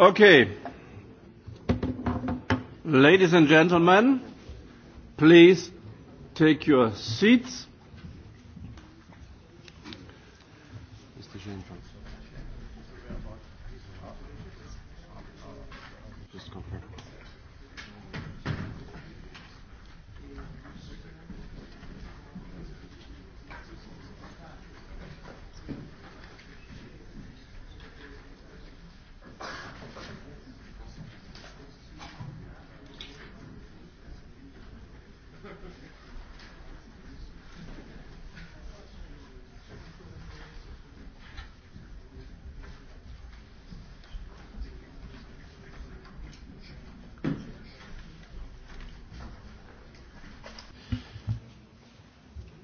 Okay. Ladies and gentlemen, please take your seats.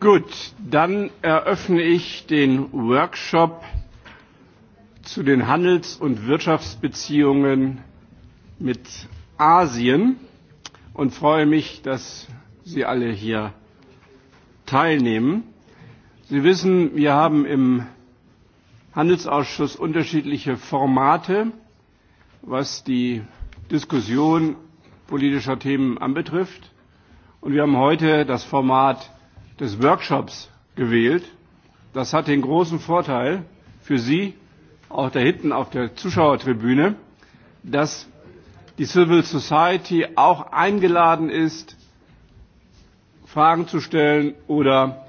Gut, dann eröffne ich den Workshop zu den Handels- und Wirtschaftsbeziehungen mit Asien und freue mich, dass Sie alle hier teilnehmen. Sie wissen, wir haben im Handelsausschuss unterschiedliche Formate, was die Diskussion politischer Themen anbetrifft. Und wir haben heute das Format des Workshops gewählt. Das hat den großen Vorteil für Sie, auch da hinten auf der Zuschauertribüne, dass die Civil Society auch eingeladen ist, Fragen zu stellen oder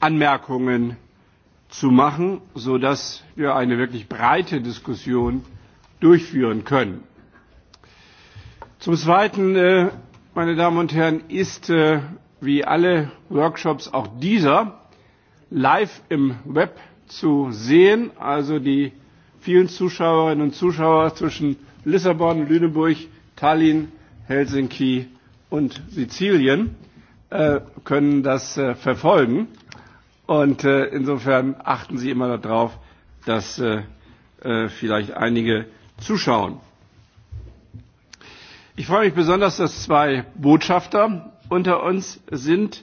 Anmerkungen zu machen, sodass wir eine wirklich breite Diskussion durchführen können. Zum Zweiten, äh, meine Damen und Herren, ist äh, wie alle Workshops auch dieser live im Web zu sehen. Also die vielen Zuschauerinnen und Zuschauer zwischen Lissabon, Lüneburg, Tallinn, Helsinki und Sizilien äh, können das äh, verfolgen. Und äh, insofern achten Sie immer darauf, dass äh, äh, vielleicht einige zuschauen. Ich freue mich besonders, dass zwei Botschafter unter uns sind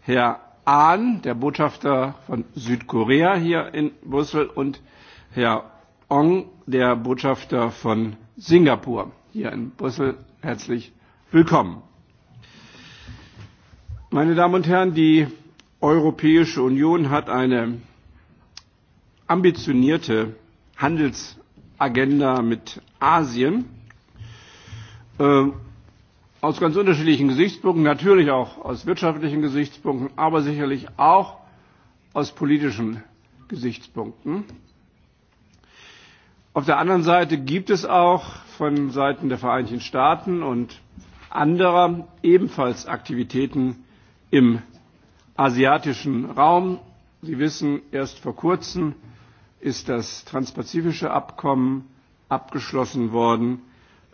Herr Ahn, der Botschafter von Südkorea hier in Brüssel, und Herr Ong, der Botschafter von Singapur hier in Brüssel. Herzlich willkommen. Meine Damen und Herren, die Europäische Union hat eine ambitionierte Handelsagenda mit Asien. Äh, aus ganz unterschiedlichen Gesichtspunkten, natürlich auch aus wirtschaftlichen Gesichtspunkten, aber sicherlich auch aus politischen Gesichtspunkten. Auf der anderen Seite gibt es auch von Seiten der Vereinigten Staaten und anderer ebenfalls Aktivitäten im asiatischen Raum. Sie wissen, erst vor kurzem ist das transpazifische Abkommen abgeschlossen worden,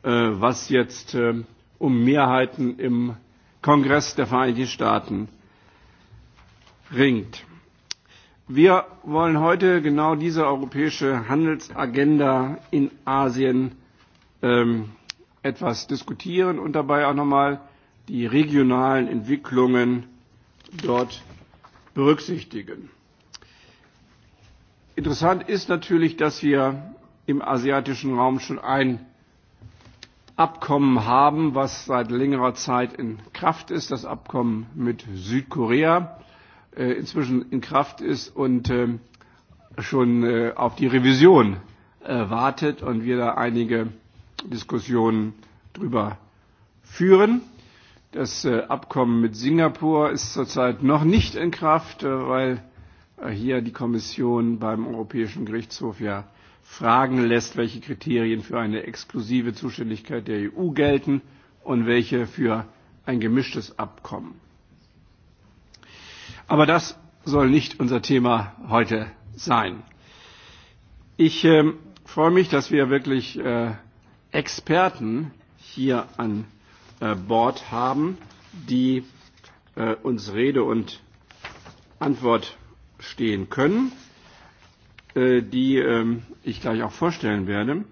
äh, was jetzt äh, um Mehrheiten im Kongress der Vereinigten Staaten ringt. Wir wollen heute genau diese europäische Handelsagenda in Asien ähm, etwas diskutieren und dabei auch nochmal die regionalen Entwicklungen dort berücksichtigen. Interessant ist natürlich, dass wir im asiatischen Raum schon ein Abkommen haben, was seit längerer Zeit in Kraft ist, das Abkommen mit Südkorea äh, inzwischen in Kraft ist und äh, schon äh, auf die Revision äh, wartet und wir da einige Diskussionen drüber führen. Das äh, Abkommen mit Singapur ist zurzeit noch nicht in Kraft, äh, weil äh, hier die Kommission beim Europäischen Gerichtshof ja fragen lässt, welche Kriterien für eine exklusive Zuständigkeit der EU gelten und welche für ein gemischtes Abkommen. Aber das soll nicht unser Thema heute sein. Ich äh, freue mich, dass wir wirklich äh, Experten hier an äh, Bord haben, die äh, uns Rede und Antwort stehen können. Äh, die ähm, ich gleich auch vorstellen werde.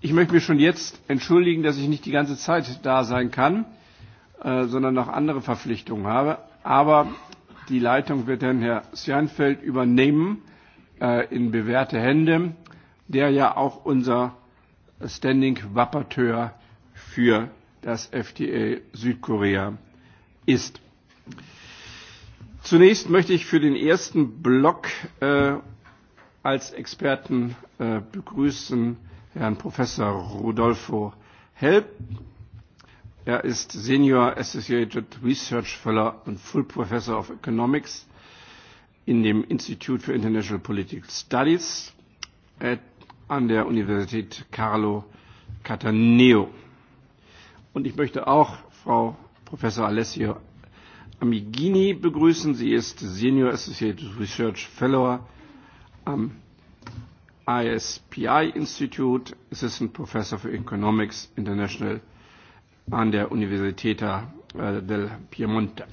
Ich möchte mich schon jetzt entschuldigen, dass ich nicht die ganze Zeit da sein kann, äh, sondern noch andere Verpflichtungen habe. Aber die Leitung wird dann Herr Sjeinfeld übernehmen äh, in bewährte Hände, der ja auch unser Standing Rapporteur für das FTA Südkorea ist. Zunächst möchte ich für den ersten Block äh, als Experten äh, begrüßen Herrn Professor Rodolfo Help. Er ist Senior Associated Research Fellow und Full Professor of Economics in dem Institute for International Political Studies at, an der Universität Carlo Cataneo. Und ich möchte auch Frau Professor Alessio Amigini begrüßen. Sie ist Senior Associated Research Fellow um, ISPI Institute, Assistant Professor für Economics International an der Università äh, uh, del Piemonte.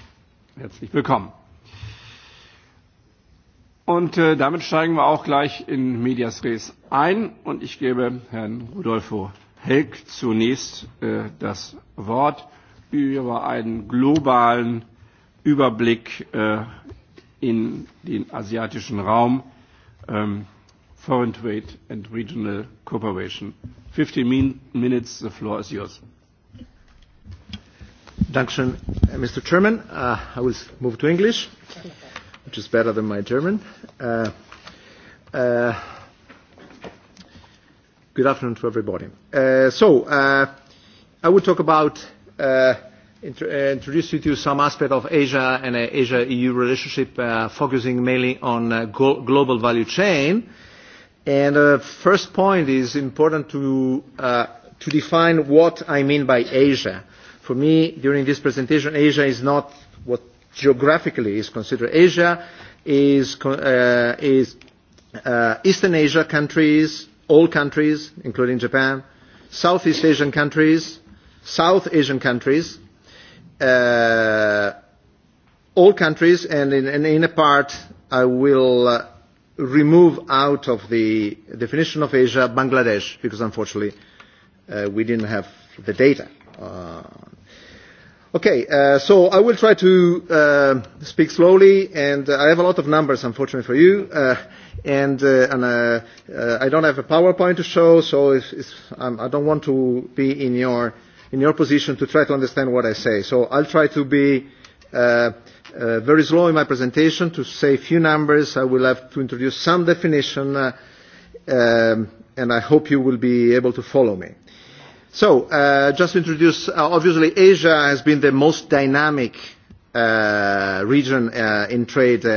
Herzlich willkommen. Und äh, damit steigen wir auch gleich in Medias Res ein und ich gebe Herrn Rudolfo Helk zunächst äh, das Wort über einen globalen Überblick äh, in den asiatischen Raum um, foreign trade and regional cooperation. 15 min minutes, the floor is yours. Dankeschön, uh, Mr. Chairman. Uh, I will move to English, which is better than my German. Uh, uh, good afternoon to everybody. Uh, so, uh, I will talk about uh, Uh, introduce you to some aspect of Asia and uh, Asia-EU relationship, uh, focusing mainly on uh, global value chain. And the uh, first point is important to, uh, to define what I mean by Asia. For me, during this presentation, Asia is not what geographically is considered Asia, is, uh, is uh, Eastern Asia countries, all countries, including Japan, Southeast Asian countries, South Asian countries, uh, all countries, and in, and in a part I will uh, remove out of the definition of Asia Bangladesh, because unfortunately uh, we didn't have the data. Uh, okay, uh, so I will try to uh, speak slowly, and uh, I have a lot of numbers, unfortunately for you, uh, and, uh, and uh, uh, I don't have a PowerPoint to show, so it's, it's, um, I don't want to be in your uh, in your position to try to understand what I say. So I'll try to be uh, uh, very slow in my presentation to say a few numbers. I will have to introduce some definition, uh, um, and I hope you will be able to follow me. So uh, just to introduce, uh, obviously Asia has been the most dynamic uh, region uh, in trade, uh,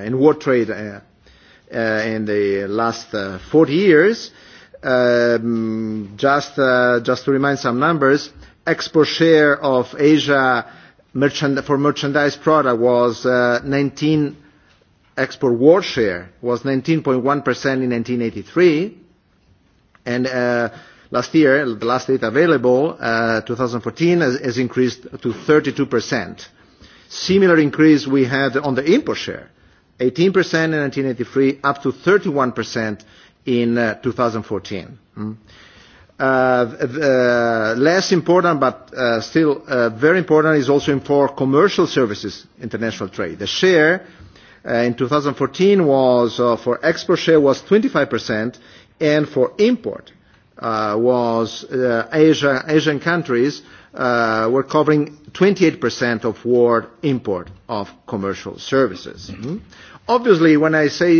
uh, in world trade uh, uh, in the last uh, 40 years. Uh, um, just, uh, just to remind some numbers, export share of Asia merchand for merchandise product was uh, 19 export world share was 19.1% in 1983, and uh, last year, the last data available, uh, 2014, has, has increased to 32%. Similar increase we had on the import share, 18% in 1983, up to 31% in uh, 2014. Mm. Uh, the, uh, less important, but uh, still uh, very important, is also for commercial services international trade. The share uh, in 2014 was uh, for export share was 25%, and for import uh, was uh, Asia, Asian countries uh, were covering 28% of world import of commercial services. Mm-hmm. Mm obviously, when I say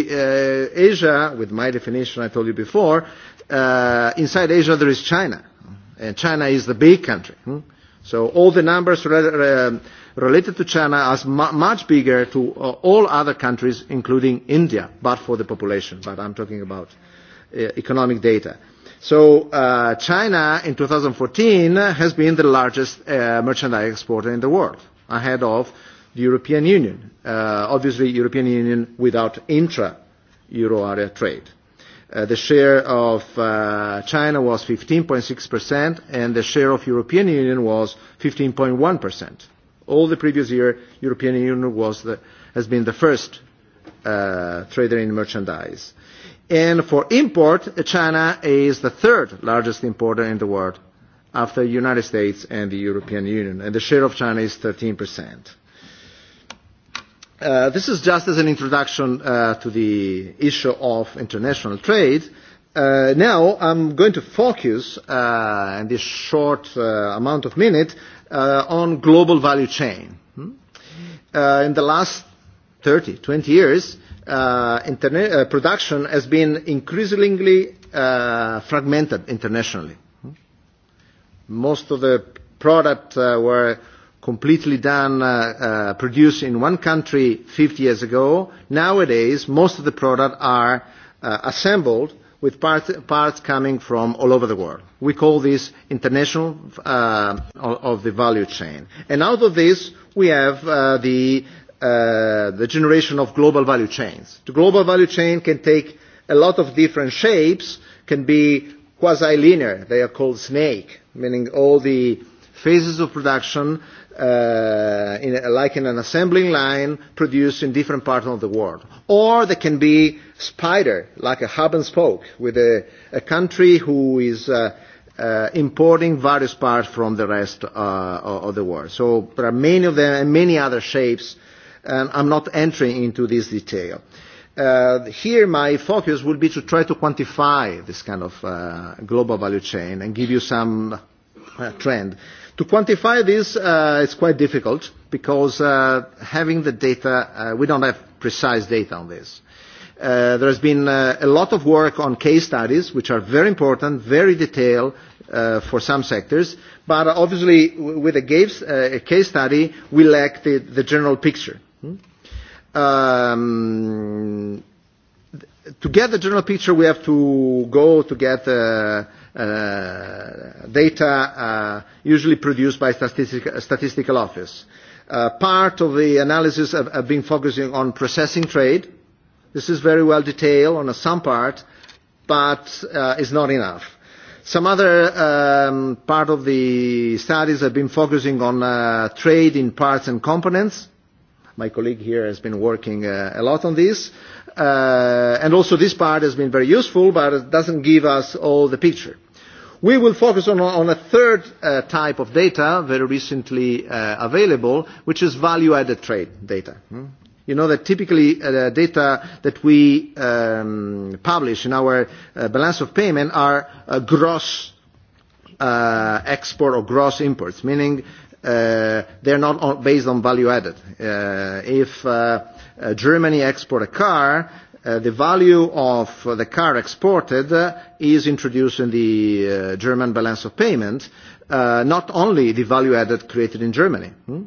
uh, Asia, with my definition I told you before, uh, inside Asia there is China, and China is the big country. Hmm? So all the numbers re- re- related to China are mu- much bigger to uh, all other countries, including India, but for the population. But I'm talking about uh, economic data. So uh, China in 2014 has been the largest uh, merchandise exporter in the world, ahead of the European Union. Uh, obviously, European Union without intra-euro area trade. Uh, the share of uh, China was 15.6% and the share of European Union was 15.1%. All the previous year, European Union was the, has been the first uh, trader in merchandise. And for import, China is the third largest importer in the world after the United States and the European Union, and the share of China is 13 percent. Uh, this is just as an introduction uh, to the issue of international trade. Uh, now I'm going to focus uh, in this short uh, amount of minute uh, on global value chain. Hmm? Uh, in the last 30, 20 years, uh, interna- uh, production has been increasingly uh, fragmented internationally. Hmm? Most of the products uh, were uh, completely done, uh, uh, produced in one country 50 years ago. Nowadays, most of the products are uh, assembled with part, parts coming from all over the world. We call this international uh, of the value chain. And out of this, we have uh, the, uh, the generation of global value chains. The global value chain can take a lot of different shapes, can be quasi-linear. They are called snake, meaning all the phases of production uh, uh, in, like in an assembling line produced in different parts of the world. Or they can be spider, like a hub and spoke, with a, a country who is uh, uh, importing various parts from the rest uh, of the world. So there are many of them and many other shapes, and I'm not entering into this detail. Uh, here my focus will be to try to quantify this kind of uh, global value chain and give you some uh, trend. Uh, To quantify this, uh, it's quite difficult because uh, having the data, uh, we don't have precise data on this. Uh, there has been uh, a lot of work on case studies, which are very important, very detailed uh, for some sectors, but obviously w- with a, gaves, uh, a case study, we lack the, the general picture. Hmm? Um, to get the general picture, we have to go to get uh, uh, data uh, usually produced by statistic, statistical office. Uh, part of the analysis have, have been focusing on processing trade. This is very well detailed on some part, but uh, is not enough. Some other um, part of the studies have been focusing on uh, trade in parts and components. My colleague here has been working uh, a lot on this. Uh, and also this part has been very useful, but it doesn't give us all the picture. We will focus on, on a third uh, type of data very recently uh, available, which is value-added trade data. Hmm? You know that typically uh, data that we um, publish in our uh, balance of payment are uh, gross uh, export or gross imports, meaning uh, they're not on, based on value added. Uh, if uh, uh, Germany export a car, uh, the value of uh, the car exported uh, is introduced in the uh, German balance of payment, uh, not only the value added created in Germany. Hmm?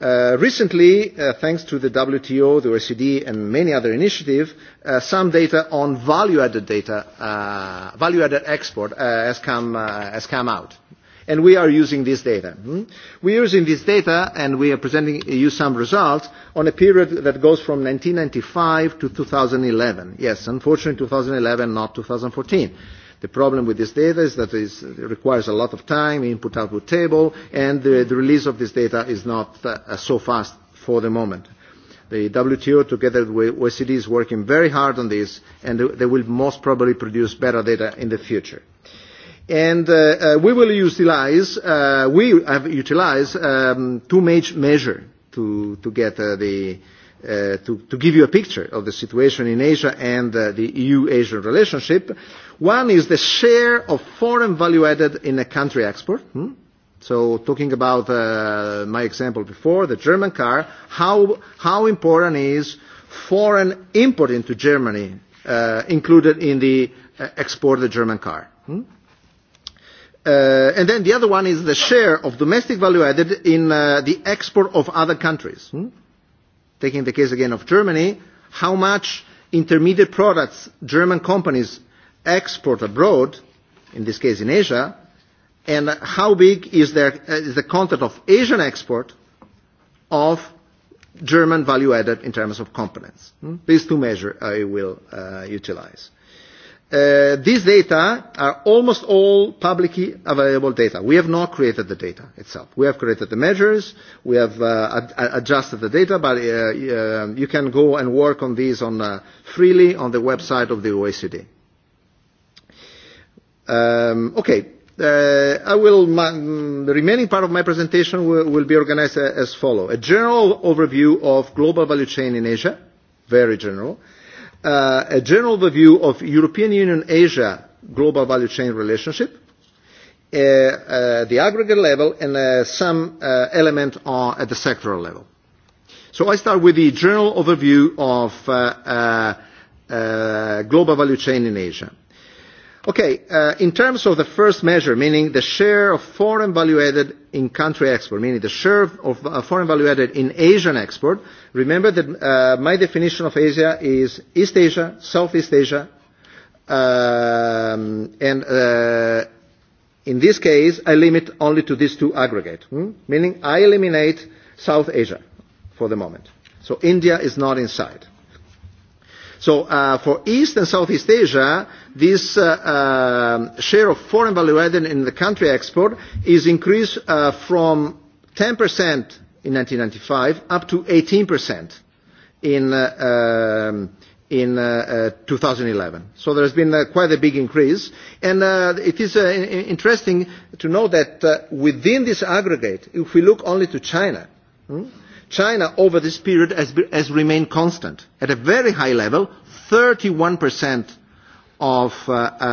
Uh, recently, uh, thanks to the WTO, the OECD, and many other initiatives, uh, some data on value-added data, uh, value-added export uh, has, come, uh, has come out. Uh, and we are using this data. Hmm? We are using this data and we are presenting you some results on a period that goes from 1995 to 2011. Yes, unfortunately 2011, not 2014. The problem with this data is that is, it requires a lot of time, input-output table, and the, the release of this data is not uh, so fast for the moment. The WTO, together with OECD, is working very hard on this, and they will most probably produce better data in the future. Uh, And uh, uh, we will utilize, uh, we have utilized um, two major measures to, to get uh, the, uh, to, to give you a picture of the situation in Asia and uh, the EU-Asian relationship. One is the share of foreign value added in a country export. Hmm? So talking about uh, my example before, the German car, how, how important is foreign import into Germany uh, included in the uh, export the German car? Hmm? Uh, and then the other one is the share of domestic value added in uh, the export of other countries. Hmm? Taking the case again of Germany, how much intermediate products German companies export abroad, in this case in Asia, and how big is, their, uh, is the content of Asian export of German value added in terms of components. Hmm? These two measures I will uh, utilize. Uh, these data are almost all publicly available data. We have not created the data itself. We have created the measures, we have uh, ad adjusted the data, but uh, uh, you can go and work on these on, uh, freely on the website of the OECD. Um, okay, uh, I will, my, the remaining part of my presentation will, will be organized uh, as follows. A general overview of global value chain in Asia, very general. Uh, uh, a general review of European Union Asia global value chain relationship, uh, uh, the aggregate level, and uh, some uh, element on, at the sectoral level. So I start with the general overview of uh, uh, uh, global value chain in Asia. Okay, uh, in terms of the first measure, meaning the share of foreign value-added in country export, meaning the share of uh, foreign value-added in Asian export, remember that uh, my definition of Asia is East Asia, Southeast Asia, um, and uh, in this case, I limit only to these two aggregate, hmm? meaning I eliminate South Asia for the moment. So India is not inside. So uh, for East and Southeast Asia, this uh, uh, share of foreign value added in the country export is increased uh, from 10% in 1995 up to 18% in, uh, um, in uh, uh, 2011. So there's been uh, quite a big increase. And uh, it is uh, interesting to know that uh, within this aggregate, if we look only to China, hmm, China over this period has, has remained constant at a very high level, 31% of uh, uh,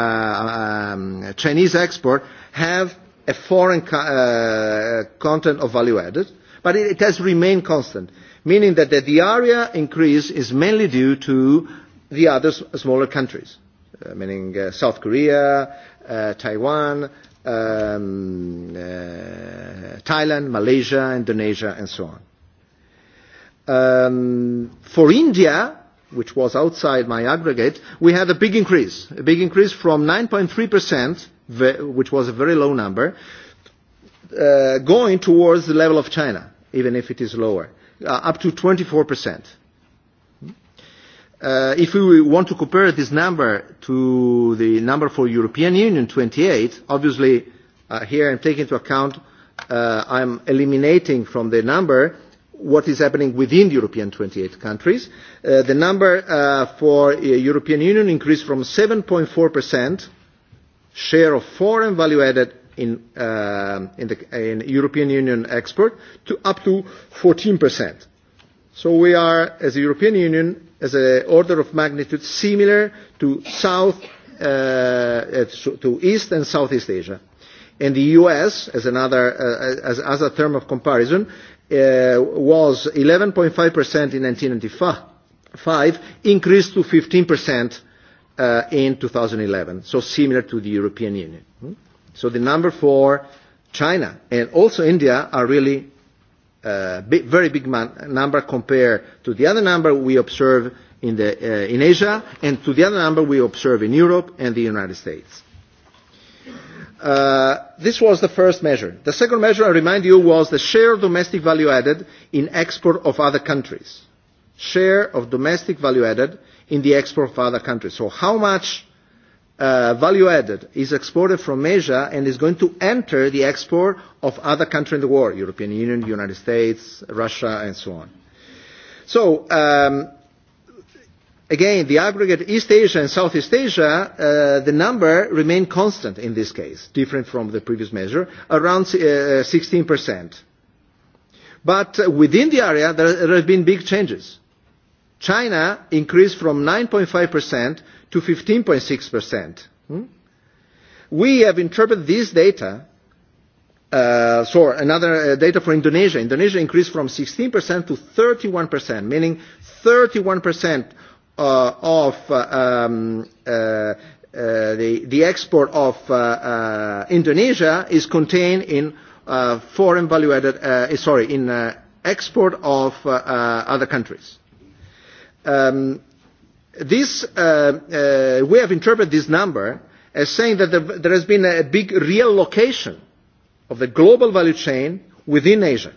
um, Chinese export have a foreign co- uh, content of value added, but it, it has remained constant, meaning that the, the area increase is mainly due to the other s- smaller countries, uh, meaning uh, South Korea, uh, Taiwan, um, uh, Thailand, Malaysia, Indonesia, and so on. Um, for India, which was outside my aggregate, we had a big increase, a big increase from 9.3%, which was a very low number, uh, going towards the level of China, even if it is lower, uh, up to 24%. Uh, if we want to compare this number to the number for European Union, 28, obviously uh, here I'm taking into account, uh, I'm eliminating from the number what is happening within the European 28 countries. Uh, the number uh, for uh, European Union increased from 7.4% share of foreign value added in, uh, in, the, in European Union export to up to 14%. So we are, as a European Union, as an order of magnitude similar to South, uh, uh to East and Southeast Asia. And the US, as, another, uh, as, as a term of comparison, uh, was 11.5% in 1995, increased to 15% uh, in 2011, so similar to the European Union. Hmm? So the number for China and also India are really uh, big, very big man, number compared to the other number we observe in, the, uh, in Asia and to the other number we observe in Europe and the United States. Uh, this was the first measure. The second measure, I remind you, was the share of domestic value added in export of other countries. Share of domestic value added in the export of other countries. So how much uh, value added is exported from Asia and is going to enter the export of other countries in the world, European Union, United States, Russia, and so on. So um, Again, the aggregate East Asia and Southeast Asia, uh, the number remained constant in this case, different from the previous measure, around uh, 16%. But uh, within the area, there, there have been big changes. China increased from 9.5% to 15.6%. Hmm? We have interpreted this data Uh, so another uh, data for Indonesia. Indonesia increased from 16% to 31%, meaning 31% uh, of uh, um, uh, uh, the, the export of uh, uh, Indonesia is contained in uh, foreign value-added, uh, sorry, in uh, export of uh, uh, other countries. Um, this, uh, uh, we have interpreted this number as saying that there, there has been a big reallocation of the global value chain within Asia,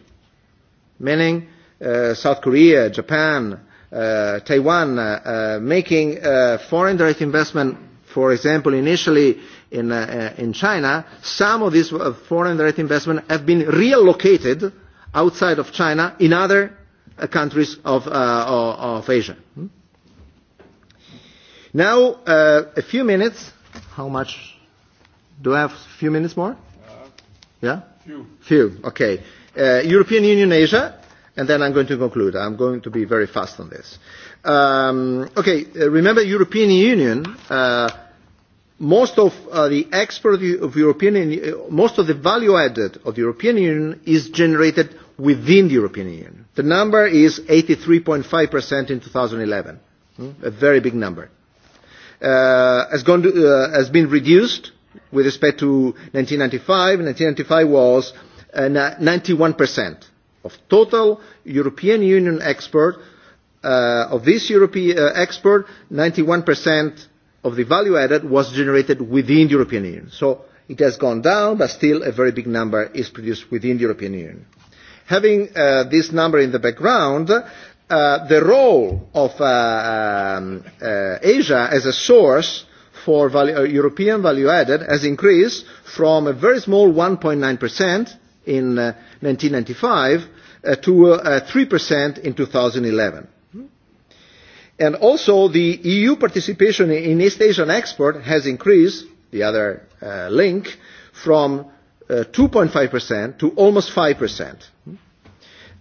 meaning uh, South Korea, Japan, uh, Taiwan, uh, uh, making uh, foreign direct investment, for example, initially in, uh, uh, in China, some of these uh, foreign direct investment have been reallocated outside of China in other uh, countries of, uh, of, of Asia. Hmm? Now, uh, a few minutes. How much? Do I have a few minutes more? Uh, yeah? Few. Few, okay. Uh, European Union Asia and then I'm going to conclude. I'm going to be very fast on this. Um, okay, uh, remember European Union, uh, most of uh, the export of European, uh, most of the value added of the European Union is generated within the European Union. The number is 83.5% in 2011, hmm? a very big number. Uh, has, gone to, uh, has been reduced with respect to 1995. 1995 was uh, 91% of total European Union export, uh, of this European uh, export, 91% of the value added was generated within the European Union. So it has gone down, but still a very big number is produced within the European Union. Having uh, this number in the background, uh, the role of uh, um, uh, Asia as a source for value, uh, European value added has increased from a very small 1.9% in uh, 1995 uh, to uh, 3% uh, in 2011. And also the EU participation in East Asian export has increased, the other uh, link, from uh, 2.5% to almost 5%.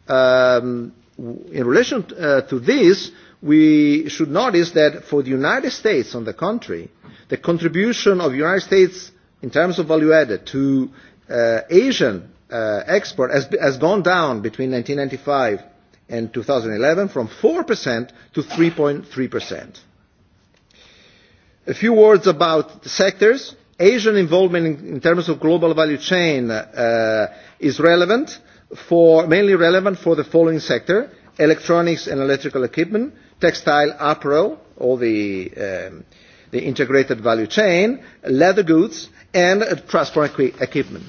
Um, in relation uh, to this, we should notice that for the United States, on the contrary, the contribution of the United States in terms of value added to uh, Asian uh, export has, has gone down between 1995 and 2011 from 4% to 3.3%. A few words about the sectors. Asian involvement in, in terms of global value chain uh, is relevant for, mainly relevant for the following sector, electronics and electrical equipment, textile apparel, all the, um, the integrated value chain, leather goods, and uh, transport equi- equipment.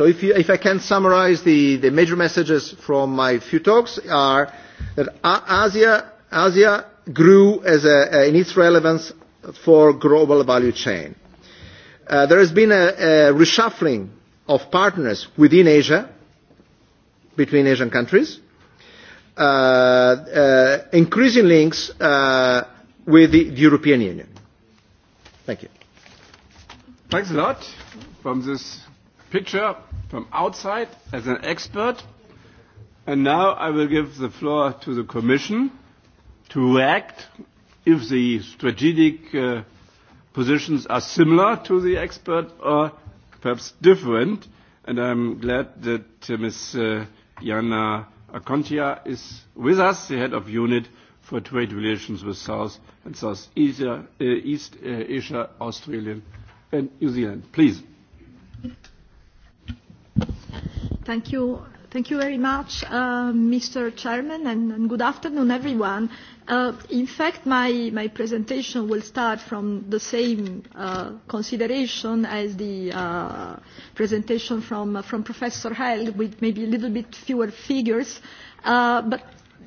So if, you, if I can summarize the, the major messages from my few talks are that Asia, Asia grew as a, in its relevance for global value chain. Uh, there has been a, a reshuffling of partners within Asia, between Asian countries, uh, uh, increasing links uh, with the, the European Union. Thank you. Thanks a lot from this picture from outside as an expert. And now I will give the floor to the Commission to react if the strategic uh, positions are similar to the expert or perhaps different. And I'm glad that uh, Ms. Uh, Jana Akontia is with us, the head of unit for trade relations with South and South Asia, uh, East uh, Asia, Australia and New Zealand. Please. Thank you. Thank you. Thank you very much, uh, Mr. Chairman, and, and good afternoon, everyone. Uh, in fact, my, my presentation will start from the same uh, consideration as the uh, presentation from, uh, from Professor Held, with maybe a little bit fewer figures. Uh, but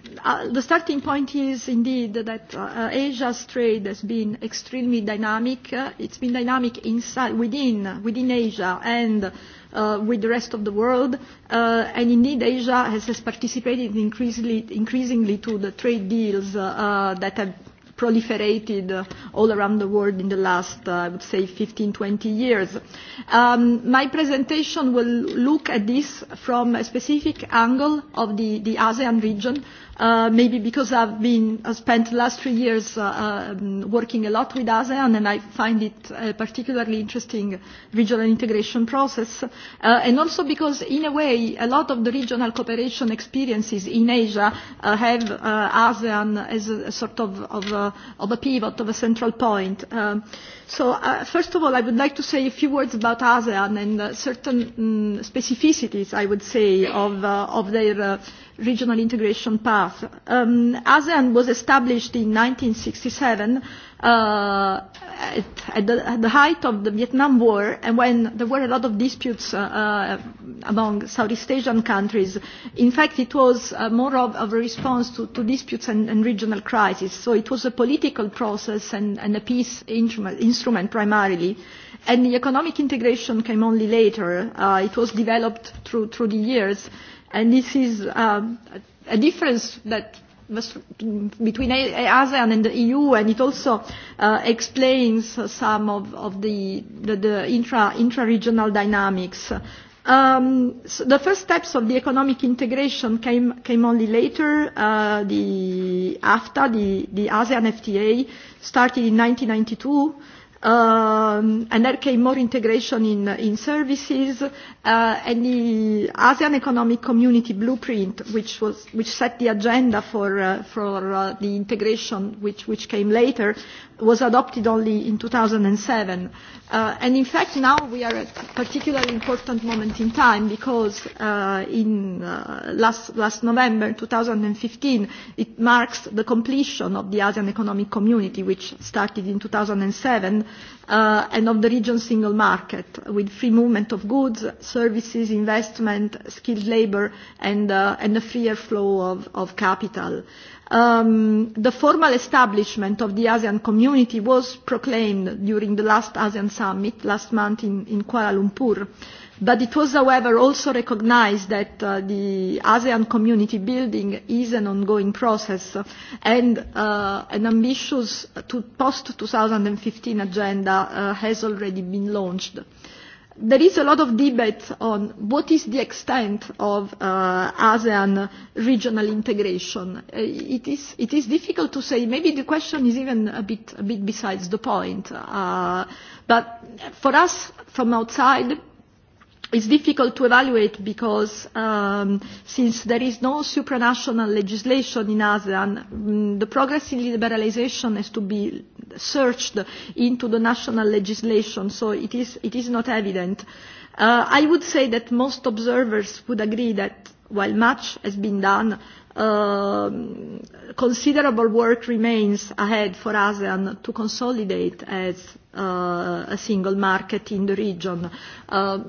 Uh, the starting point is indeed that uh, Asia's trade has been extremely dynamic. Uh, it's been dynamic inside, within, within Asia and uh, with the rest of the world. Uh, and indeed, Asia has, has participated increasingly, increasingly to the trade deals uh, uh, that have proliferated uh, all around the world in the last, uh, I would say, 15, 20 years. Um, my presentation will look at this from a specific angle of the, the ASEAN region, uh, maybe because I've been I uh, spent the last three years uh, um, working a lot with ASEAN, and I find it a uh, particularly interesting regional integration process, uh, and also because in a way a lot of the regional cooperation experiences in Asia uh, have uh, ASEAN as a, a sort of of a, of a pivot, of a central point. Um, so uh, first of all, I would like to say a few words about ASEAN and uh, certain um, specificities, I would say, of uh, of their uh, regional integration path. Um, ASEAN was established in 1967 uh, at, at, the, at the height of the Vietnam War and when there were a lot of disputes uh, uh, among Southeast Asian countries. In fact, it was uh, more of, of a response to, to disputes and, and regional crises. So it was a political process and, and a peace instrument, instrument primarily. And the economic integration came only later. Uh, it was developed through, through the years. Uh, And this is um, a difference that must, between ASEAN and the EU, and it also uh, explains some of, of the, the, the intra, intra-regional dynamics. Um, so the first steps of the economic integration came, came only later. Uh, the AFTA, the, the ASEAN FTA, started in 1992 um, and there came more integration in, in services uh, and the ASEAN Economic Community Blueprint, which, was, which set the agenda for, uh, for uh, the integration which, which came later, was adopted only in 2007. Uh, and in fact, now we are at a particularly important moment in time because uh, in uh, last, last November 2015, it marks the completion of the ASEAN Economic Community, which started in 2007, uh, and of the region single market, with free movement of goods, services, investment, skilled labor, and, uh, and a freer flow of, of capital. Uh, Um, the formal establishment of the ASEAN community was proclaimed during the last ASEAN summit last month in, in Kuala Lumpur. But it was, however, also recognized that uh, the ASEAN community building is an ongoing process and uh, an ambitious uh, to post-2015 agenda uh, has already been launched. Uh, there is a lot of debate on what is the extent of uh, ASEAN regional integration. Uh, it, is, it is difficult to say. Maybe the question is even a bit, a bit besides the point. Uh, but for us from outside, it's difficult to evaluate because um, since there is no supranational legislation in ASEAN, um, the progress in liberalization has to be searched into the national legislation, so it is, it is not evident. Uh, I would say that most observers would agree that while much has been done, uh, considerable work remains ahead for ASEAN to consolidate as uh, a single market in the region. Uh,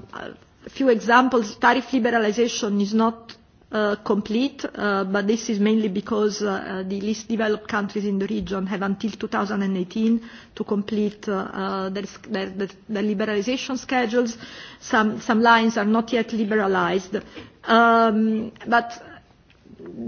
few examples, tariff liberalization is not uh, complete, uh, but this is mainly because uh, uh the least developed countries in the region have until 2018 to complete uh, uh, their, their, their, their liberalization schedules. Some, some lines are not yet liberalized. Um, but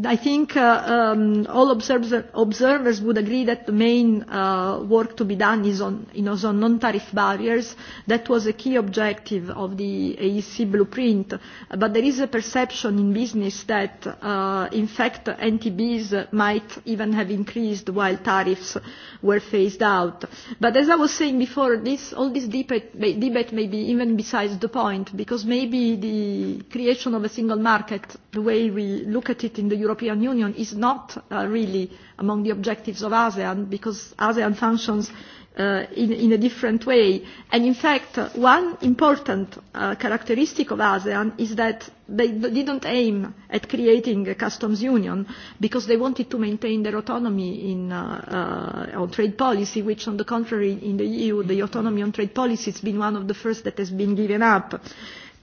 I think uh, um, all observer, observers would agree that the main uh, work to be done is on, you know, on non-tariff barriers. That was a key objective of the AEC blueprint. But there is a perception in business that, uh, in fact, NTBs might even have increased while tariffs were phased out. But as I was saying before, this, all this debate, debate may be even besides the point, because maybe the creation of a single market, the way we look at it in in the European Union is not uh, really among the objectives of ASEAN because ASEAN functions uh, in, in a different way. And in fact, uh, one important uh, characteristic of ASEAN is that they didn't aim at creating a customs union because they wanted to maintain their autonomy in, uh, uh, on trade policy, which on the contrary, in the EU, the autonomy on trade policy has been one of the first that has been given up. Uh,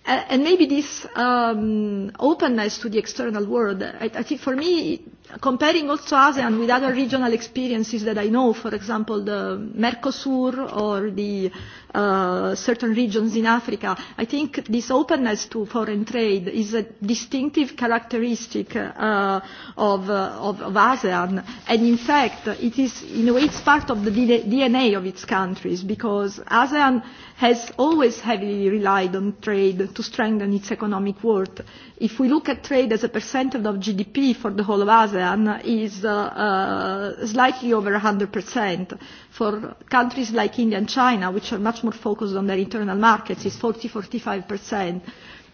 And maybe this um, openness to the external world, I, I think for me, comparing also ASEAN with other regional experiences that I know, for example, the Mercosur or the uh, certain regions in Africa, I think this openness to foreign trade is a distinctive characteristic uh, of, uh, of, of ASEAN. And in fact, it is, in a way, it's part of the DNA of its countries because ASEAN has always heavily relied on trade to strengthen its economic worth. If we look at trade as a percentage of GDP for the whole of ASEAN, Mediterranean is uh, uh, slightly over 100%. For countries like India and China, which are much more focused on their internal markets, is 40-45%.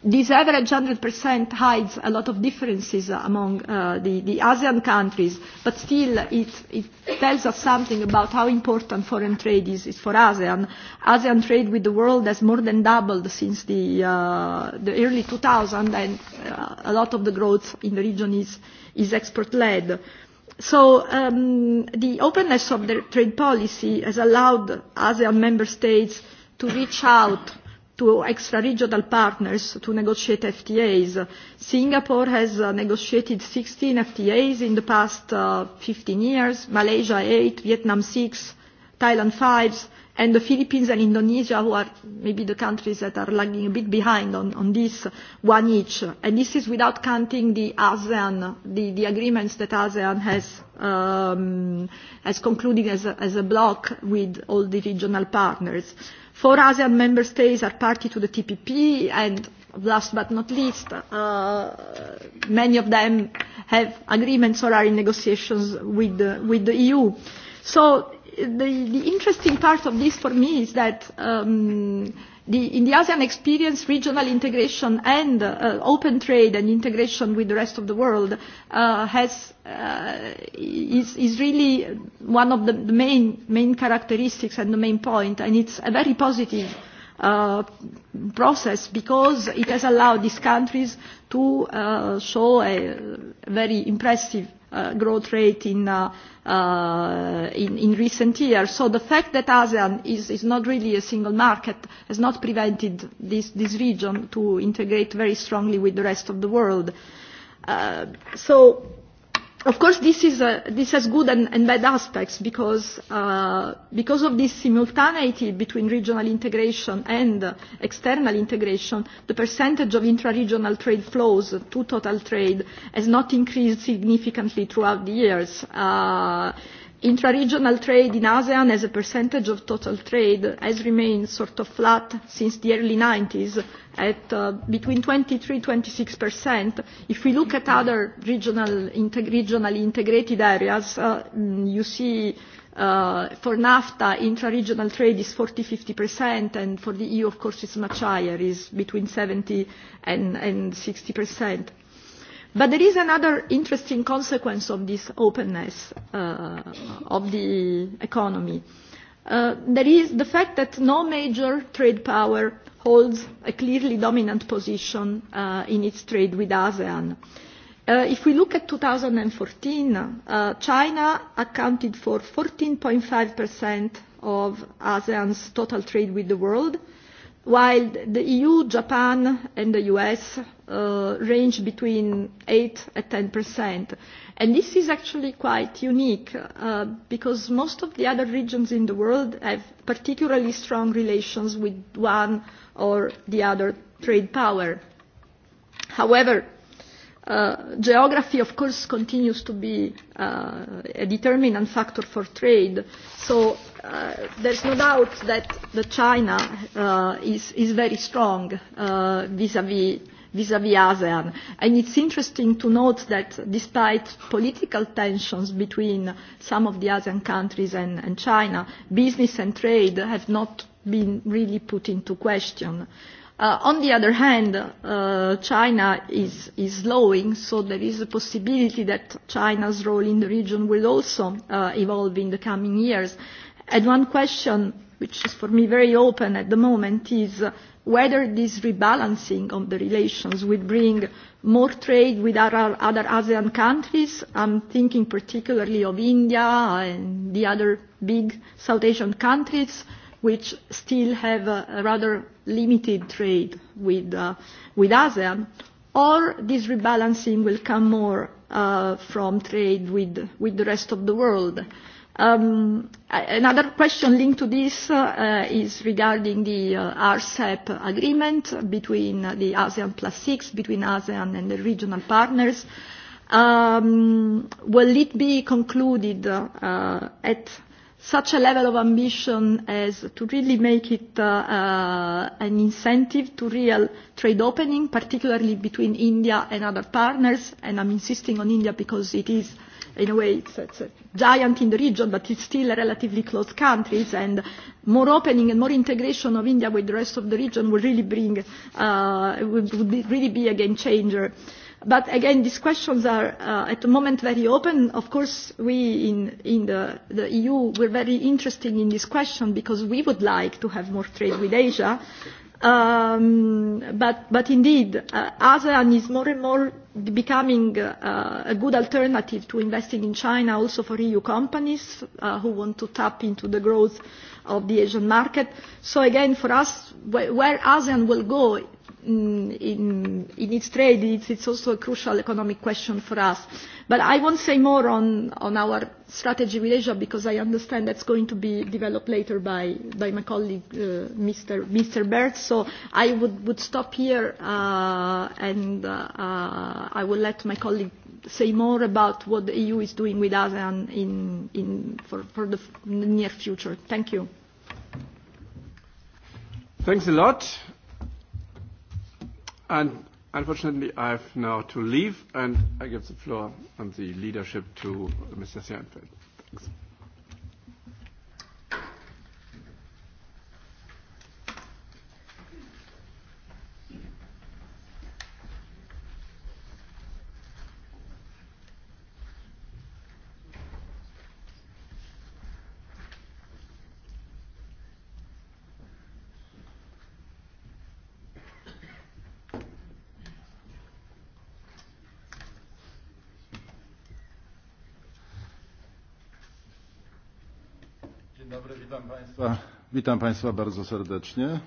This average 100% hides a lot of differences among uh, the, the ASEAN countries, but still it, it tells us something about how important foreign trade is, is for ASEAN. ASEAN trade with the world has more than doubled since the, uh, the early 2000, and uh, a lot of the growth in the region is, is export-led. So um, the openness of the trade policy has allowed ASEAN member states to reach out to extra-regional partners to negotiate FTAs. Singapore has uh, negotiated 16 FTAs in the past uh, 15 years, Malaysia 8, Vietnam 6, Thailand 5, and the Philippines and Indonesia, who are maybe the countries that are lagging a bit behind on, on this, one each. And this is without counting the ASEAN, the, the agreements that ASEAN has, um, has concluded as a, as a bloc with all the regional partners. Four ASEAN member states are party to the TPP, and last but not least, uh, many of them have agreements or are in negotiations with the, with the EU. So the, the interesting part of this for me is that um, the, in the ASEAN experience, regional integration and uh, open trade and integration with the rest of the world uh, has, uh, is, is really one of the, the main, main characteristics and the main point, and it's a very positive uh, process because it has allowed these countries to uh, show a very impressive uh, growth rate in, uh, uh, in, in recent years. So the fact that ASEAN is, is not really a single market has not prevented this, this region to integrate very strongly with the rest of the world. Uh, so of course, this, is a, this has good and, and bad aspects because, uh, because of this simultaneity between regional integration and uh, external integration, the percentage of intra-regional trade flows to total trade has not increased significantly throughout the years. Uh, Intra-regional trade in ASEAN as a percentage of total trade has remained sort of flat since the early 90s at uh, between 23-26%. If we look at other regional, integ regionally integrated areas, uh, mm, you see uh, for NAFTA, intra-regional trade is 40-50%, and for the EU, of course, it's much higher, is between 70 and, and 60%. But there is another interesting consequence of this openness uh, of the economy. Uh, there is the fact that no major trade power holds a clearly dominant position uh, in its trade with ASEAN. Uh, if we look at 2014, uh, China accounted for 14.5% of ASEAN's total trade with the world, uh, while the EU, Japan and the US uh, range between 8 and 10 percent. And this is actually quite unique uh, because most of the other regions in the world have particularly strong relations with one or the other trade power. However, Uh, geography, of course, continues to be uh, a determinant factor for trade. So uh, there's no doubt that the China uh, is, is very strong uh, vis-à-vis vis-à-vis ASEAN. And it's interesting to note that despite political tensions between some of the ASEAN countries and, and China, business and trade have not been really put into question. Uh, Uh, on the other hand, uh, China is, is slowing, so there is a possibility that China's role in the region will also uh, evolve in the coming years. And one question, which is for me very open at the moment, is uh, whether this rebalancing of the relations will bring more trade with other, other ASEAN countries. I'm thinking particularly of India and the other big South Asian countries, which still have a, a rather limited trade with, uh, with ASEAN, or this rebalancing will come more uh, from trade with, with the rest of the world. Um, another question linked to this uh, uh is regarding the uh, RCEP agreement between the ASEAN plus six, between ASEAN and the regional partners. Um, will it be concluded uh, at such a level of ambition as to really make it uh, uh, an incentive to real trade opening, particularly between India and other partners. And I'm insisting on India because it is, in a way, it's, it's a giant in the region, but it's still a relatively closed country. And more opening and more integration of India with the rest of the region would really bring, uh, would, would really be a game changer. Uh, But again, these questions are uh, at the moment very open. Of course, we in, in the, the EU, we're very interested in this question because we would like to have more trade with Asia. Um, but, but indeed, uh, ASEAN is more and more becoming uh, a good alternative to investing in China also for EU companies uh, who want to tap into the growth of the Asian market. So again, for us, wh where ASEAN will go in, in its trade, it's, it's also a crucial economic question for us. But I won't say more on, on our strategy with Asia because I understand that's going to be developed later by, by my colleague, uh, Mr. Mr. Bert. So I would, would stop here uh, and uh, uh, I will let my colleague say more about what the EU is doing with us and in, in, for, for the near future. Thank you. Thanks a lot. And unfortunately, I have now to leave, and I give the floor and the leadership to Mr. Seinfeld. Thanks. Witam Państwa bardzo serdecznie.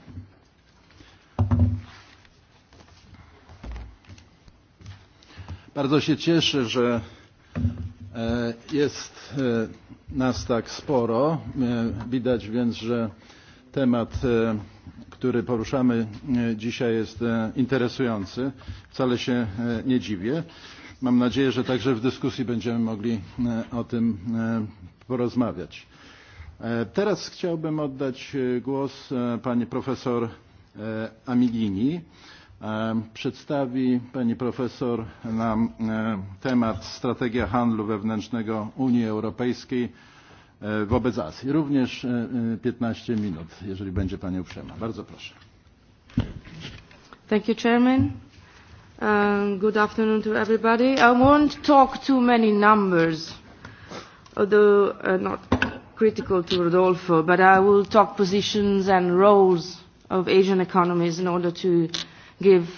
Bardzo się cieszę, że e, jest e, nas tak sporo. E, widać więc, że temat, który poruszamy dzisiaj jest interesujący. Wcale się nie dziwię. Mam nadzieję, że także w dyskusji będziemy mogli o tym porozmawiać. E, teraz chciałbym oddać e, głos e, pani profesor Amigini. Przedstawi pani profesor nam temat strategia handlu wewnętrznego Unii Europejskiej wobec Azji. Również 15 minut, jeżeli będzie pani uprzejma. Bardzo proszę. Thank you, Chairman. Um, good afternoon to everybody. I won't talk too many numbers, although uh, not critical to Rodolfo, but I will talk positions and roles of Asian economies in order to give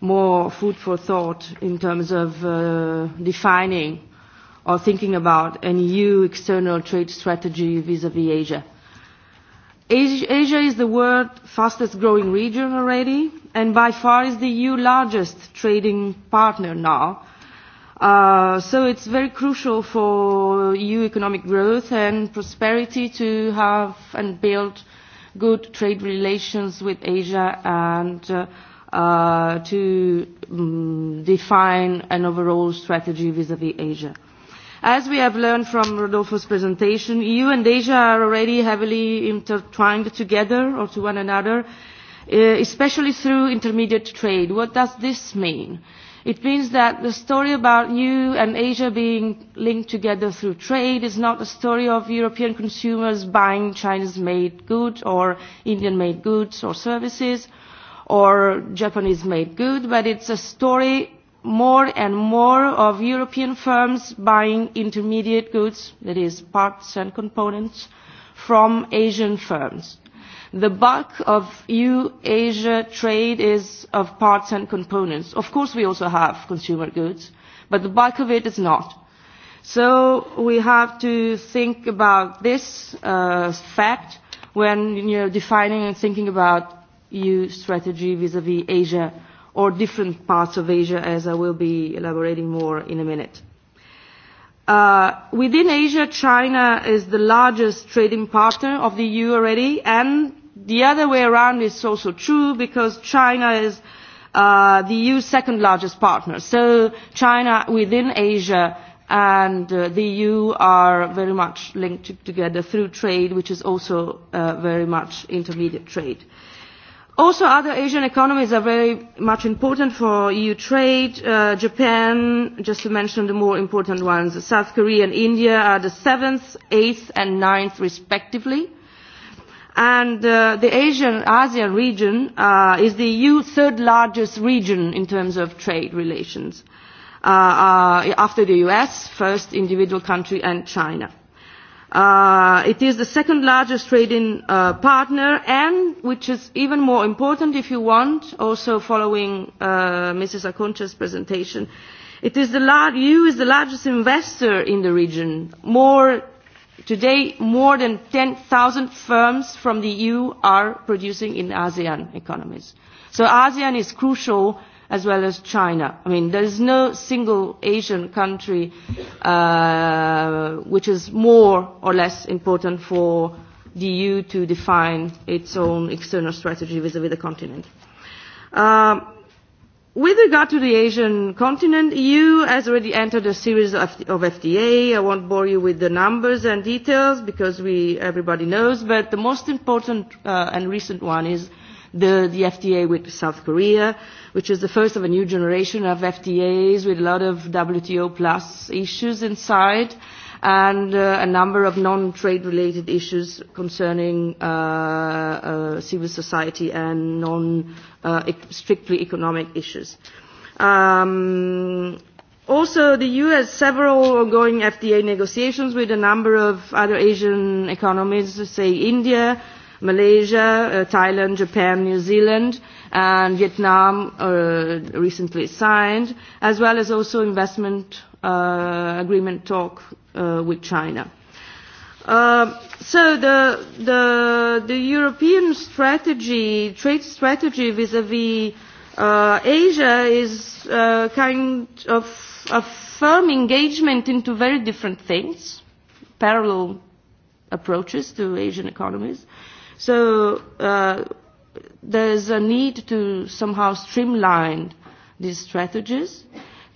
more food for thought in terms of uh, defining or thinking about an EU external trade strategy vis-à-vis -vis Asia. Asia is the world's fastest growing region already, and by far is the EU largest trading partner now, Uh, so it's very crucial for EU economic growth and prosperity to have and build good trade relations with Asia and uh, uh, to um, define an overall strategy vis-à-vis -vis Asia. As we have learned from Rodolfo's presentation, EU and Asia are already heavily intertwined together or to one another, uh, especially through intermediate trade. What does this mean? Uh, It means that the story about you and Asia being linked together through trade is not a story of European consumers buying Chinese-made goods or Indian-made goods or services or Japanese-made goods, but it's a story more and more of European firms buying intermediate goods, that is, parts and components, from Asian firms the bulk of eu asia trade is of parts and components. of course we also have consumer goods but the bulk of it is not. so we have to think about this uh, fact when you know, defining and thinking about eu strategy vis vis asia or different parts of asia as i will be elaborating more in a minute. Uh, within Asia, China is the largest trading partner of the EU already, and the other way around is also true because China is uh, the EU's second largest partner. So China within Asia and uh, the EU are very much linked to, together through trade, which is also uh, very much intermediate trade. Also, other Asian economies are very much important for EU trade. Uh, Japan, just to mention the more important ones, South Korea and India are the seventh, eighth, and ninth, respectively. Uh, and uh, the Asian ASEAN region uh, is the EU's third largest region in terms of trade relations, uh, uh, after the US, first individual country, and China. Uh, it is the second largest trading uh, partner and, which is even more important if you want, also following uh, Mrs. Aconcha's presentation, it is the lar- EU is the largest investor in the region, more Today, more than 10,000 firms from the EU are producing in ASEAN economies. So ASEAN is crucial as well as China. I mean, there is no single Asian country uh, which is more or less important for the EU to define its own external strategy vis-à-vis -vis the continent. Um, With regard to the Asian continent, EU has already entered a series of, of FTA. I won't bore you with the numbers and details because we, everybody knows, but the most important uh, and recent one is the, the FTA with South Korea, which is the first of a new generation of FTAs with a lot of WTO plus issues inside. Uh, and uh, a number of non-trade related issues concerning uh, uh, civil society and non uh, e- strictly economic issues. Um, also, the EU has several ongoing FTA negotiations with a number of other Asian economies, say India, Malaysia, uh, Thailand, Japan, New Zealand. Uh, and Vietnam uh, recently signed, as well as also investment uh, agreement talk uh, with China. Uh, so the, the, the European strategy, trade strategy vis-à-vis -vis, uh, Asia is uh, kind of a firm engagement into very different things, parallel approaches to Asian economies. So uh, there's a need to somehow streamline these strategies,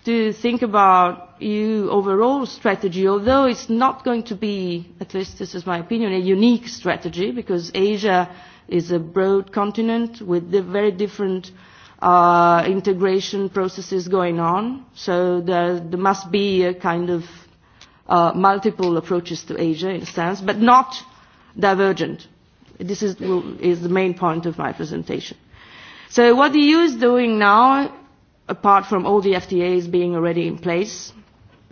to think about EU overall strategy, although it's not going to be, at least this is my opinion, a unique strategy because Asia is a broad continent with the very different uh, integration processes going on. So there, there must be a kind of uh, multiple approaches to Asia in a sense, but not divergent This is, will, is the main point of my presentation. So what the EU is doing now, apart from all the FTAs being already in place,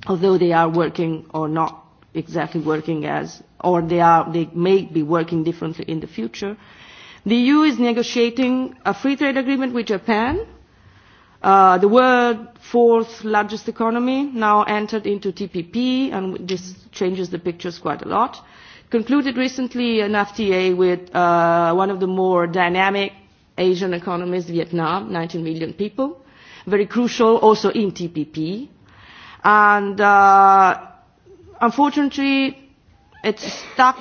although they are working or not exactly working as, or they, are, they may be working differently in the future, the EU is negotiating a free trade agreement with Japan, Uh, the world fourth largest economy now entered into TPP, and this changes the pictures quite a lot concluded recently an FTA with uh, one of the more dynamic Asian economies, Vietnam, 19 million people, very crucial also in TPP. And uh, unfortunately, it's stuck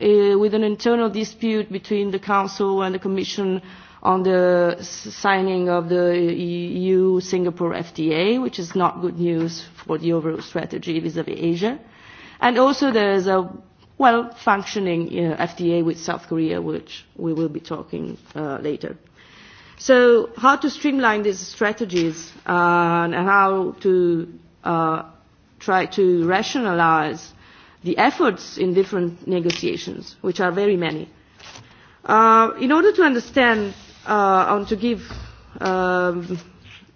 uh, with an internal dispute between the Council and the Commission on the signing of the EU-Singapore FTA, which is not good news for the overall strategy vis-à-vis -vis Asia. And also there is a well, functioning you know, FTA with South Korea, which we will be talking uh, later. So how to streamline these strategies uh, and how to uh, try to rationalize the efforts in different negotiations, which are very many. Uh, in order to understand uh, and to give, um,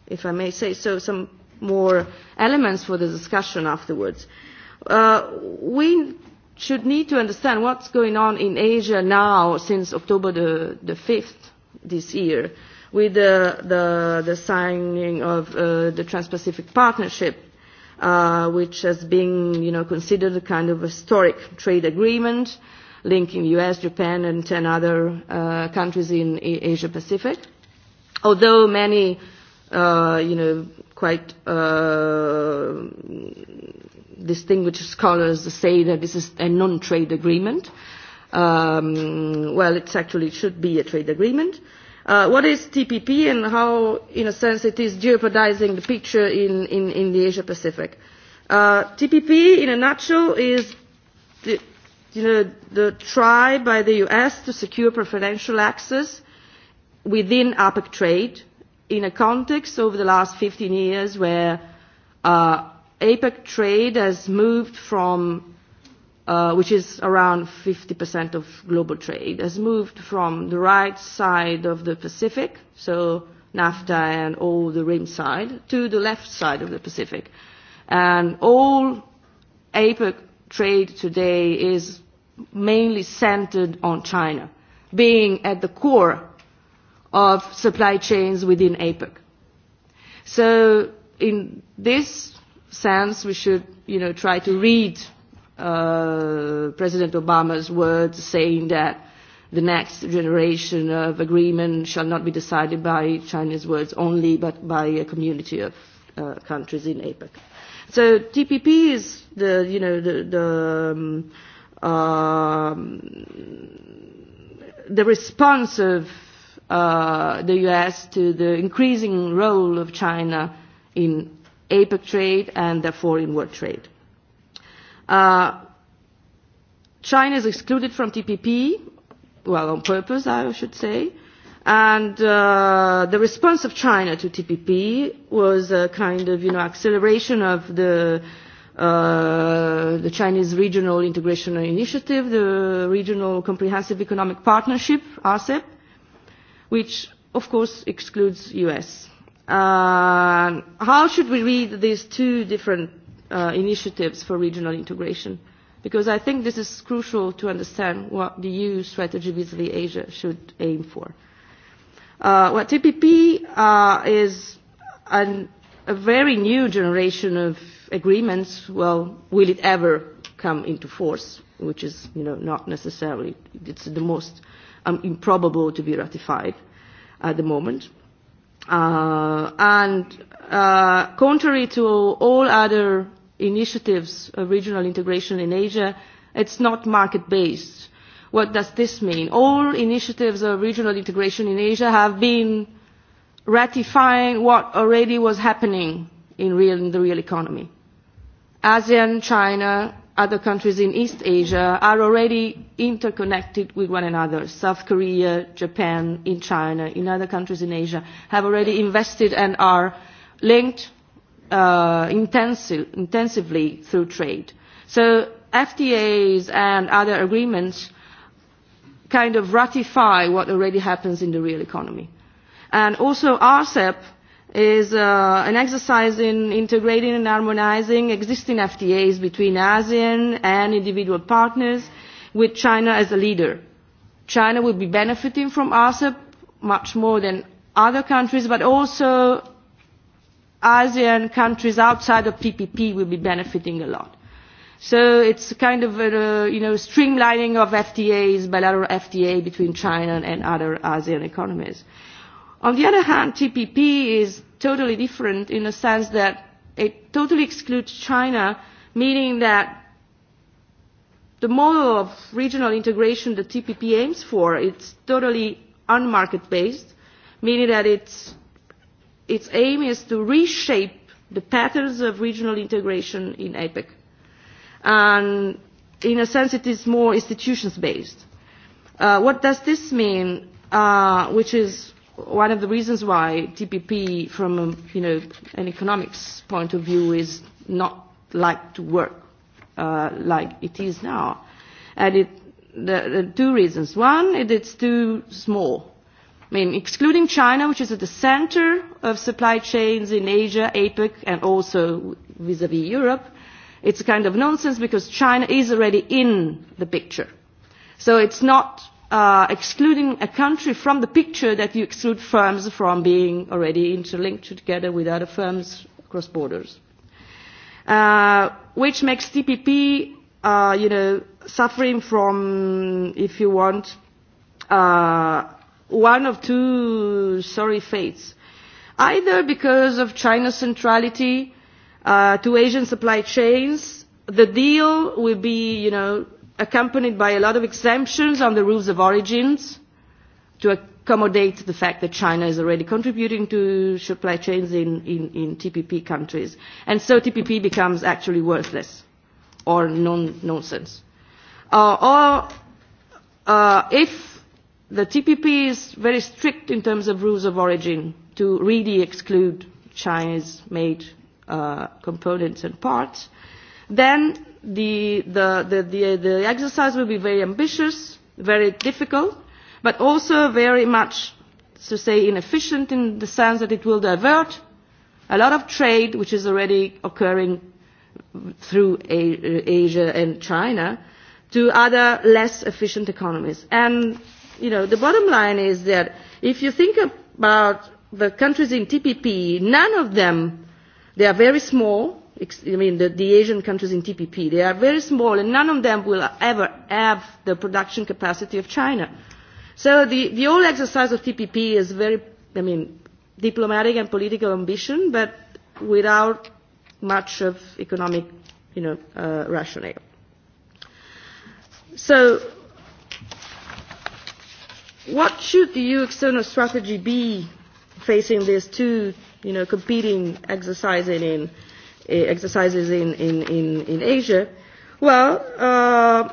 if I may say so, some more elements for the discussion afterwards, uh, we should need to understand what's going on in Asia now since October the, the 5th this year with the, the, the signing of uh, the Trans-Pacific Partnership, uh, which has been you know, considered a kind of historic trade agreement linking US, Japan, and 10 other uh, countries in Asia-Pacific. Although many, uh, you know, quite uh, distinguished scholars say that this is a non-trade agreement. Um, well, it's actually, it should be a trade agreement. Uh, what is TPP and how, in a sense, it is jeopardizing the picture in, in, in the Asia-Pacific? Uh, TPP, in a nutshell, is the, you know, the try by the US to secure preferential access within APEC trade in a context over the last 15 years where uh, APEC trade has moved from, uh, which is around 50% of global trade, has moved from the right side of the Pacific, so NAFTA and all the rim side, to the left side of the Pacific. And all APEC trade today is mainly centered on China, being at the core of supply chains within APEC. So in this sense, we should you know, try to read uh, President Obama's words saying that the next generation of agreement shall not be decided by China's words only, but by a community of uh, countries in APEC. So TPP is the, you know, the, the, um, um, the response of uh, the US to the increasing role of China in APEC trade and the foreign work trade. Uh, China is excluded from TPP, well, on purpose, I should say. And uh, the response of China to TPP was a kind of, you know, acceleration of the uh, the Chinese Regional Integration Initiative, the Regional Comprehensive Economic Partnership, RCEP, which of course excludes US Uh, how should we read these two different uh, initiatives for regional integration? Because I think this is crucial to understand what the EU strategy vis-à-vis -vis Asia should aim for. Uh, what TPP uh, is an, a very new generation of agreements. Well, will it ever come into force? Which is, you know, not necessarily. It's the most um, improbable to be ratified at the moment. Uh, Uh, and uh, contrary to all other initiatives of regional integration in Asia, it's not market-based. What does this mean? All initiatives of regional integration in Asia have been ratifying what already was happening in, real, in the real economy. ASEAN, China, other countries in East Asia are already interconnected with one another. South Korea, Japan, in China, in other countries in Asia have already invested and are linked uh, intensive, intensively through trade. So FTAs and other agreements kind of ratify what already happens in the real economy. And also RCEP is uh, an exercise in integrating and harmonizing existing FTAs between ASEAN and individual partners with China as a leader. China will be benefiting from RCEP much more than other countries, but also ASEAN countries outside of PPP will be benefiting a lot. So it's kind of a you know, streamlining of FTAs, bilateral FTA between China and other ASEAN economies. Uh, on the other hand tpp is totally different in the sense that it totally excludes china meaning that the model of regional integration that tpp aims for is totally unmarket based meaning that its its aim is to reshape the patterns of regional integration in apec and in a sense it is more institutions based uh, what does this mean uh, which is one of the reasons why TPP, from um, you know, an economics point of view, is not like to work uh, like it is now. And it, the, the two reasons. One, it, it's too small. I mean, excluding China, which is at the center of supply chains in Asia, APEC, and also vis-à-vis -vis Europe, it's a kind of nonsense because China is already in the picture. So it's not uh, excluding a country from the picture that you exclude firms from being already interlinked together with other firms across borders, uh, which makes TPP, uh, you know, suffering from, if you want, uh, one of two sorry fates, either because of China's centrality uh, to Asian supply chains, the deal will be, you know, accompanied by a lot of exemptions on the rules of origins to accommodate the fact that China is already contributing to supply chains in, in, in TPP countries. And so TPP becomes actually worthless or non nonsense. Uh, or uh, if the TPP is very strict in terms of rules of origin to really exclude Chinese-made uh, components and parts, then the, the, the, the, the exercise will be very ambitious, very difficult, but also very much, to say, inefficient in the sense that it will divert a lot of trade, which is already occurring through a uh, Asia and China, to other less efficient economies. And, you know, the bottom line is that if you think about the countries in TPP, none of them, they are very small, I mean, the, the Asian countries in TPP. They are very small, and none of them will ever have the production capacity of China. So the, the whole exercise of TPP is very, I mean, diplomatic and political ambition, but without much of economic, you know, uh, rationale. So what should the EU external strategy be facing these two, you know, competing exercises in? Eh, exercises in, in, in, in Asia, well, uh,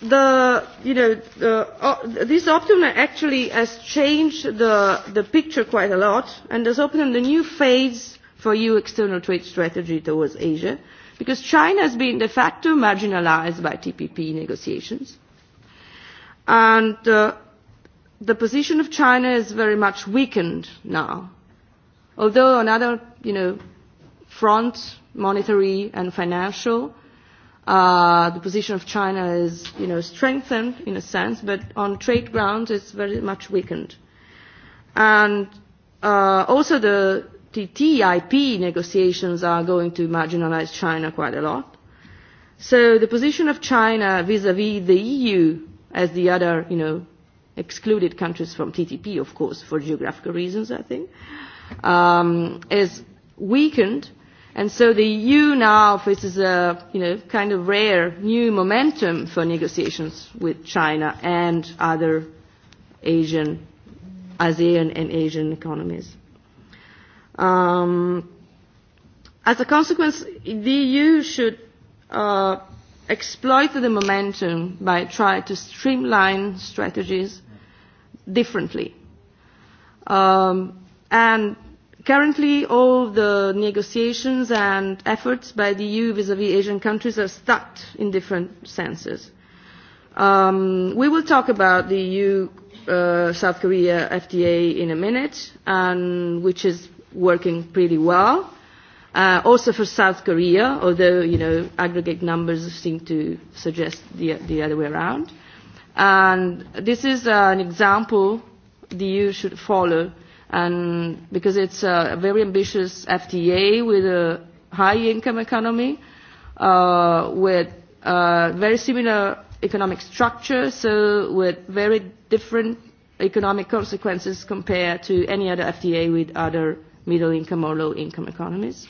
the you know the, uh, this optimum actually has changed the the picture quite a lot and has opened a new phase for EU external trade strategy towards Asia because China has been de facto marginalized by TPP negotiations and uh, the position of China is very much weakened now although on other you know front, monetary and financial. Uh, the position of China is, you know, strengthened in a sense, but on trade grounds it's very much weakened. And uh, also the TTIP negotiations are going to marginalize China quite a lot. So the position of China vis-à-vis -vis the EU as the other, you know, excluded countries from TTP, of course, for geographical reasons, I think, um, is weakened And so the EU now faces a you know, kind of rare new momentum for negotiations with China and other Asian, ASEAN and Asian economies. Um, as a consequence, the EU should uh, exploit the momentum by trying to streamline strategies differently. Um, and Currently, all the negotiations and efforts by the EU vis-à-vis -vis Asian countries are stuck in different senses. Um, we will talk about the EU-South uh, Korea FTA in a minute, and which is working pretty well. Uh, also for South Korea, although you know aggregate numbers seem to suggest the, the other way around. And this is uh, an example the EU should follow uh, and because it's a very ambitious FTA with a high-income economy, uh, with uh, very similar economic structure, so with very different economic consequences compared to any other FTA with other middle-income or low-income economies.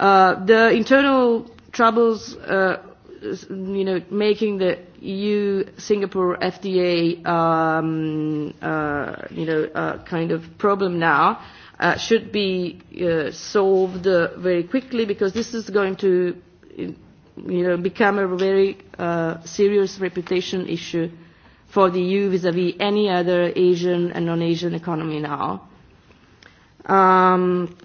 Uh, the internal troubles uh, you know, making the EU-Singapore FDA, um, uh, you know, uh, kind of problem now uh, should be uh, solved uh, very quickly because this is going to, you know, become a very uh, serious reputation issue for the EU vis-à-vis -vis any other Asian and non-Asian economy now. Um,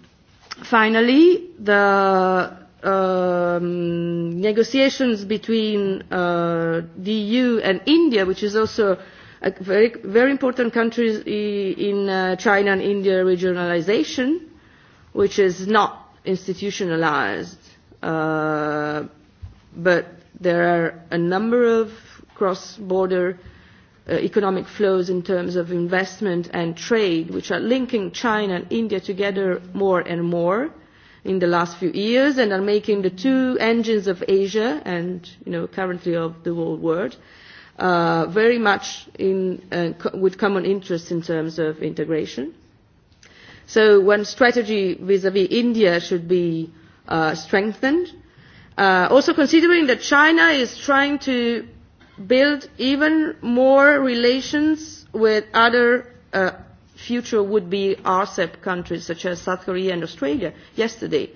finally, the um, negotiations between uh, the EU and India, which is also a very, very important country in uh, China and India regionalization, which is not institutionalized, uh, but there are a number of cross-border uh, economic flows in terms of investment and trade, which are linking China and India together more and more in the last few years and are making the two engines of Asia and you know, currently of the whole world uh, very much in, uh, co- with common interests in terms of integration. So one strategy vis-à-vis -vis India should be uh, strengthened. Uh, also considering that China is trying to build even more relations with other uh, future would-be RCEP countries such as South Korea and Australia, yesterday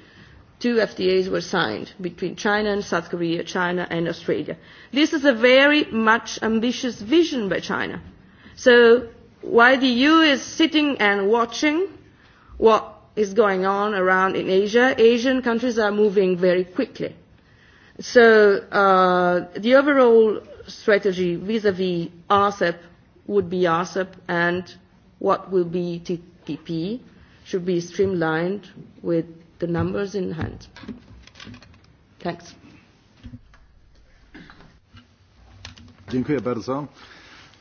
two FTAs were signed between China and South Korea, China and Australia. This is a very much ambitious vision by China. So while the EU is sitting and watching what is going on around in Asia, Asian countries are moving very quickly. So uh, the overall strategy vis-à-vis -vis RCEP would be RCEP and what will be TPP should be streamlined with the numbers in hand. Thanks. Dziękuję bardzo.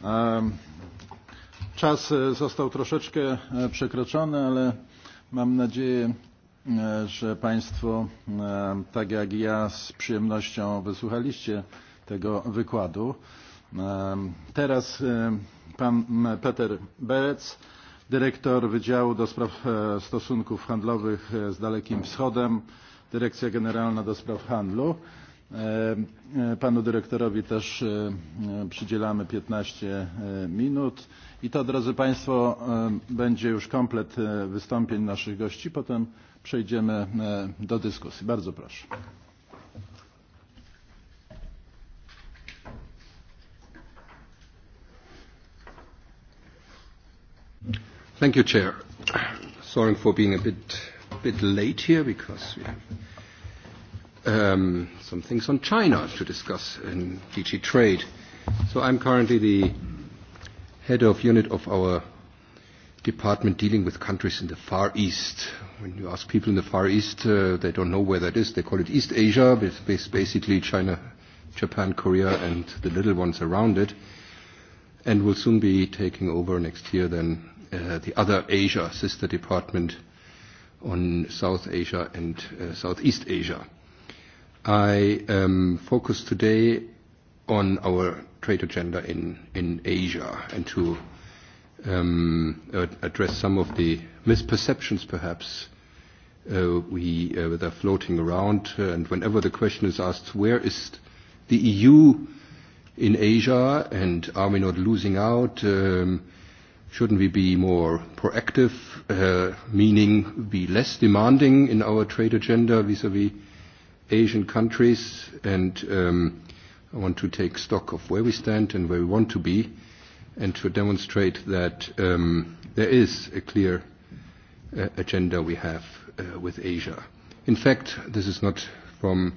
Um, czas e, został troszeczkę e, przekroczony, ale mam nadzieję, e, że Państwo, tak jak i ja, z przyjemnością wysłuchaliście tego wykładu. Teraz pan mm, Peter Berec, dyrektor Wydziału do Spraw e, Stosunków Handlowych e, z Dalekim Wschodem, Dyrekcja Generalna do Spraw Handlu. E, panu dyrektorowi też przydzielamy 15 minut. I to, drodzy Państwo, będzie już komplet wystąpień naszych gości. Potem przejdziemy do dyskusji. Bardzo proszę. Thank you, Chair. Sorry for being a bit, bit late here because we have um, some things on China to discuss in DG Trade. So I'm currently the head of unit of our department dealing with countries in the Far East. When you ask people in the Far East, uh, they don't know where that is. They call it East Asia, but it's basically China, Japan, Korea, and the little ones around it. Uh, and will soon be taking over next year then uh, the other Asia sister department on South Asia and uh, Southeast Asia. I um, focus today on our trade agenda in, in Asia and to um, uh, address some of the misperceptions perhaps uh, we, uh, that are floating around. Uh, and whenever the question is asked, where is the EU in Asia, and are we not losing out? Um, shouldn't we be more proactive, uh, meaning be less demanding in our trade agenda vis-à-vis -vis Asian countries? And um, I want to take stock of where we stand and where we want to be, and to demonstrate that um, there is a clear uh, agenda we have uh, with Asia. In fact, this is not from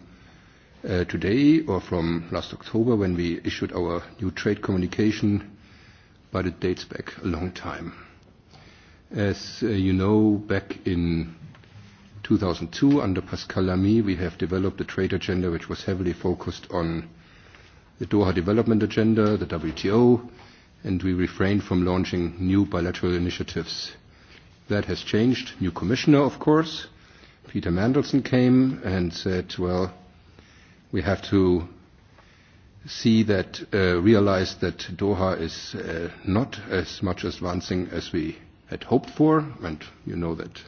uh, today or from last October when we issued our new trade communication, but it dates back a long time. As uh, you know, back in 2002, under Pascal Lamy, we have developed a trade agenda which was heavily focused on the Doha Development Agenda, the WTO, and we refrained from launching new bilateral initiatives. That has changed. New commissioner, of course, Peter Mandelson came and said, well, we have to see that, uh, realize that Doha is uh, not as much advancing as we had hoped for, and you know that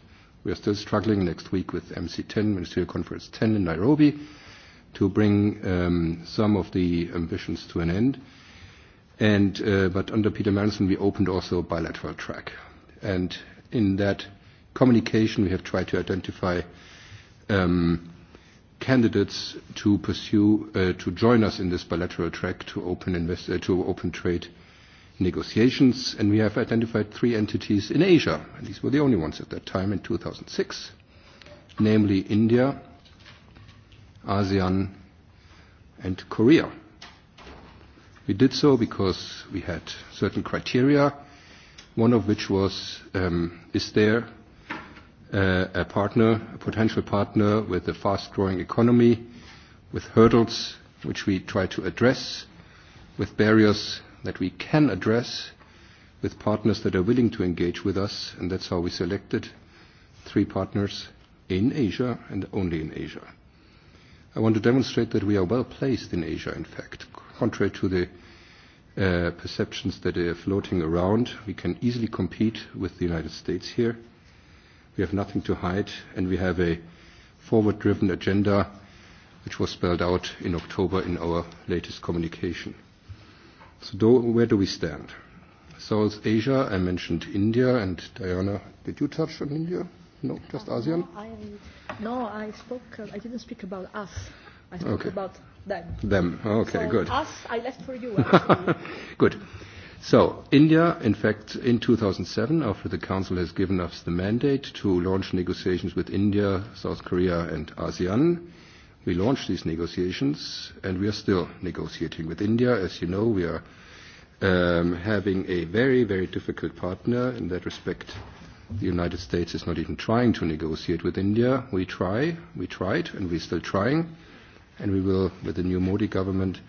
we are still struggling next week with MC10, Ministerial Conference 10 in Nairobi, to bring um, some of the ambitions to an end. And, uh, but under Peter Manson, we opened also a bilateral track. And in that communication, we have tried to identify um, candidates to pursue uh, to join us in this bilateral track to open invest uh, to open trade negotiations and we have identified three entities in Asia and these were the only ones at that time in 2006 namely India ASEAN and Korea we did so because we had certain criteria one of which was um, is there uh, a partner, a potential partner with a fast-growing economy, with hurdles which we try to address, with barriers that we can address, with partners that are willing to engage with us, and that's how we selected three partners in Asia and only in Asia. I want to demonstrate that we are well-placed in Asia, in fact. Contrary to the uh, perceptions that are floating around, we can easily compete with the United States here. Uh, We have nothing to hide, and we have a forward-driven agenda which was spelled out in October in our latest communication. So do, where do we stand? South Asia, I mentioned India, and Diana, did you touch on India? No, just uh, ASEAN? No, I, no, I spoke, uh, I didn't speak about us. I spoke okay. about them. Them, okay, so good. Us, I left for you. good. So, India, in fact, in 2007, after the Council has given us the mandate to launch negotiations with India, South Korea, and ASEAN, we launched these negotiations, and we are still negotiating with India. As you know, we are um, having a very, very difficult partner in that respect. The United States is not even trying to negotiate with India. We try, we tried, and we're still trying, and we will, with the new Modi government,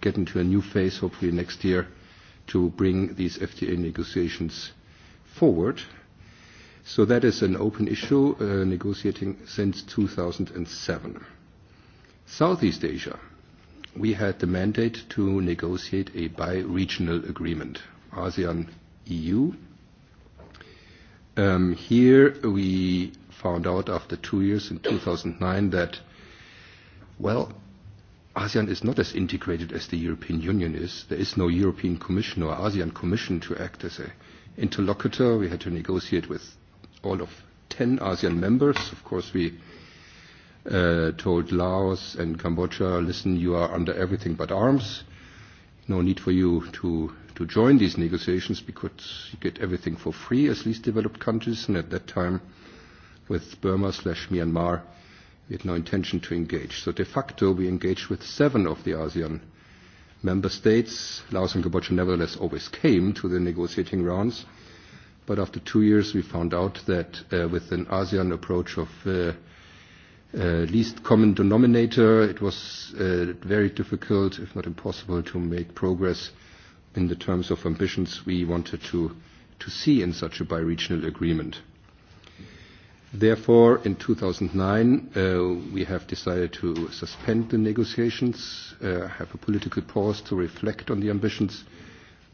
get into a new phase, hopefully next year, to bring these FTA negotiations forward. So that is an open issue uh, negotiating since 2007. Southeast Asia, we had the mandate to negotiate a bi-regional agreement, ASEAN-EU. Um, here we found out after two years in 2009 that, well, ASEAN is not as integrated as the European Union is. There is no European Commission or ASEAN Commission to act as an interlocutor. We had to negotiate with all of 10 ASEAN members. Of course, we uh, told Laos and Cambodia, listen, you are under everything but arms. No need for you to, to join these negotiations because you get everything for free as least developed countries. And at that time, with Burma slash Myanmar, uh, we had no intention to engage. So de facto, we engaged with seven of the ASEAN member states. Laos and Cambodia nevertheless always came to the negotiating rounds. But after two years, we found out that uh, with an ASEAN approach of uh, uh, least common denominator, it was uh, very difficult, if not impossible, to make progress in the terms of ambitions we wanted to, to see in such a bi-regional agreement. Uh, Therefore, in 2009, uh, we have decided to suspend the negotiations, uh, have a political pause to reflect on the ambitions,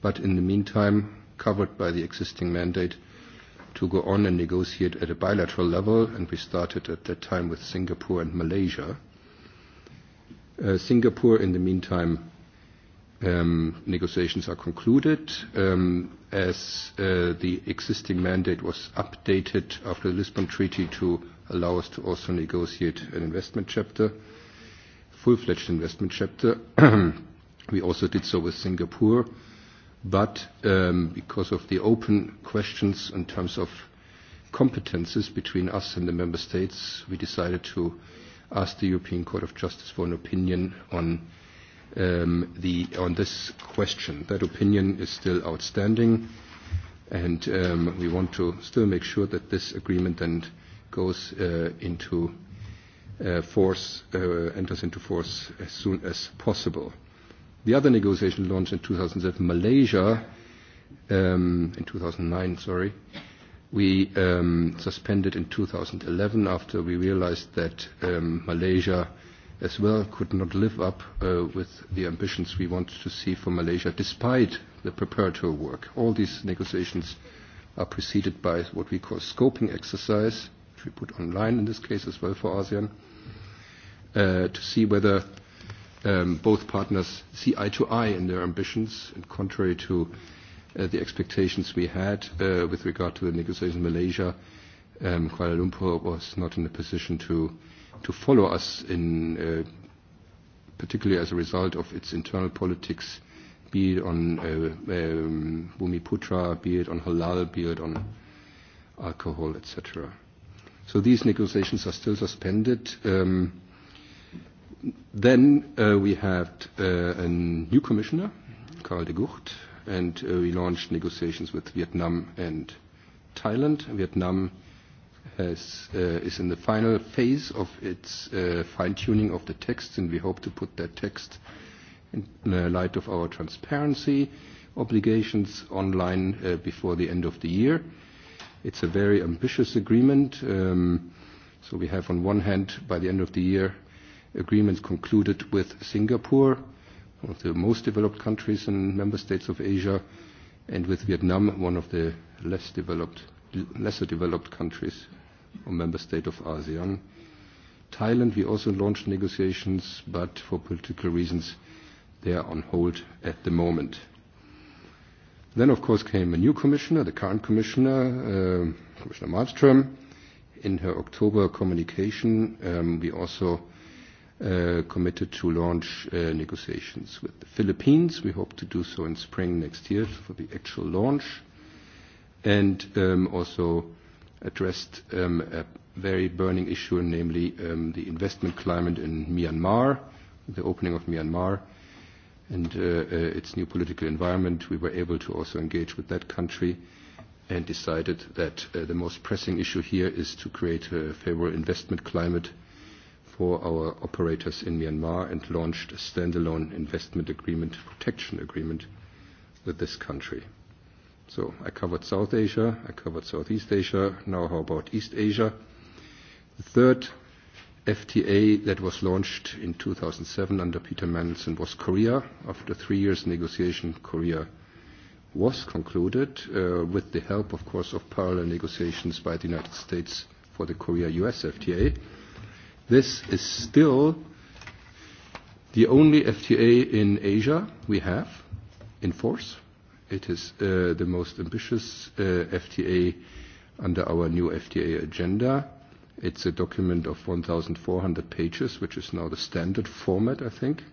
but in the meantime, covered by the existing mandate, to go on and negotiate at a bilateral level, and we started at that time with Singapore and Malaysia. Uh, Singapore, in the meantime, um, negotiations are concluded. Um, as uh, the existing mandate was updated after the Lisbon Treaty to allow us to also negotiate an investment chapter, full-fledged investment chapter. we also did so with Singapore. But um, because of the open questions in terms of competences between us and the member states, we decided to ask the European Court of Justice for an opinion on uh, um, the, on this question. That opinion is still outstanding, and um, we want to still make sure that this agreement then goes uh, into uh, force, uh, enters into force as soon as possible. The other negotiation launched in 2007, Malaysia, um, in 2009, sorry, we um, suspended in 2011 after we realized that um, Malaysia uh, as well could not live up uh, with the ambitions we want to see for Malaysia, despite the preparatory work. All these negotiations are preceded by what we call scoping exercise, which we put online in this case as well for ASEAN, uh, to see whether um, both partners see eye to eye in their ambitions, and contrary to uh, the expectations we had uh, with regard to the negotiations in Malaysia, um, Kuala Lumpur was not in a position to uh, to follow us in, uh, particularly as a result of its internal politics, be it on uh, um, Bumiputra, be it on halal, be it on alcohol, etc. So these negotiations are still suspended. Um, then uh, we had uh, a new commissioner, Karl de Gucht, and uh, we launched negotiations with Vietnam and Thailand. Vietnam has, uh, is in the final phase of its uh, fine-tuning of the text, and we hope to put that text in the light of our transparency obligations online uh, before the end of the year. It's a very ambitious agreement. Um, so we have, on one hand, by the end of the year, agreements concluded with Singapore, one of the most developed countries and member states of Asia, and with Vietnam, one of the less developed lesser developed countries or member state of ASEAN. Thailand, we also launched negotiations, but for political reasons, they are on hold at the moment. Then, of course, came a new commissioner, the current commissioner, uh, Commissioner Malmström. In her October communication, um, we also uh, committed to launch uh, negotiations with the Philippines. We hope to do so in spring next year for the actual launch and um, also addressed um, a very burning issue, namely um, the investment climate in Myanmar, the opening of Myanmar, and uh, uh, its new political environment. We were able to also engage with that country and decided that uh, the most pressing issue here is to create a favorable investment climate for our operators in Myanmar and launched a standalone investment agreement, protection agreement with this country. So I covered South Asia, I covered Southeast Asia. Now how about East Asia? The third FTA that was launched in 2007 under Peter Mandelson was Korea. After three years negotiation, Korea was concluded uh, with the help, of course, of parallel negotiations by the United States for the Korea-US FTA. This is still the only FTA in Asia we have in force. Uh, It is uh, the most ambitious uh, FTA under our new FTA agenda. It's a document of 1,400 pages, which is now the standard format, I think.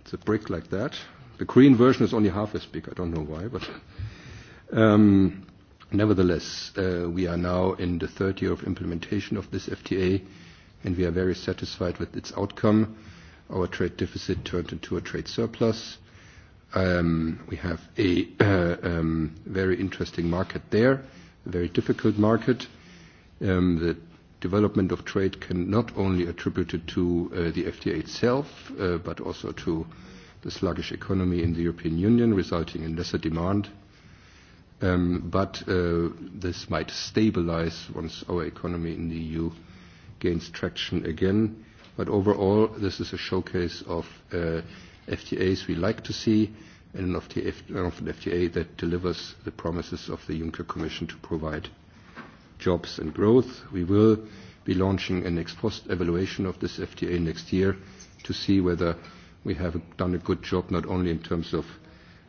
It's a brick like that. The Korean version is only half as big. I don't know why, but um, nevertheless, uh, we are now in the third year of implementation of this FTA, and we are very satisfied with its outcome. Our trade deficit turned into a trade surplus. Um, we have a uh, um, very interesting market there, a very difficult market. Um, the development of trade can not only attribute it to uh, the FTA itself, uh, but also to the sluggish economy in the European Union, resulting in lesser demand. Um, but uh, this might stabilize once our economy in the EU gains traction again. But overall, this is a showcase of uh, FTAs we like to see, and an FTA that delivers the promises of the Juncker Commission to provide jobs and growth. We will be launching an ex post evaluation of this FTA next year to see whether we have done a good job, not only in terms of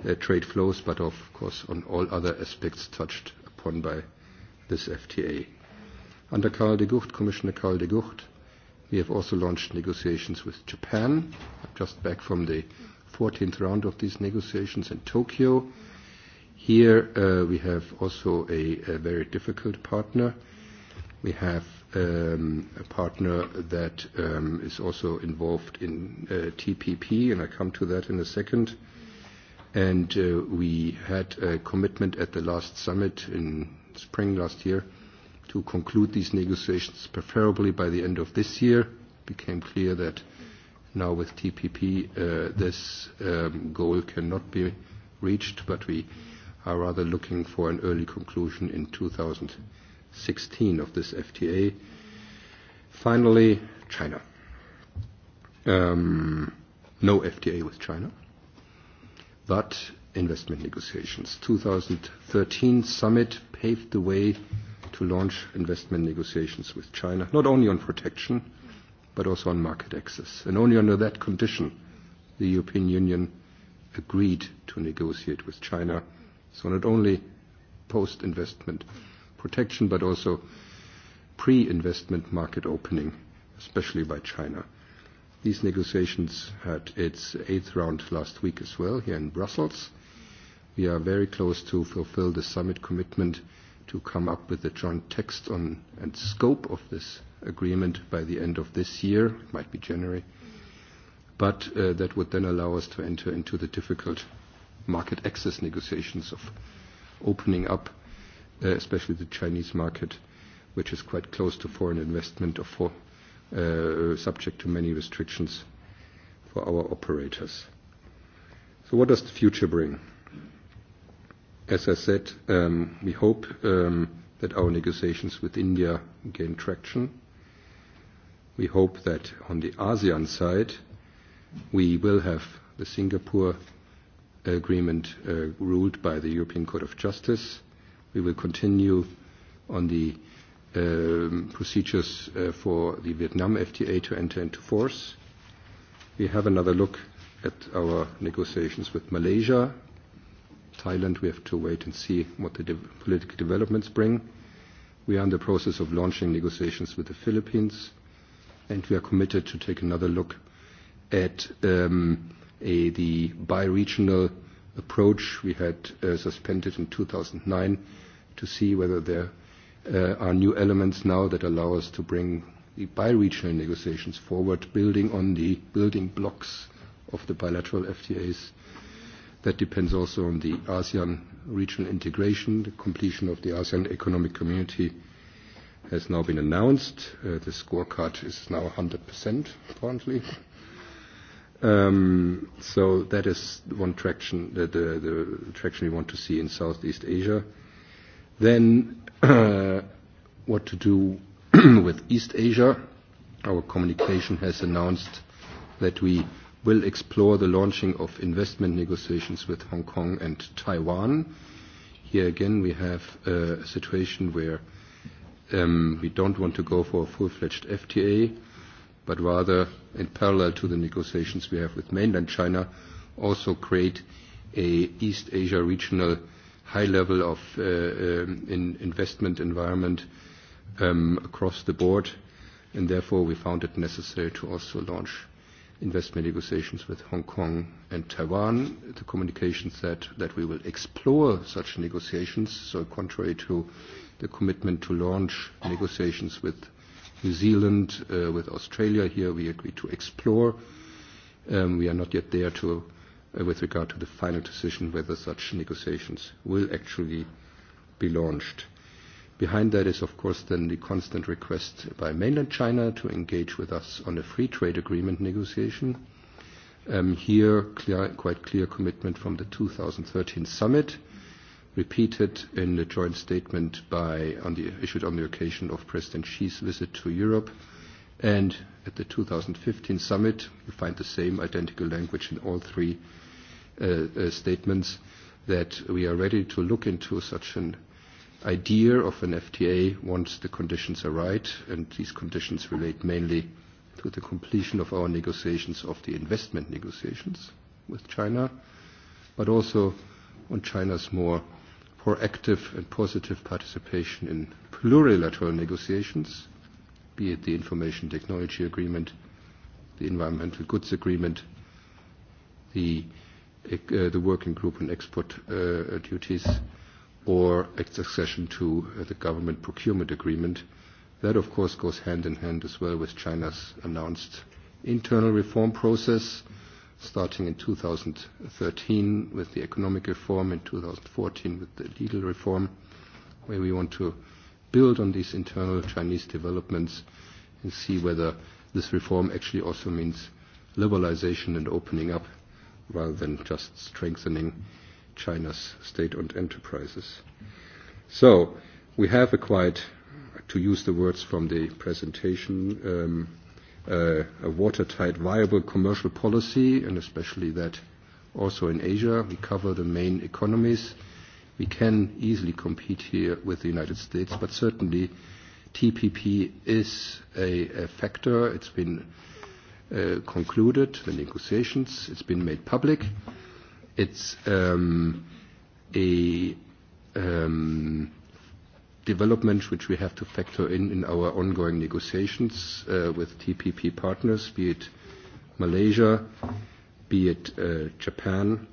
uh, trade flows, but of course, on all other aspects touched upon by this FTA. Under Karl de Gucht, Commissioner Karl de Gucht, We have also launched negotiations with Japan. I'm just back from the 14th round of these negotiations in Tokyo. Here, uh, we have also a, a very difficult partner. We have um, a partner that um, is also involved in uh, TPP, and I come to that in a second. And uh, we had a commitment at the last summit in spring last year to conclude these negotiations preferably by the end of this year. It became clear that now with TPP uh, this um, goal cannot be reached, but we are rather looking for an early conclusion in 2016 of this FTA. Finally, China. Um, no FTA with China, but investment negotiations. 2013 summit paved the way to launch investment negotiations with China, not only on protection, but also on market access. And only under that condition, the European Union agreed to negotiate with China. So not only post-investment protection, but also pre-investment market opening, especially by China. These negotiations had its eighth round last week as well here in Brussels. We are very close to fulfill the summit commitment to come up with a joint text on and scope of this agreement by the end of this year. It might be January. But uh, that would then allow us to enter into the difficult market access negotiations of opening up, uh, especially the Chinese market, which is quite close to foreign investment or for, uh, subject to many restrictions for our operators. So what does the future bring? As I said, um, we hope um, that our negotiations with India gain traction. We hope that on the ASEAN side, we will have the Singapore agreement uh, ruled by the European Court of Justice. We will continue on the um, procedures uh, for the Vietnam FTA to enter into force. We have another look at our negotiations with Malaysia silent. We have to wait and see what the de political developments bring. We are in the process of launching negotiations with the Philippines, and we are committed to take another look at um, a, the bi-regional approach we had uh, suspended in 2009 to see whether there uh, are new elements now that allow us to bring the bi-regional negotiations forward, building on the building blocks of the bilateral FTAs That depends also on the ASEAN regional integration. The completion of the ASEAN Economic Community has now been announced. Uh, the scorecard is now 100%, apparently. Um, so that is one traction, the, the, the traction we want to see in Southeast Asia. Then uh, what to do with East Asia. Our communication has announced that we will explore the launching of investment negotiations with Hong Kong and Taiwan. Here again, we have uh, a situation where um, we don't want to go for a full-fledged FTA, but rather, in parallel to the negotiations we have with mainland China, also create a East Asia regional high level of uh, um, in investment environment um, across the board, and therefore we found it necessary to also launch investment negotiations with Hong Kong and Taiwan. The communications said that we will explore such negotiations, so contrary to the commitment to launch negotiations with New Zealand, uh, with Australia here, we agreed to explore. Um, we are not yet there to, uh, with regard to the final decision whether such negotiations will actually be launched. Behind that is, of course, then the constant request by mainland China to engage with us on a free trade agreement negotiation. Um, here, clear, quite clear commitment from the 2013 summit, repeated in the joint statement by, on the, issued on the occasion of President Xi's visit to Europe, and at the 2015 summit, you find the same identical language in all three uh, uh, statements, that we are ready to look into such an idea of an FTA once the conditions are right, and these conditions relate mainly to the completion of our negotiations of the investment negotiations with China, but also on China's more proactive and positive participation in plurilateral negotiations, be it the Information Technology Agreement, the Environmental Goods Agreement, the, uh, the Working Group on Export uh, Duties, uh, or its accession to uh, the government procurement agreement. That, of course, goes hand in hand as well with China's announced internal reform process, starting in 2013 with the economic reform, in 2014 with the legal reform, where we want to build on these internal Chinese developments and see whether this reform actually also means liberalization and opening up rather than just strengthening mm-hmm China's state-owned enterprises. So we have a quite, to use the words from the presentation, um, uh, a watertight, viable commercial policy, and especially that also in Asia, we cover the main economies. We can easily compete here with the United States, but certainly TPP is a, a factor. It's been uh, concluded, the negotiations, it's been made public. Mm-hmm It's um, a um, development which we have to factor in in our ongoing negotiations uh, with TPP partners, be it Malaysia, be it uh, Japan,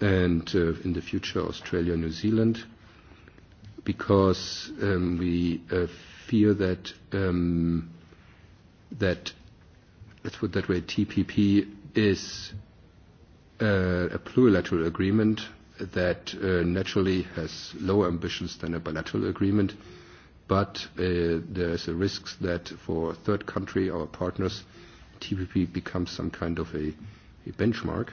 and uh, in the future, Australia, New Zealand, because um, we uh, fear that um, that let's put it that way, TPP is uh, a plurilateral agreement that uh, naturally has lower ambitions than a bilateral agreement, but uh, there is a risk that for third country, our partners, TPP becomes some kind of a, a benchmark,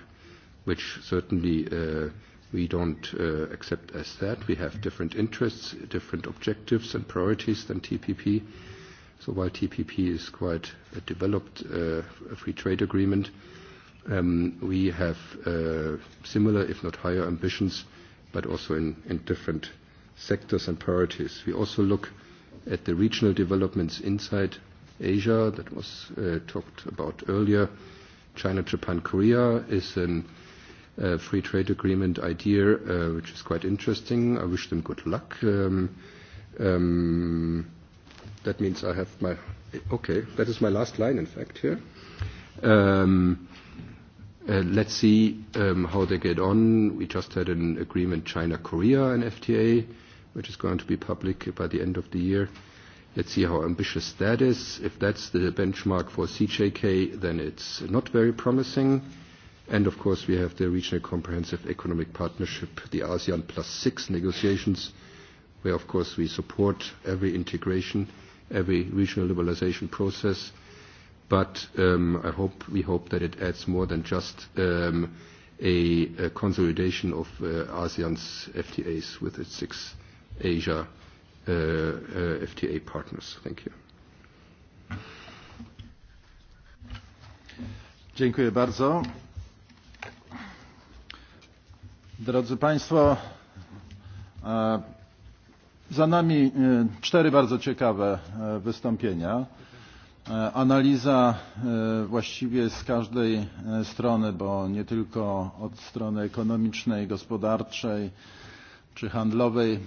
which certainly uh, we don't uh, accept as that. We have different interests, different objectives and priorities than TPP. So while TPP is quite a developed uh, free trade agreement, uh, um, we have uh, similar, if not higher, ambitions, but also in, in different sectors and priorities. We also look at the regional developments inside Asia that was uh, talked about earlier. China, Japan, Korea is a uh, free trade agreement idea, uh, which is quite interesting. I wish them good luck. Um, um, that means I have my... Okay, that is my last line, in fact, here. Um, uh, Uh, let's see um, how they get on. We just had an agreement China-Korea, an FTA, which is going to be public by the end of the year. Let's see how ambitious that is. If that's the benchmark for CJK, then it's not very promising. And of course, we have the Regional Comprehensive Economic Partnership, the ASEAN Plus Six negotiations, where, of course, we support every integration, every regional liberalization process, uh, but um, I hope, we hope that it adds more than just um, a, a consolidation of uh, ASEAN's FTAs with its six Asia uh, uh, FTA partners. Thank you. Dziękuję bardzo. Drodzy Państwo, e, za nami e, cztery bardzo ciekawe e, wystąpienia. E, analiza e, właściwie z każdej e, strony, bo nie tylko od strony ekonomicznej, gospodarczej czy handlowej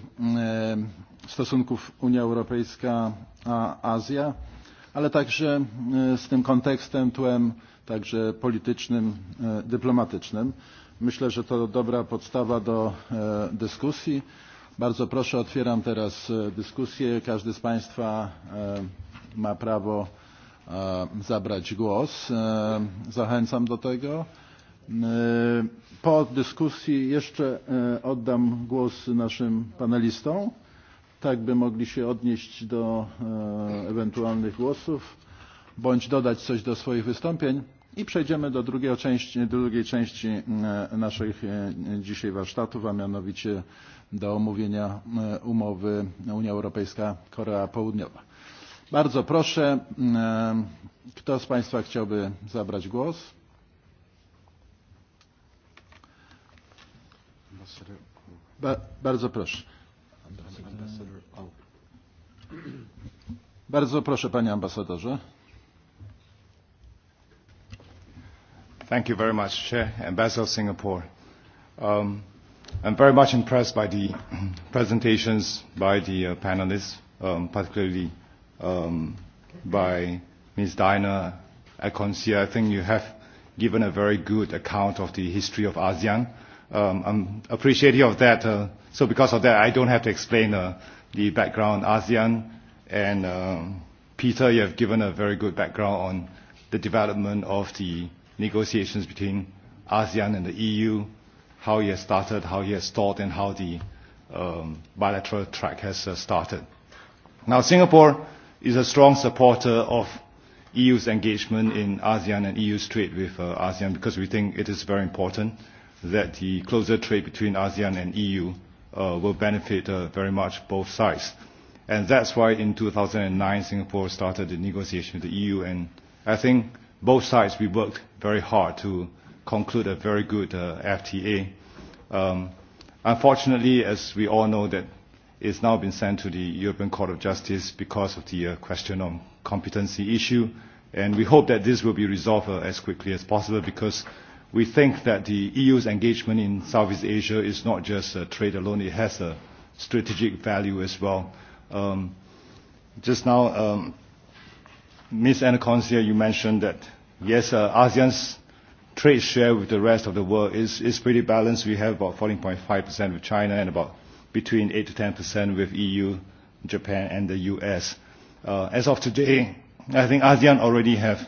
stosunków Unia Europejska a Azja, ale także z tym kontekstem, tłem także politycznym, dyplomatycznym. Myślę, że to dobra podstawa do dyskusji. Bardzo proszę, otwieram teraz dyskusję. Każdy z Państwa ma prawo E, zabrać głos. E, zachęcam do tego. E, po dyskusji jeszcze oddam głos naszym panelistom, tak by mogli się odnieść do ewentualnych głosów bądź dodać coś do swoich wystąpień i przejdziemy do drugiej części, drugiej części naszych dzisiaj warsztatów, a mianowicie do omówienia umowy Unia Europejska-Korea Południowa. Bardzo proszę, e, kto z Państwa chciałby zabrać głos? Ba bardzo proszę. Bardzo proszę, panie ambasadorze. Thank you very much, Chair, Ambassador of Singapore. Um, I'm very much impressed by the presentations by the uh, panelists, um, particularly um, by Ms. Dina Akoncia. I think you have given a very good account of the history of ASEAN. Um, I'm appreciative of that. Uh, so because of that, I don't have to explain uh, the background ASEAN. And um, Peter, you have given a very good background on the development of the negotiations between ASEAN and the EU, how it has started, how it has stalled, and how the um, bilateral track has uh, started. Now, Singapore is a strong supporter of EU's engagement in ASEAN and EU's trade with uh, ASEAN because we think it is very important that the closer trade between ASEAN and EU uh, will benefit uh, very much both sides. And that's why in 2009 Singapore started the negotiation with the EU and I think both sides we worked very hard to conclude a very good uh, FTA. Um, unfortunately, as we all know that is now been sent to the European Court of Justice because of the uh, question on competency issue. And we hope that this will be resolved uh, as quickly as possible because we think that the EU's engagement in Southeast Asia is not just uh, trade alone, it has a strategic value as well. Um, just now, um, Ms. Anaconcia, you mentioned that, yes, uh, ASEAN's trade share with the rest of the world is, is pretty balanced. We have about 14.5% with China and about between 8 to 10 percent with EU, Japan, and the US. Uh, as of today, I think ASEAN already have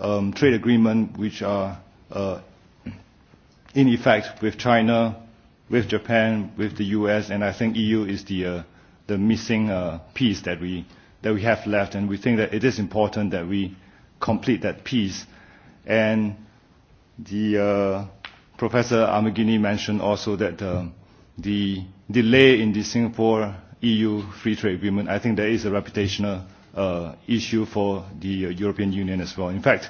um, trade agreements which are uh, in effect with China, with Japan, with the US, and I think EU is the, uh, the missing uh, piece that we, that we have left, and we think that it is important that we complete that piece. And the uh, Professor Amagini mentioned also that um, uh, the delay in the Singapore EU free trade agreement, I think there is a reputational uh, issue for the uh, European Union as well. In fact,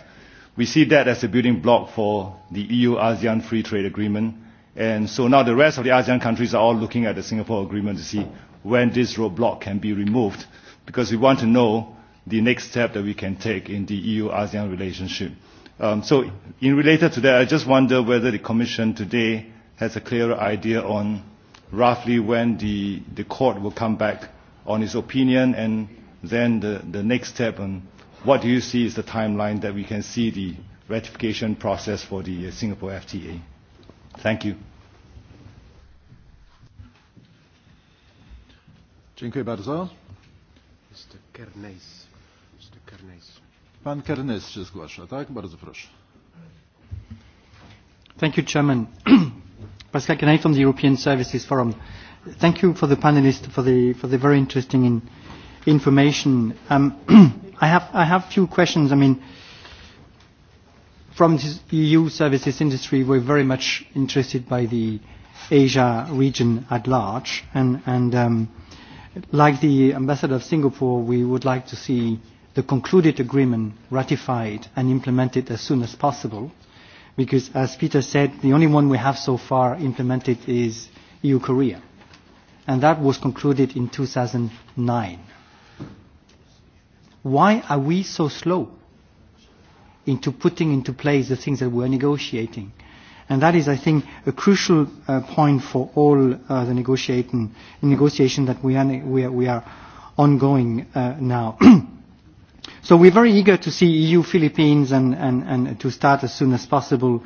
we see that as a building block for the EU-ASEAN free trade agreement. And so now the rest of the ASEAN countries are all looking at the Singapore agreement to see when this roadblock can be removed because we want to know the next step that we can take in the EU-ASEAN relationship. Um, so in related to that, I just wonder whether the Commission today has a clearer idea on roughly when the, the court will come back on its opinion and then the, the next step and what do you see is the timeline that we can see the ratification process for the uh, Singapore FTA? Thank you. Dziękuję bardzo. Mr. Kernes. Mr. Kernes. Pan Kernes się zgłasza, tak? Bardzo proszę. Thank you, Chairman. Pascal Canay from the European Services Forum. Thank you for the panelists for the, for the very interesting in, information. Um, I have I have few questions. I mean, from the EU services industry, we're very much interested by the Asia region at large, and and um, like the ambassador of Singapore, we would like to see the concluded agreement ratified and implemented as soon as possible. Uh, because as Peter said, the only one we have so far implemented is EU-Korea. And that was concluded in 2009. Why are we so slow into putting into place the things that we're negotiating? And that is, I think, a crucial uh, point for all uh, the negotiating, negotiation that we are, we are, we are ongoing uh, now. So we're very eager to see EU Philippines and, and, and to start as soon as possible,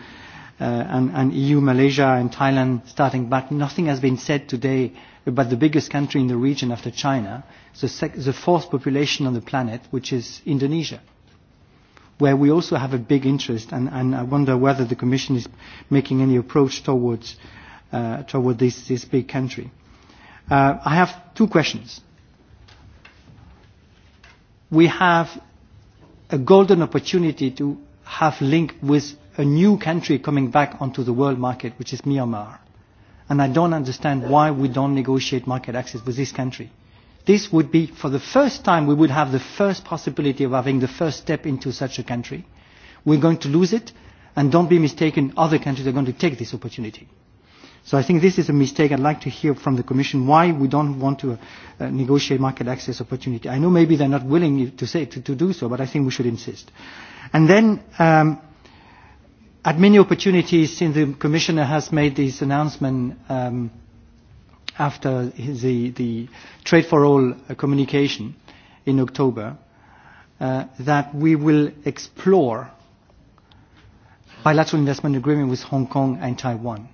uh, and, and EU Malaysia and Thailand starting, but nothing has been said today about the biggest country in the region after China, the, sec- the fourth population on the planet, which is Indonesia, where we also have a big interest, and, and I wonder whether the Commission is making any approach towards, uh, toward this, this big country. Uh, I have two questions we have a golden opportunity to have link with a new country coming back onto the world market, which is Myanmar. And I don't understand why we don't negotiate market access with this country. This would be, for the first time, we would have the first possibility of having the first step into such a country. We're going to lose it, and don't be mistaken, other countries are going to take this opportunity. So I think this is a mistake. I'd like to hear from the Commission why we don't want to uh, negotiate market access opportunity. I know maybe they're not willing to, say, to, to do so, but I think we should insist. And then um, at many opportunities since the Commissioner has made this announcement um, after the, the Trade for All uh, communication in October, uh, that we will explore bilateral investment agreement with Hong Kong and Taiwan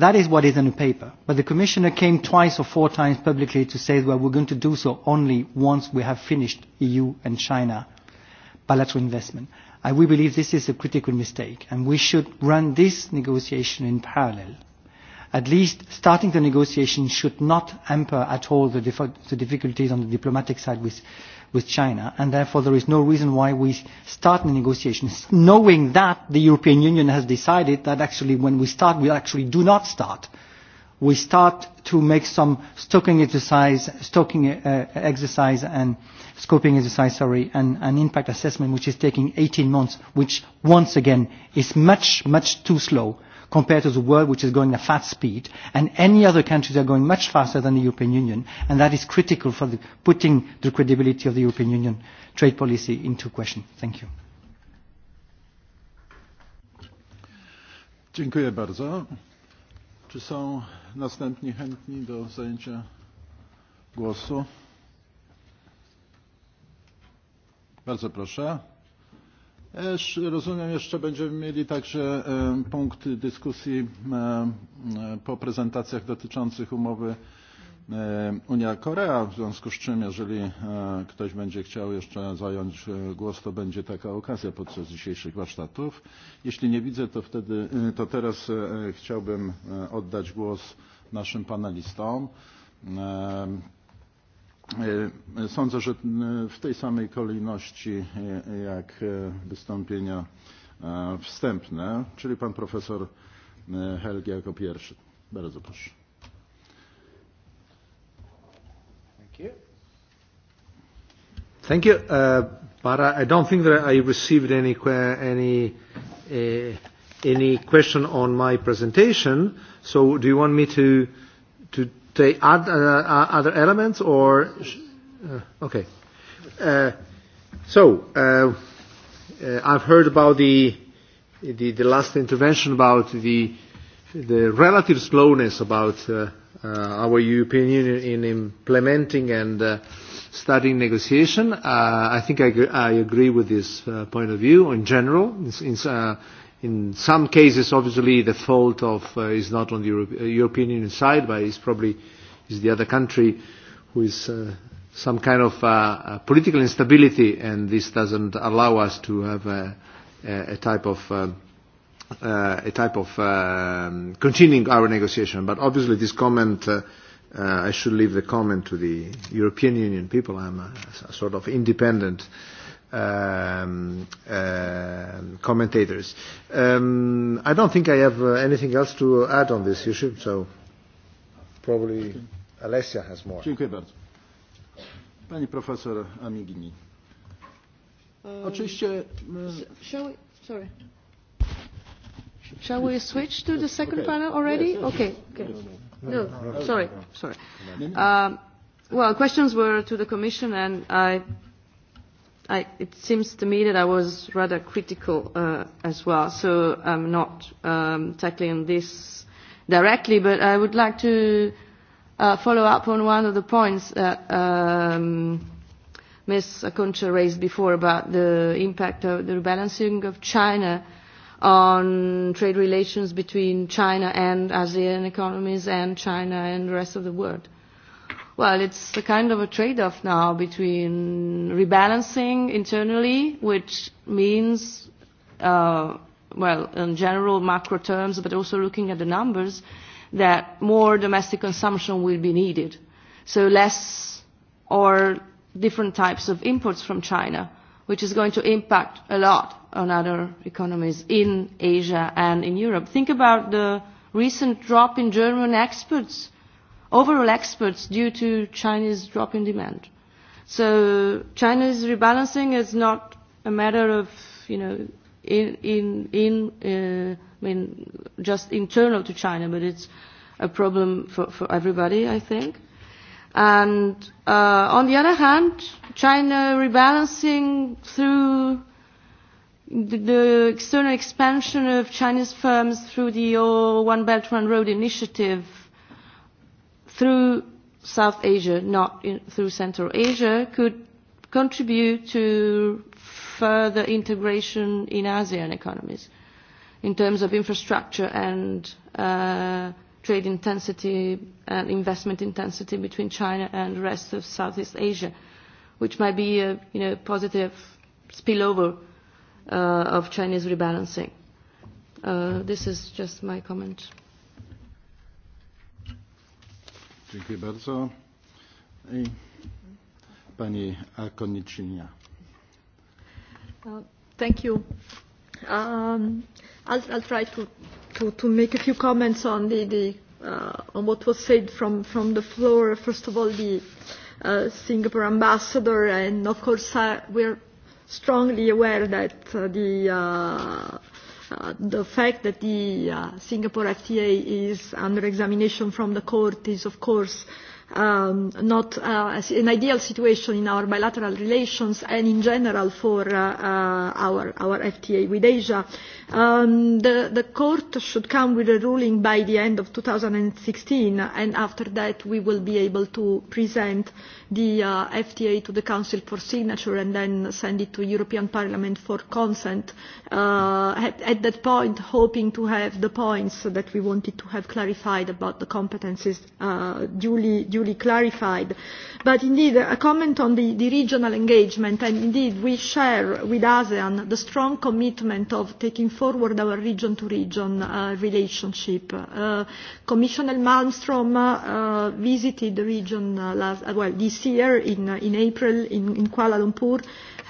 That is what is in the paper. But the Commissioner came twice or four times publicly to say, well, we're going to do so only once we have finished EU and China bilateral investment. And we believe this is a critical mistake, and we should run this negotiation in parallel. At least starting the negotiation should not hamper at all the, dif- the difficulties on the diplomatic side with with China, and therefore there is no reason why we start the negotiations, knowing that the European Union has decided that actually when we start, we actually do not start. We start to make some stocking exercise, stocking uh, exercise and scoping exercise, sorry, and an impact assessment, which is taking 18 months, which once again is much, much too slow compared to the world which is going at fast speed, and any other countries are going much faster than the European Union, and that is critical for the, putting the credibility of the European Union trade policy into question. Thank you. Dziękuję bardzo. Czy są następni chętni do zajęcia głosu? Bardzo proszę. Rozumiem, jeszcze będziemy mieli także e, punkt dyskusji e, e, po prezentacjach dotyczących umowy Unia-Korea, w związku z czym jeżeli ktoś będzie chciał jeszcze zająć głos, to będzie taka okazja podczas dzisiejszych warsztatów. Jeśli nie widzę, to wtedy, to teraz chciałbym oddać głos naszym panelistom. E, sądzę, że w tej samej kolejności e, jak e, wystąpienia wstępne, czyli pan profesor Helge jako pierwszy. Bardzo proszę. Thank you. Thank you. Uh, but I, I don't think that I received any any uh, any question on my presentation. So do you want me to uh, they add uh, uh, other elements or uh, okay uh, so uh, uh, I've heard about the, the the last intervention about the the relative slowness about uh, uh, our European Union in implementing and uh, studying negotiation. Uh, I think I, I agree with this uh, point of view in general. In, in, uh, in some cases, obviously, the fault of uh, is not on the Euro uh, European Union side, but it's probably is the other country who is uh, some kind of uh, uh, political instability, and this doesn't allow us to have a, a, a type of uh, uh, a type of um, continuing our negotiation. But obviously, this comment. Uh, uh, I should leave the comment to the European Union people. I'm a, a sort of independent uh, um, uh, commentators. Um, I don't think I have uh, anything else to add on this issue, so probably Alessia has more. Dziękuję bardzo. Pani profesor Amigini. Um, Oczywiście... Mm, shall we, sorry. Shall we switch to the second okay. panel already? Yes, yes, okay. okay. No, no, no, sorry, sorry. Um, well, questions were to the Commission, and I I, it seems to me that I was rather critical uh, as well, so I'm not um, tackling this directly, but I would like to uh, follow up on one of the points that um, Ms. Aconcha raised before about the impact of the rebalancing of China on trade relations between China and ASEAN economies and China and the rest of the world. Uh, Well, it's a kind of a trade-off now between rebalancing internally, which means, uh, well, in general macro terms, but also looking at the numbers, that more domestic consumption will be needed. So less or different types of imports from China, which is going to impact a lot on other economies in Asia and in Europe. Think about the recent drop in German exports overall exports due to Chinese drop in demand. So China's rebalancing is not a matter of, you know, in, in, in uh, I mean, just internal to China, but it's a problem for, for everybody, I think. And uh, on the other hand, China rebalancing through the, the external expansion of Chinese firms through the One Belt One Road initiative through South Asia, not in, through Central Asia, could contribute to further integration in ASEAN economies in terms of infrastructure and uh, trade intensity and investment intensity between China and the rest of Southeast Asia, which might be a you know, positive spillover uh, of Chinese rebalancing. Uh, this is just my comment. Dziękuję bardzo. I pani Konnichinia. Uh, thank you. Um, I'll, I'll try to, to, to make a few comments on, the, the, uh, on what was said from, from the floor. First of all, the uh, Singapore ambassador, and of course, uh, we're strongly aware that uh, the uh, Uh, the fact that the uh, Singapore FTA is under examination from the court is, of course, uh, um, not uh, an ideal situation in our bilateral relations and in general for uh, uh, our, our FTA with Asia. Um, the, the court should come with a ruling by the end of 2016 and after that we will be able to present the uh, FTA to the Council for signature and then send it to European Parliament for consent. Uh, at, at that point, hoping to have the points that we wanted to have clarified about the competences uh, duly, duly duly clarified. But indeed, a comment on the, the regional engagement, and indeed we share with ASEAN the strong commitment of taking forward our region-to-region -region, uh, relationship. Uh, Commissioner Malmstrom uh, visited the region uh, last, uh, well, this year in, uh, in April in, in Kuala Lumpur,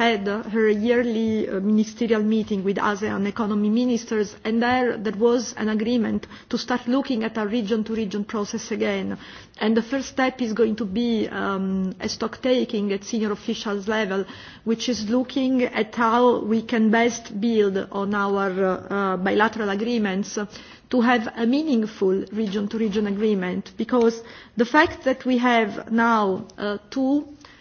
had her yearly uh, ministerial meeting with ASEAN economy ministers, and there there was an agreement to start looking at a region-to-region -region process again. And the first step is going to be um, a stock-taking at senior officials level, which is looking at how we can best build on our uh, uh, bilateral agreements to have a meaningful region-to-region -region agreement, because the fact that we have now uh, two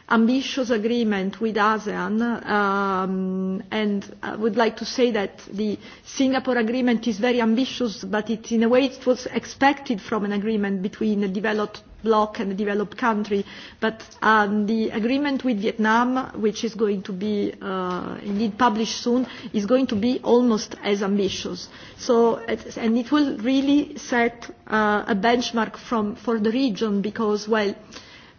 ambitious agreement with ASEAN, um, and I uh, would like to say that the Singapore agreement is very ambitious, but it, in a way it was expected from an agreement between a developed bloc and a developed country. But um, the agreement with Vietnam, which is going to be uh, indeed published soon, is going to be almost as ambitious. So, and it will really set uh, a benchmark from, for the region because, well, uh,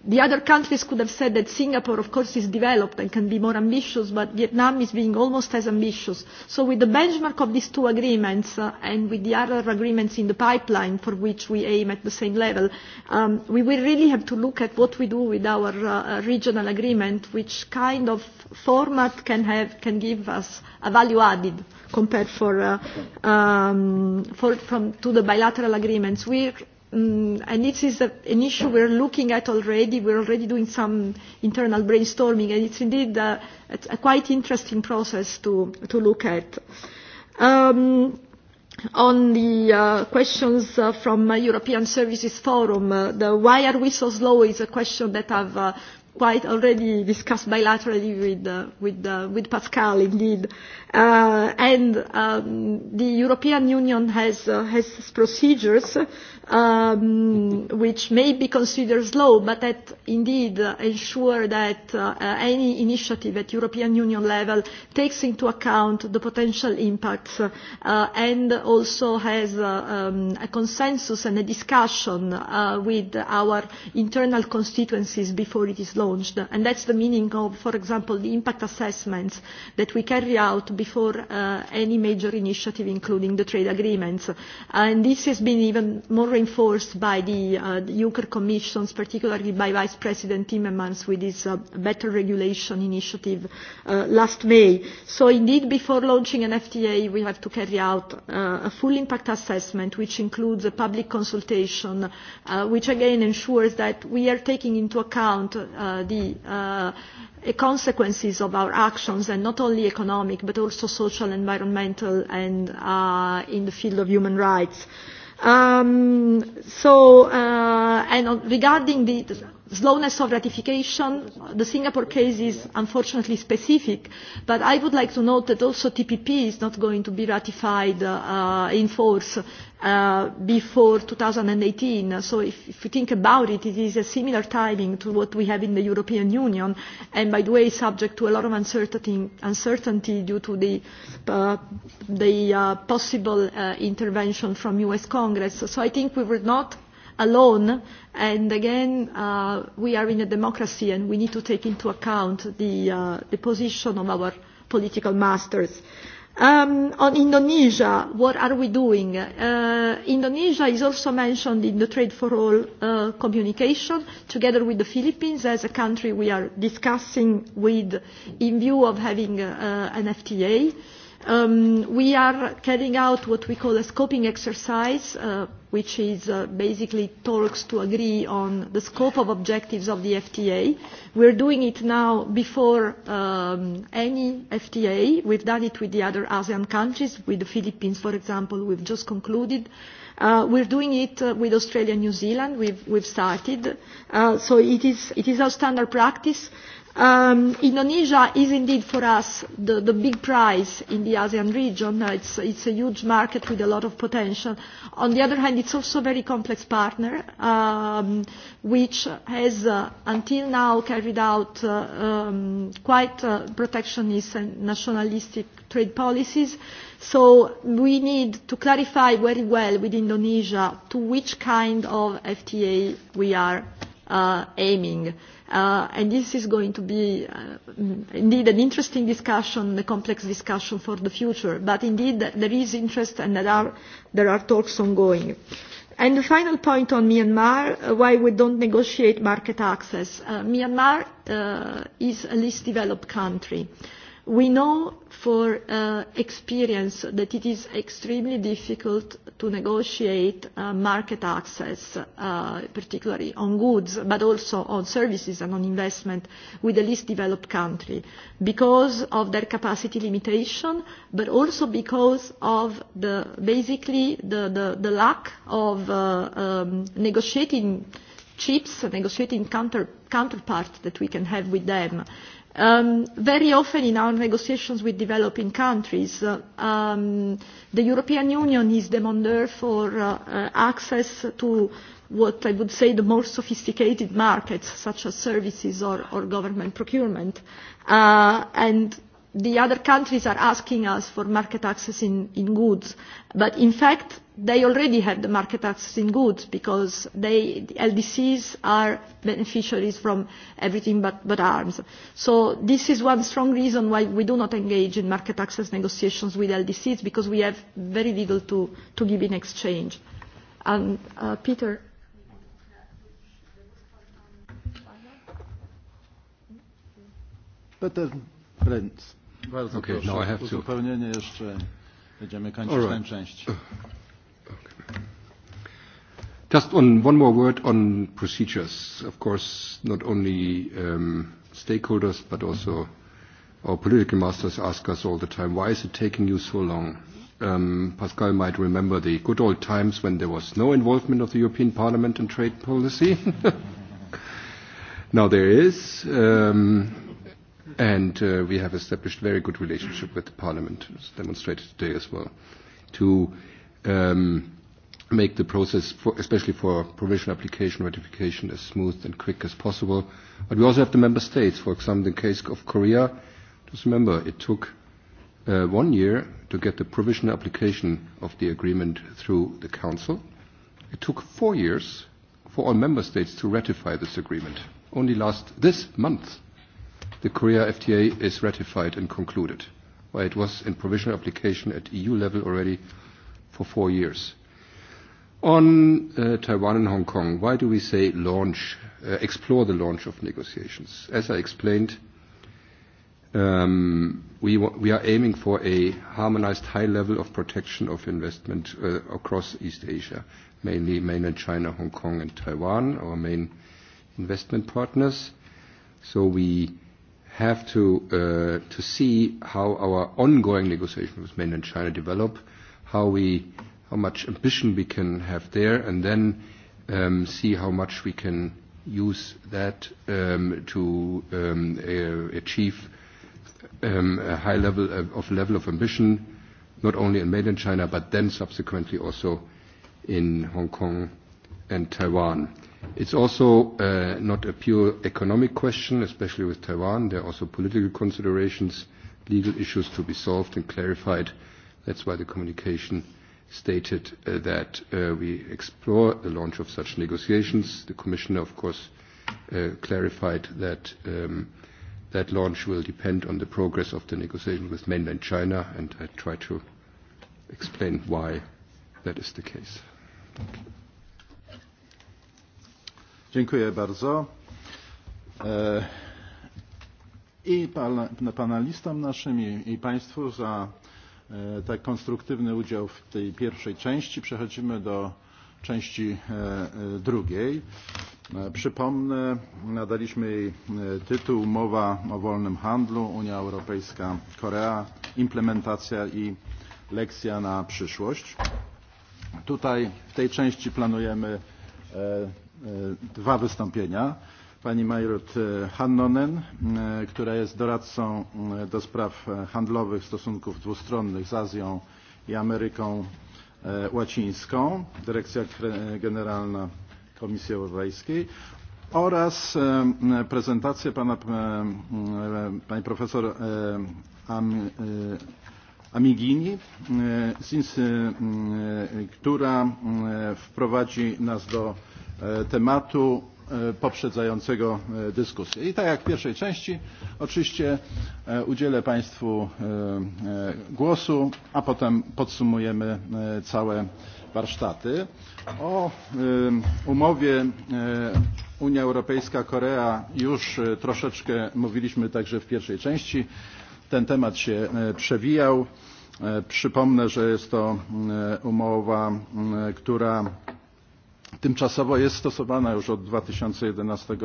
The other countries could have said that Singapore, of course, is developed and can be more ambitious, but Vietnam is being almost as ambitious. So with the benchmark of these two agreements uh, and with the other agreements in the pipeline for which we aim at the same level, um, we will really have to look at what we do with our uh, uh regional agreement, which kind of format can, have, can give us a value added compared for, uh, um, for, from, to the bilateral agreements. We're Um, and this is a, an issue we're looking at already. We're already doing some internal brainstorming, and it's indeed a, a quite interesting process to, to look at. Um, on the uh, questions uh, from uh, European Services Forum, uh, the why are we so slow is a question that I've uh, quite already discussed bilaterally with, uh, with, uh, with Pascal, indeed. Uh, and um, the European Union has, uh, has procedures um, which may be considered slow, but that indeed uh, ensure that uh, any initiative at European Union level takes into account the potential impacts uh, and also has uh, um, a consensus and a discussion uh, with our internal constituencies before it is launched. And that's the meaning of, for example, the impact assessments that we carry out before uh, any major initiative, including the trade agreements. And this has been even more reinforced by the, uh, the Juncker Commissions, particularly by Vice President Timmermans with his uh, better regulation initiative uh, last May. So indeed, before launching an FTA, we have to carry out uh, a full impact assessment, which includes a public consultation, uh, which again ensures that we are taking into account uh, the uh, consequences of our actions, and not only economic, but also social, environmental, and uh, in the field of human rights. Uh, Um, so, uh, and regarding the slowness of ratification, the Singapore case is unfortunately specific, but I would like to note that also TPP is not going to be ratified uh, in force uh, before 2018. So if, if you think about it, it is a similar timing to what we have in the European Union, and by the way, subject to a lot of uncertainty, uncertainty due to the, uh, the uh, possible uh, intervention from US Congress. So I think we will not alone. And again, uh, we are in a democracy and we need to take into account the, uh, the position of our political masters. Um, on Indonesia, what are we doing? Uh, Indonesia is also mentioned in the Trade for All uh, communication, together with the Philippines as a country we are discussing with in view of having uh, an FTA. Uh, Um, we are carrying out what we call a scoping exercise, uh, which is uh, basically talks to agree on the scope of objectives of the FTA. We're doing it now before um, any FTA. We've done it with the other ASEAN countries, with the Philippines, for example, we've just concluded. Uh, we're doing it uh, with Australia and New Zealand. We've, we've started. Uh, so it is, it is our standard practice. Uh, Um, Indonesia is indeed for us the, the big prize in the ASEAN region. Uh, it's, it's a huge market with a lot of potential. On the other hand, it's also a very complex partner, um, which has uh, until now carried out uh, um, quite uh, protectionist and nationalistic trade policies. So we need to clarify very well with Indonesia to which kind of FTA we are uh, aiming. Uh, and this is going to be uh, indeed an interesting discussion, a complex discussion for the future. But indeed, there is interest and there are, there are talks ongoing. And the final point on Myanmar, uh, why we don't negotiate market access. Uh, Myanmar uh, is a least developed country. We know for uh, experience that it is extremely difficult to negotiate uh, market access, uh, particularly on goods, but also on services and on investment with the least developed country because of their capacity limitation, but also because of the, basically the, the, the lack of uh, um, negotiating chips, negotiating counter, counterpart that we can have with them Um, very often in our negotiations with developing countries, uh, um, the European Union is demander for uh, uh, access to what I would say the more sophisticated markets, such as services or, or government procurement. Uh, and the other countries are asking us for market access in, in goods. But in fact, they already had the market access in goods because they, the LDCs are beneficiaries from everything but, but arms. So this is one strong reason why we do not engage in market access negotiations with LDCs because we have very little to, to give in exchange. And uh, Peter? Peter Brent. Bardzo okay, proszę. No, I have to. Uzupełnienie jeszcze będziemy kończyć tę część. Just on one more word on procedures. Of course, not only um, stakeholders, but also our political masters ask us all the time, "Why is it taking you so long?" Um, Pascal might remember the good old times when there was no involvement of the European Parliament in trade policy. now there is, um, and uh, we have established very good relationship with the Parliament, as demonstrated today as well, to um, make the process, for, especially for provisional application ratification, as smooth and quick as possible. But we also have the member states. For example, in the case of Korea, just remember it took uh, one year to get the provisional application of the agreement through the Council. It took four years for all member states to ratify this agreement. Only last this month, the Korea FTA is ratified and concluded, while it was in provisional application at EU level already for four years. On uh, Taiwan and Hong Kong, why do we say launch, uh, explore the launch of negotiations? As I explained, um, we, we are aiming for a harmonized high level of protection of investment uh, across East Asia, mainly mainland China, Hong Kong, and Taiwan, our main investment partners. So we have to, uh, to see how our ongoing negotiations with mainland China develop, how we uh, how much ambition we can have there, and then um, see how much we can use that um, to um, uh, achieve um, a high level of, of level of ambition, not only in mainland China, but then subsequently also in Hong Kong and Taiwan. It's also uh, not a pure economic question, especially with Taiwan. There are also political considerations, legal issues to be solved and clarified. That's why the communication uh, stated uh, that uh, we explore the launch of such negotiations. The Commissioner, of course, uh, clarified that um, that launch will depend on the progress of the negotiations with mainland China, and I try to explain why that is the case. Dziękuję bardzo. E, I pan, panelistom naszym, i, i Państwu za E, tak konstruktywny udział w tej pierwszej części. Przechodzimy do części e, e, drugiej. Przypomnę, nadaliśmy jej tytuł Umowa o wolnym handlu Unia Europejska Korea implementacja i lekcja na przyszłość. Tutaj w tej części planujemy dwa wystąpienia pani Majrut e, Hannonen, e, która jest doradcą e, do spraw handlowych stosunków dwustronnych z Azją i Ameryką Łacińską, Dyrekcja Generalna Komisji Europejskiej oraz prezentację pana, pani profesor Am, Amigini, która wprowadzi nas do tematu E, poprzedzającego e, dyskusję. I tak jak w pierwszej części oczywiście e, udzielę Państwu głosu, a potem podsumujemy całe warsztaty. O umowie Unia Europejska-Korea już troszeczkę mówiliśmy także w pierwszej części. Ten temat się przewijał. Przypomnę, że jest to umowa, która tymczasowo jest stosowana już od 2011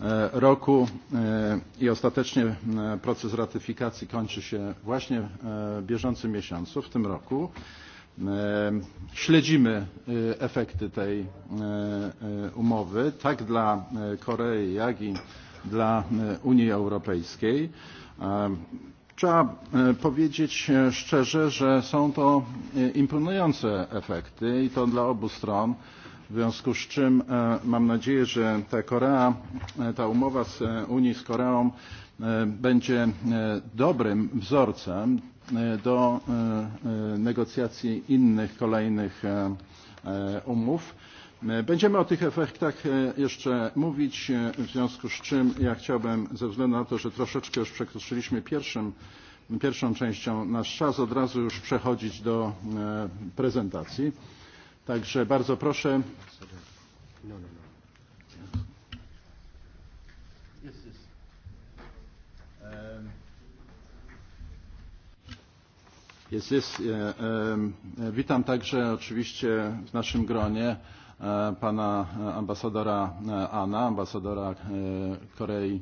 e, roku e, i ostatecznie e, proces ratyfikacji kończy się właśnie w bieżącym miesiącu, w tym roku. Śledzimy efekty tej umowy tak dla Korei, jak i dla Unii Europejskiej. Trzeba powiedzieć szczerze, że są to imponujące efekty i to dla obu stron. W związku z czym e, mam nadzieję, że ta Korea, e, ta umowa z Unii z Koreą e, będzie dobrym wzorcem do negocjacji innych kolejnych umów. Będziemy o tych efektach jeszcze mówić, w związku z czym ja chciałbym, ze względu na to, że troszeczkę już przekroczyliśmy pierwszym, pierwszą częścią nasz czas, od razu już przechodzić do prezentacji. Także bardzo proszę. No, no, no. Yes, yes. Um. Jest, jest. E, e, e, witam także oczywiście w naszym gronie pana ambasadora Ana, ambasadora Korei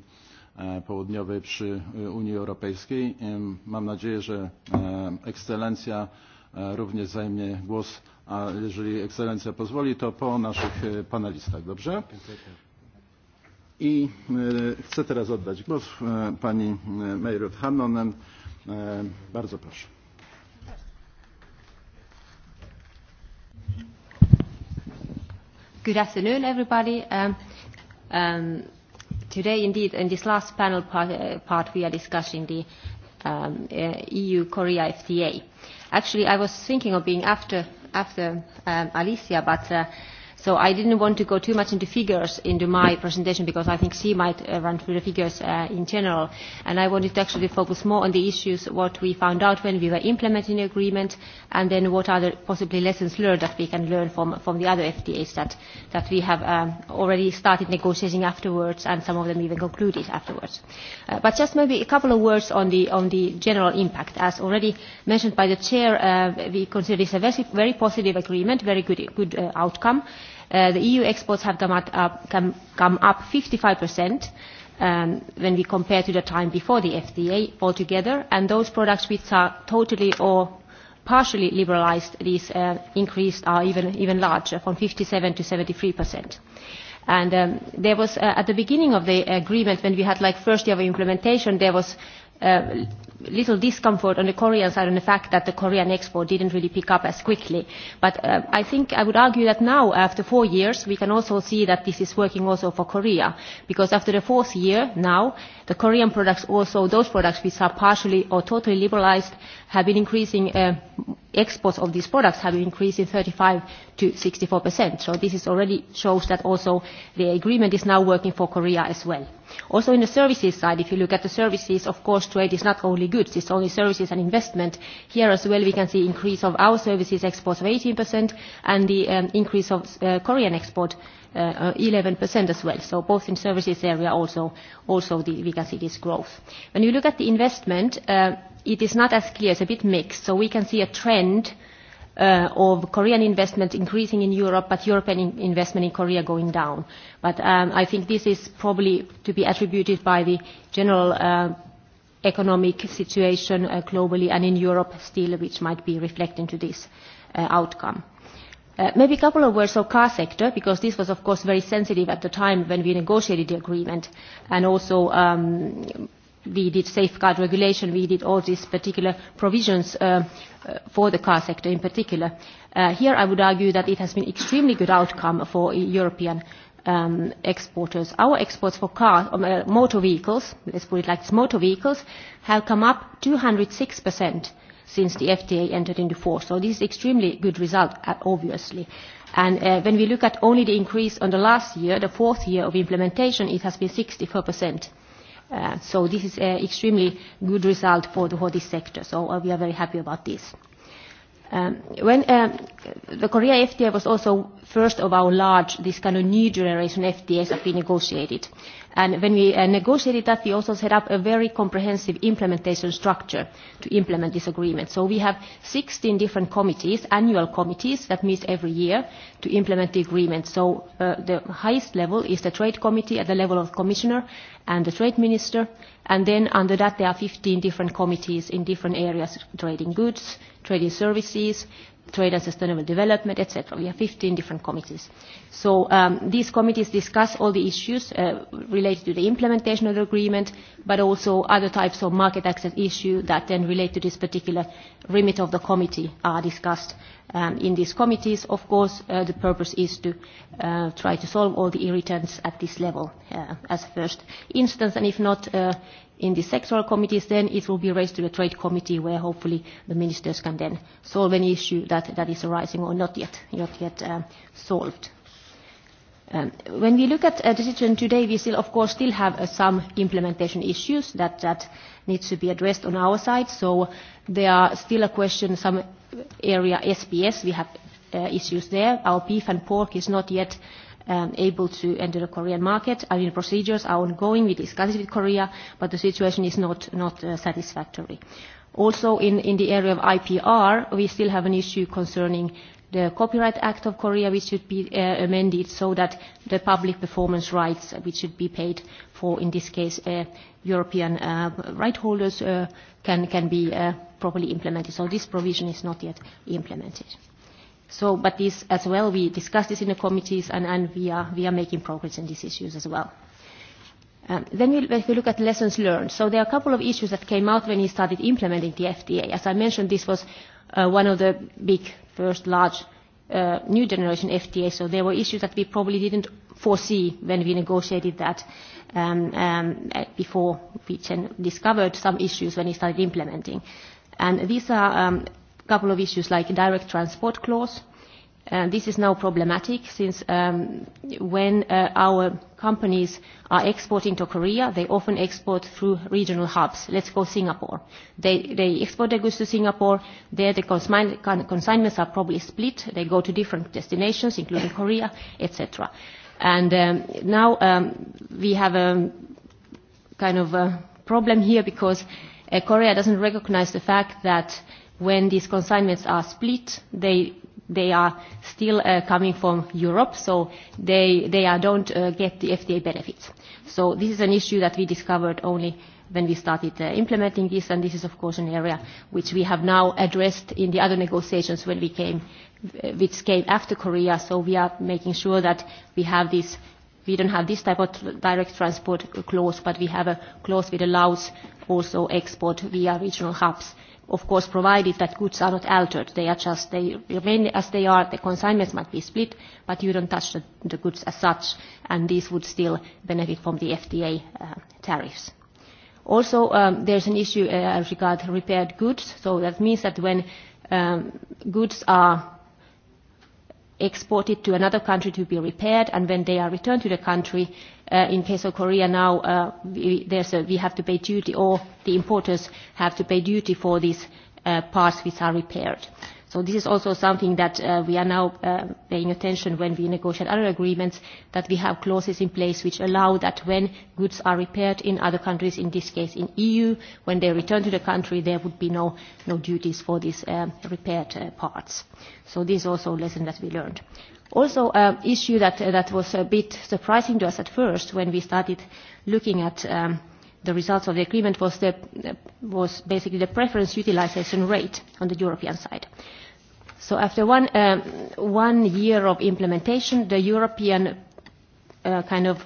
Południowej przy Unii Europejskiej. Mam nadzieję, że ekscelencja również zajmie głos a jeżeli ekscelencja pozwoli, to po naszych e, panelistach, dobrze? I e, chcę teraz oddać głos e, pani Meirut Hannonen. Bardzo proszę. Good afternoon, everybody. Um, um, today, indeed, in this last panel part, uh, part we are discussing the um, uh, EU-Korea FTA. Actually, I was thinking of being after after um, Alicia, but uh, So I didn't want to go too much into figures into my presentation because I think she might uh, run through the figures uh, in general. And I wanted to actually focus more on the issues, what we found out when we were implementing the agreement, and then what are the possibly lessons learned that we can learn from, from the other FTAs that, that we have um, already started negotiating afterwards, and some of them even concluded afterwards. Uh, but just maybe a couple of words on the, on the general impact. As already mentioned by the chair, uh, we consider this a very, very positive agreement, very good, good uh, outcome. Uh, Uh, the EU exports have come, at up, come, come up 55% um, when we compare to the time before the FTA altogether, and those products which are totally or partially liberalized, these uh, increased are even, even larger, from 57 to 73%. And um, there was, uh, at the beginning of the agreement, when we had like first year of implementation, there was uh, little discomfort on the Korean side on the fact that the Korean export didn't really pick up as quickly. But uh, I think I would argue that now, after four years, we can also see that this is working also for Korea. Because after the fourth year now, the Korean products also, those products which are partially or totally liberalized, have been increasing, uh, exports of these products have been increasing 35 to 64%. So this is already shows that also the agreement is now working for Korea as well. Also in the services side, if you look at the services, of course, trade is not only goods, it's only services and investment. Here as well, we can see increase of our services exports of 18% and the um, increase of uh, Korean export uh, uh, 11% as well. So both in services area also, also the, we can see this growth. When you look at the investment, uh, it is not as clear. It's a bit mixed. So we can see a trend uh, of Korean investment increasing in Europe, but European in investment in Korea going down. But um, I think this is probably to be attributed by the general uh, economic situation uh, globally and in Europe still, which might be reflecting to this uh, outcome. Uh, Uh, maybe a couple of words on car sector, because this was, of course, very sensitive at the time when we negotiated the agreement, and also um, we did safeguard regulation, we did all these particular provisions uh, uh, for the car sector in particular. Uh, here I would argue that it has been extremely good outcome for European um, exporters. Our exports for car, um, uh, motor vehicles, let's put it like this, motor vehicles, have come up 206 percent since the FTA entered into force. So this is extremely good result, uh, obviously. And uh, when we look at only the increase on the last year, the fourth year of implementation, it has been 64%. Uh, so this is an uh, extremely good result for the holding sector. So uh, we are very happy about this. Um, when um, the Korea FTA was also first of our large, this kind of new generation FTAs have been negotiated. And when we uh, negotiated that, we also set up a very comprehensive implementation structure to implement this agreement. So we have 16 different committees, annual committees that meet every year to implement the agreement. So uh, the highest level is the trade committee at the level of commissioner and the trade minister. And then under that, there are 15 different committees in different areas, trading goods, trading services, trade and sustainable development, etc. We have 15 different committees. So um, these committees discuss all the issues uh, related to the implementation of the agreement, but also other types of market access issues that then relate to this particular remit of the committee are discussed um, in these committees. Of course, uh, the purpose is to uh, try to solve all the irritants at this level uh, as a first instance, and if not, uh, in the sectoral committees, then it will be raised to the trade committee where hopefully the ministers can then solve any issue that, that is arising or not yet, not yet um, solved. Um, when we look at a uh, decision today, we still, of course, still have uh, some implementation issues that, that needs to be addressed on our side. So there are still a question, some area SPS, we have uh, issues there. Our beef and pork is not yet uh, um, able to enter the Korean market. I mean, procedures are ongoing. We discuss it with Korea, but the situation is not, not uh, satisfactory. Also, in, in the area of IPR, we still have an issue concerning the Copyright Act of Korea, which should be uh, amended so that the public performance rights, uh, which should be paid for, in this case, uh, European uh, right holders, uh, can, can be uh, properly implemented. So this provision is not yet implemented. Uh, So, but this as well, we discussed this in the committees and, and we, are, we are making progress on these issues as well. Um, then we, if we look at lessons learned, so there are a couple of issues that came out when he started implementing the FDA. As I mentioned, this was uh, one of the big, first large uh, new generation FTA, so there were issues that we probably didn't foresee when we negotiated that um, um, before we discovered some issues when he started implementing. And these are um, couple of issues like direct transport clause. Uh, this is now problematic since um, when uh, our companies are exporting to Korea, they often export through regional hubs. Let's go Singapore. They, they export their goods to Singapore. There the consign consignments are probably split. They go to different destinations, including Korea, etc. And um, now um, we have a kind of a problem here because uh, Korea doesn't recognize the fact that uh, when these consignments are split, they they are still uh, coming from Europe, so they they are, don't uh, get the FDA benefits. So this is an issue that we discovered only when we started uh, implementing this, and this is of course an area which we have now addressed in the other negotiations when we came, uh, which came after Korea. So we are making sure that we have this. We don't have this type of direct transport clause, but we have a clause which allows also export via regional hubs of course, provided that goods are not altered. They are just, they remain as they are. The consignments might be split, but you don't touch the, the goods as such, and these would still benefit from the FTA uh, tariffs. Also, um, there's an issue uh, regarding repaired goods. So that means that when um, goods are exported to another country to be repaired, and when they are returned to the country, uh, in case of Korea now, uh, we, there's a, we have to pay duty, or the importers have to pay duty for these uh, parts which are repaired. Uh, So this is also something that uh, we are now uh, paying attention when we negotiate other agreements, that we have clauses in place which allow that when goods are repaired in other countries, in this case in EU, when they return to the country, there would be no, no duties for these um, repaired uh, parts. So this is also a lesson that we learned. Also, an uh, issue that, uh, that was a bit surprising to us at first when we started looking at um, – the results of the agreement was, the, was basically the preference utilization rate on the European side. So after one, um, one year of implementation, the European uh, kind of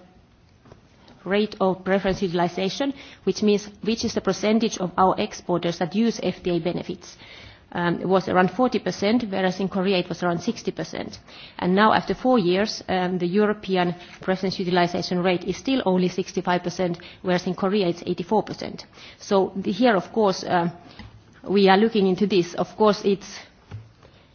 rate of preference utilization, which means which is the percentage of our exporters that use FTA benefits, uh, um, was around 40%, whereas in Korea it was around 60%. And now after four years, um, the European presence utilization rate is still only 65%, whereas in Korea it's 84%. So the, here, of course, uh, we are looking into this. Of course, it's,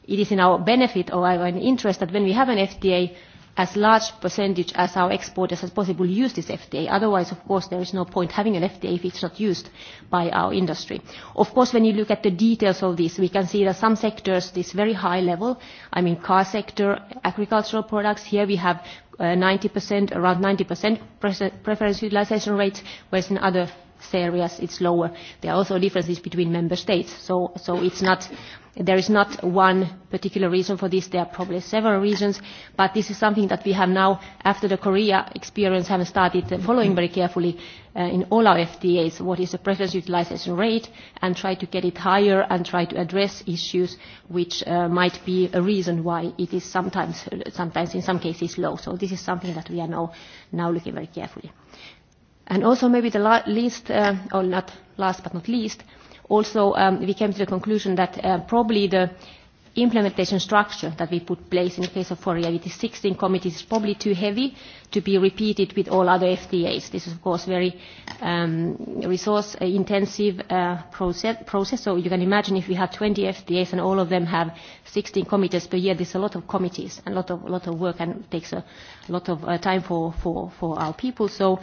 it is in our benefit or our interest that when we have an FDA as large percentage as our exporters as possible use this FTA. Otherwise, of course, there is no point having an FTA if it's not used by our industry. Of course, when you look at the details of this, we can see that some sectors, this very high level, I mean, car sector, agricultural products, here we have uh, 90%, around 90% preference utilization rates, whereas in other areas it's lower. There are also differences between member states, so, so it's not There is not one particular reason for this. There are probably several reasons, but this is something that we have now, after the Korea experience, have started following very carefully uh, in all our FTAs, what is the preference utilization rate, and try to get it higher and try to address issues which uh, might be a reason why it is sometimes, sometimes in some cases, low. So this is something that we are now, now looking very carefully. And also maybe the least, uh, or not last but not least, uh, Also, um, we came to the conclusion that uh, probably the implementation structure that we put place in the case of Foria with the 16 committees is probably too heavy to be repeated with all other FTAs. This is, of course, very um, resource-intensive uh, process, process, so you can imagine if we have 20 FTAs and all of them have 16 committees per year, there's a lot of committees and a lot of, lot of work and takes a lot of uh, time for, for, for our people. So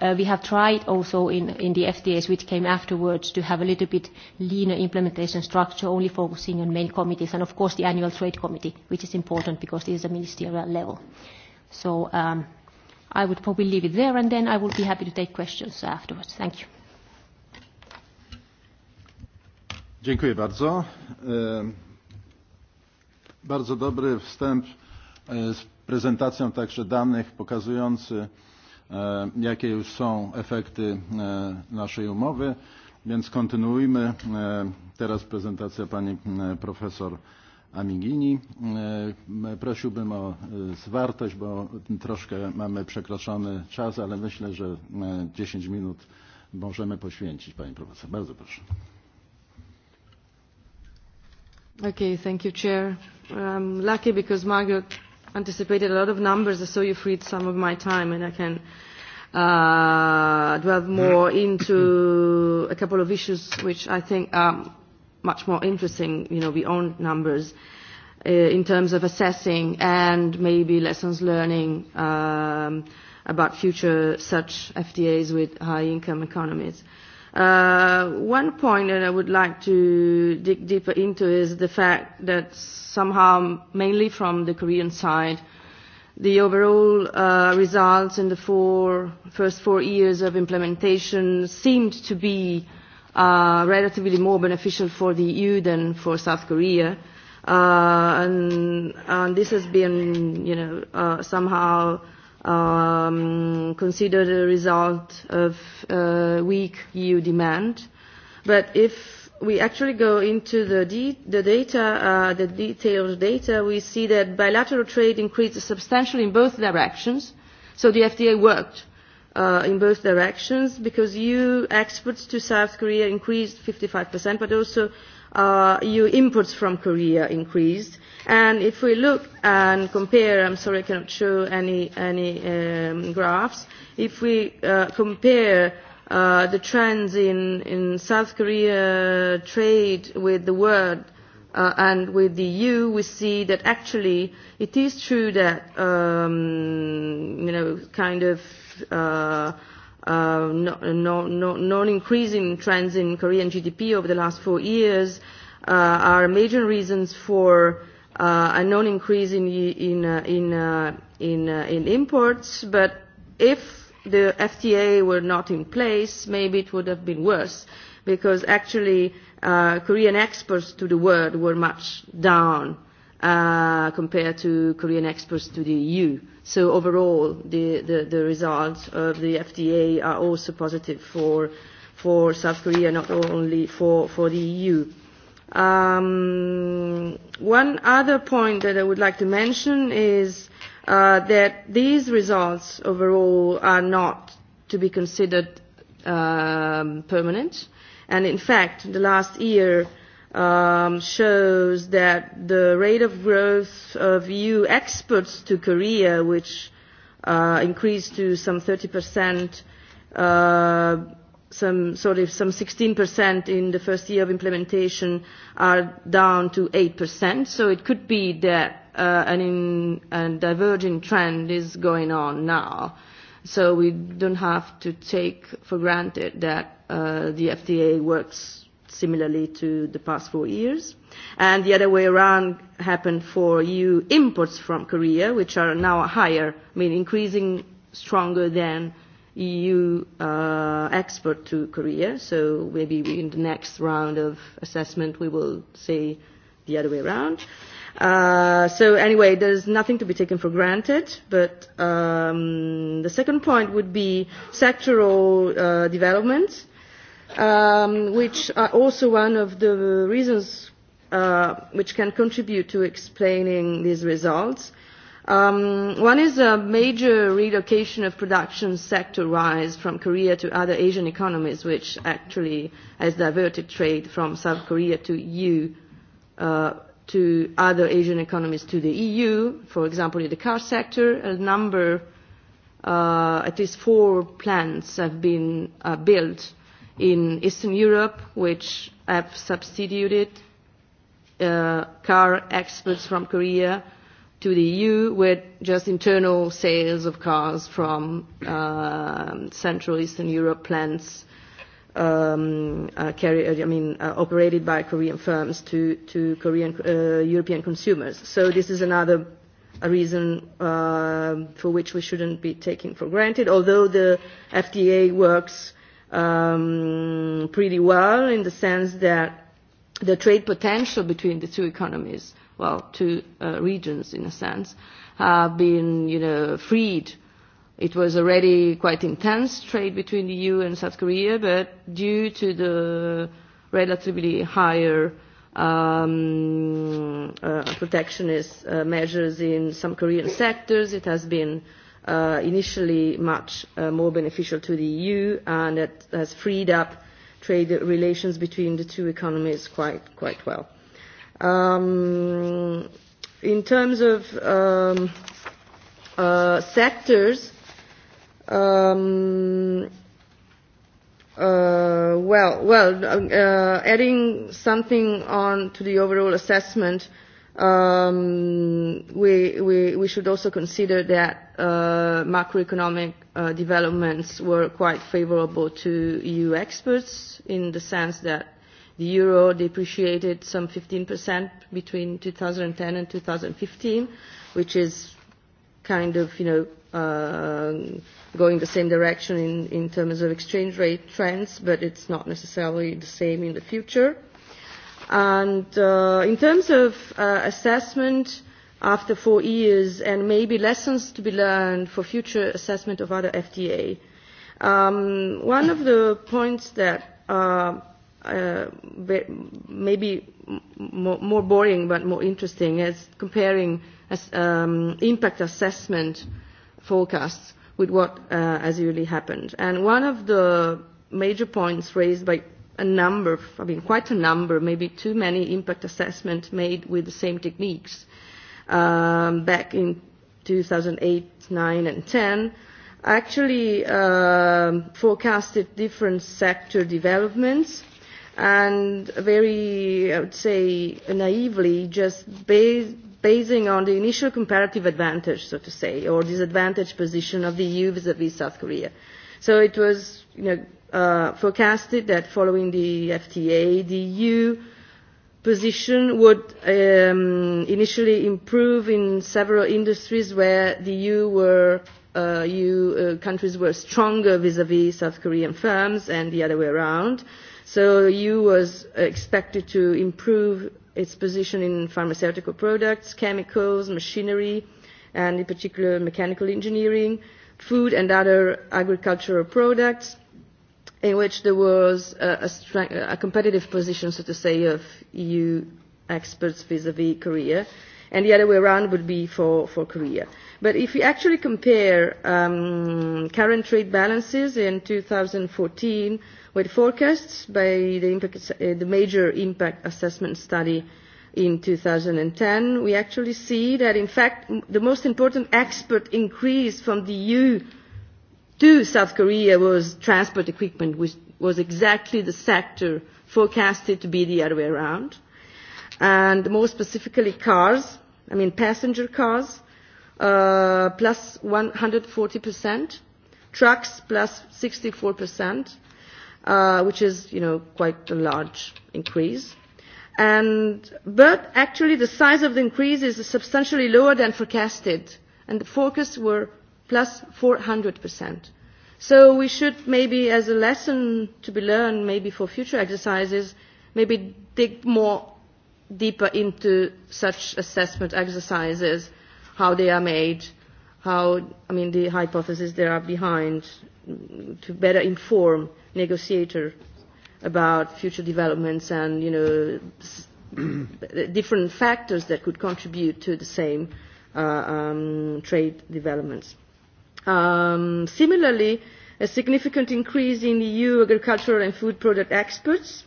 Uh, we have tried also in, in the FDAs, which came afterwards, to have a little bit leaner implementation structure, only focusing on main committees and, of course, the annual trade committee, which is important because this is a ministerial level. So um, I would probably leave it there, and then I would be happy to take questions afterwards. Thank you. Dziękuję bardzo. Um, bardzo dobry wstęp e, z prezentacją także danych pokazujący E, jakie już są efekty e, naszej umowy, więc kontynuujmy. E, teraz prezentacja pani profesor Amigini. Prosiłbym o zwartość, bo troszkę mamy przekroczony czas, ale myślę, że 10 minut możemy poświęcić pani profesor. Bardzo proszę. Okay, thank you, Chair. I'm um, lucky because Margaret anticipated a lot of numbers, so you freed some of my time, and I can uh, delve more mm. into a couple of issues which I think are much more interesting, you know, beyond numbers, uh, in terms of assessing and maybe lessons learning um, about future such FTAs with high-income economies. Uh, Uh, one point that I would like to dig deeper into is the fact that somehow, mainly from the Korean side, the overall uh, results in the four, first four years of implementation seemed to be uh, relatively more beneficial for the EU than for South Korea. Uh, and, and this has been, you know, uh, somehow uh, um, consider the result of uh, weak EU demand. But if we actually go into the, de the data, uh, the detailed data, we see that bilateral trade increased substantially in both directions. So the FTA worked uh, in both directions because EU exports to South Korea increased 55%, but also uh, EU imports from Korea increased And if we look and compare, I'm sorry I cannot show any, any um, graphs, if we uh, compare uh, the trends in, in South Korea trade with the world uh, and with the EU, we see that actually it is true that, um, you know, kind of uh, uh, no, no, no, non-increasing trends in Korean GDP over the last four years uh, are major reasons for uh, a non-increase in, in, uh, in, uh, in, uh, in imports, but if the FTA were not in place, maybe it would have been worse, because actually uh, Korean exports to the world were much down uh, compared to Korean exports to the EU. So overall, the, the, the results of the FTA are also positive for, for South Korea, not only for, for the EU. Um, one other point that I would like to mention is uh, that these results overall are not to be considered um, permanent. And in fact, the last year um, shows that the rate of growth of EU exports to Korea, which uh, increased to some 30 percent, uh, some sort of some 16% in the first year of implementation are down to 8%. So it could be that uh, an in, a diverging trend is going on now. So we don't have to take for granted that uh, the FDA works similarly to the past four years. And the other way around happened for EU imports from Korea, which are now higher, I mean, increasing stronger than EU uh, export to Korea. So maybe we, in the next round of assessment, we will say the other way around. Uh, so anyway, there's nothing to be taken for granted. But um, the second point would be sectoral uh, developments, um, which are also one of the reasons uh, which can contribute to explaining these results. Um, one is a major relocation of production sector rise from Korea to other Asian economies, which actually has diverted trade from South Korea to EU, uh, to other Asian economies to the EU. For example, in the car sector, a number, uh, at least four plants have been uh, built in Eastern Europe, which have substituted uh, car exports from Korea to the EU with just internal sales of cars from uh, Central Eastern Europe plants um, uh, carry, uh, I mean, uh, operated by Korean firms to, to Korean, uh, European consumers. So this is another a reason uh, for which we shouldn't be taking for granted, although the FDA works um, pretty well in the sense that the trade potential between the two economies well, two uh, regions in a sense, have been, you know, freed. It was already quite intense trade between the EU and South Korea, but due to the relatively higher um, uh, protectionist uh, measures in some Korean sectors, it has been uh, initially much uh, more beneficial to the EU, and it has freed up trade relations between the two economies quite, quite well. Um, in terms of um, uh, sectors, um, uh, well, well, uh, adding something on to the overall assessment, um, we, we, we should also consider that uh, macroeconomic uh, developments were quite favorable to EU experts in the sense that The euro depreciated some 15% between 2010 and 2015, which is kind of, you know, uh, going the same direction in, in terms of exchange rate trends, but it's not necessarily the same in the future. And uh, in terms of uh, assessment, after four years and maybe lessons to be learned for future assessment of other FDA. Um, one of the points that uh, uh, maybe more, more boring but more interesting is comparing as, um, impact assessment forecasts with what uh, has really happened. And one of the major points raised by a number, I mean quite a number, maybe too many impact assessments made with the same techniques um, back in 2008, 9 and 10 actually um, forecasted different sector developments and very, I would say, naively just based basing on the initial comparative advantage, so to say, or disadvantaged position of the EU vis-à-vis -vis South Korea. So it was you know, uh, forecasted that following the FTA, the EU position would um, initially improve in several industries where the EU were uh, EU uh, countries were stronger vis-à-vis -vis South Korean firms and the other way around. Uh, So the EU was expected to improve its position in pharmaceutical products, chemicals, machinery, and in particular mechanical engineering, food and other agricultural products, in which there was a, a, a competitive position, so to say, of EU experts vis-à-vis -vis Korea, and the other way around would be for, for Korea. But if you actually compare um, current trade balances in 2014, were forecasts by the, impact, uh, the major impact assessment study in 2010, we actually see that, in fact, the most important export increase from the EU to South Korea was transport equipment, which was exactly the sector forecasted to be the other way around. And more specifically, cars, I mean passenger cars, uh, plus 140%, trucks plus 64%, uh, which is, you know, quite a large increase. And, but actually the size of the increase is substantially lower than forecasted, and the forecasts were plus 400%. So we should maybe, as a lesson to be learned, maybe for future exercises, maybe dig more deeper into such assessment exercises, how they are made, how, I mean, the hypotheses there are behind, to better inform uh, negotiator about future developments and you know different factors that could contribute to the same uh, um, trade developments. Um, similarly, a significant increase in EU agricultural and food product exports.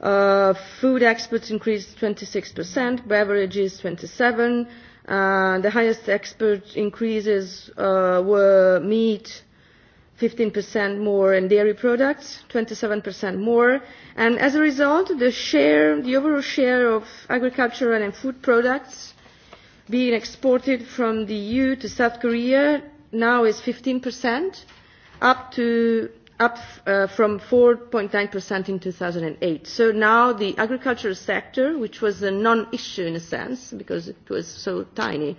Uh, food exports increased 26%, beverages 27%. Uh, the highest export increases uh, were meat, 15% more in dairy products, 27% more. And as a result, the share, the overall share of agricultural and food products being exported from the EU to South Korea now is 15%, up to up uh, from 4.9% in 2008. So now the agricultural sector, which was a non-issue in a sense, because it was so tiny,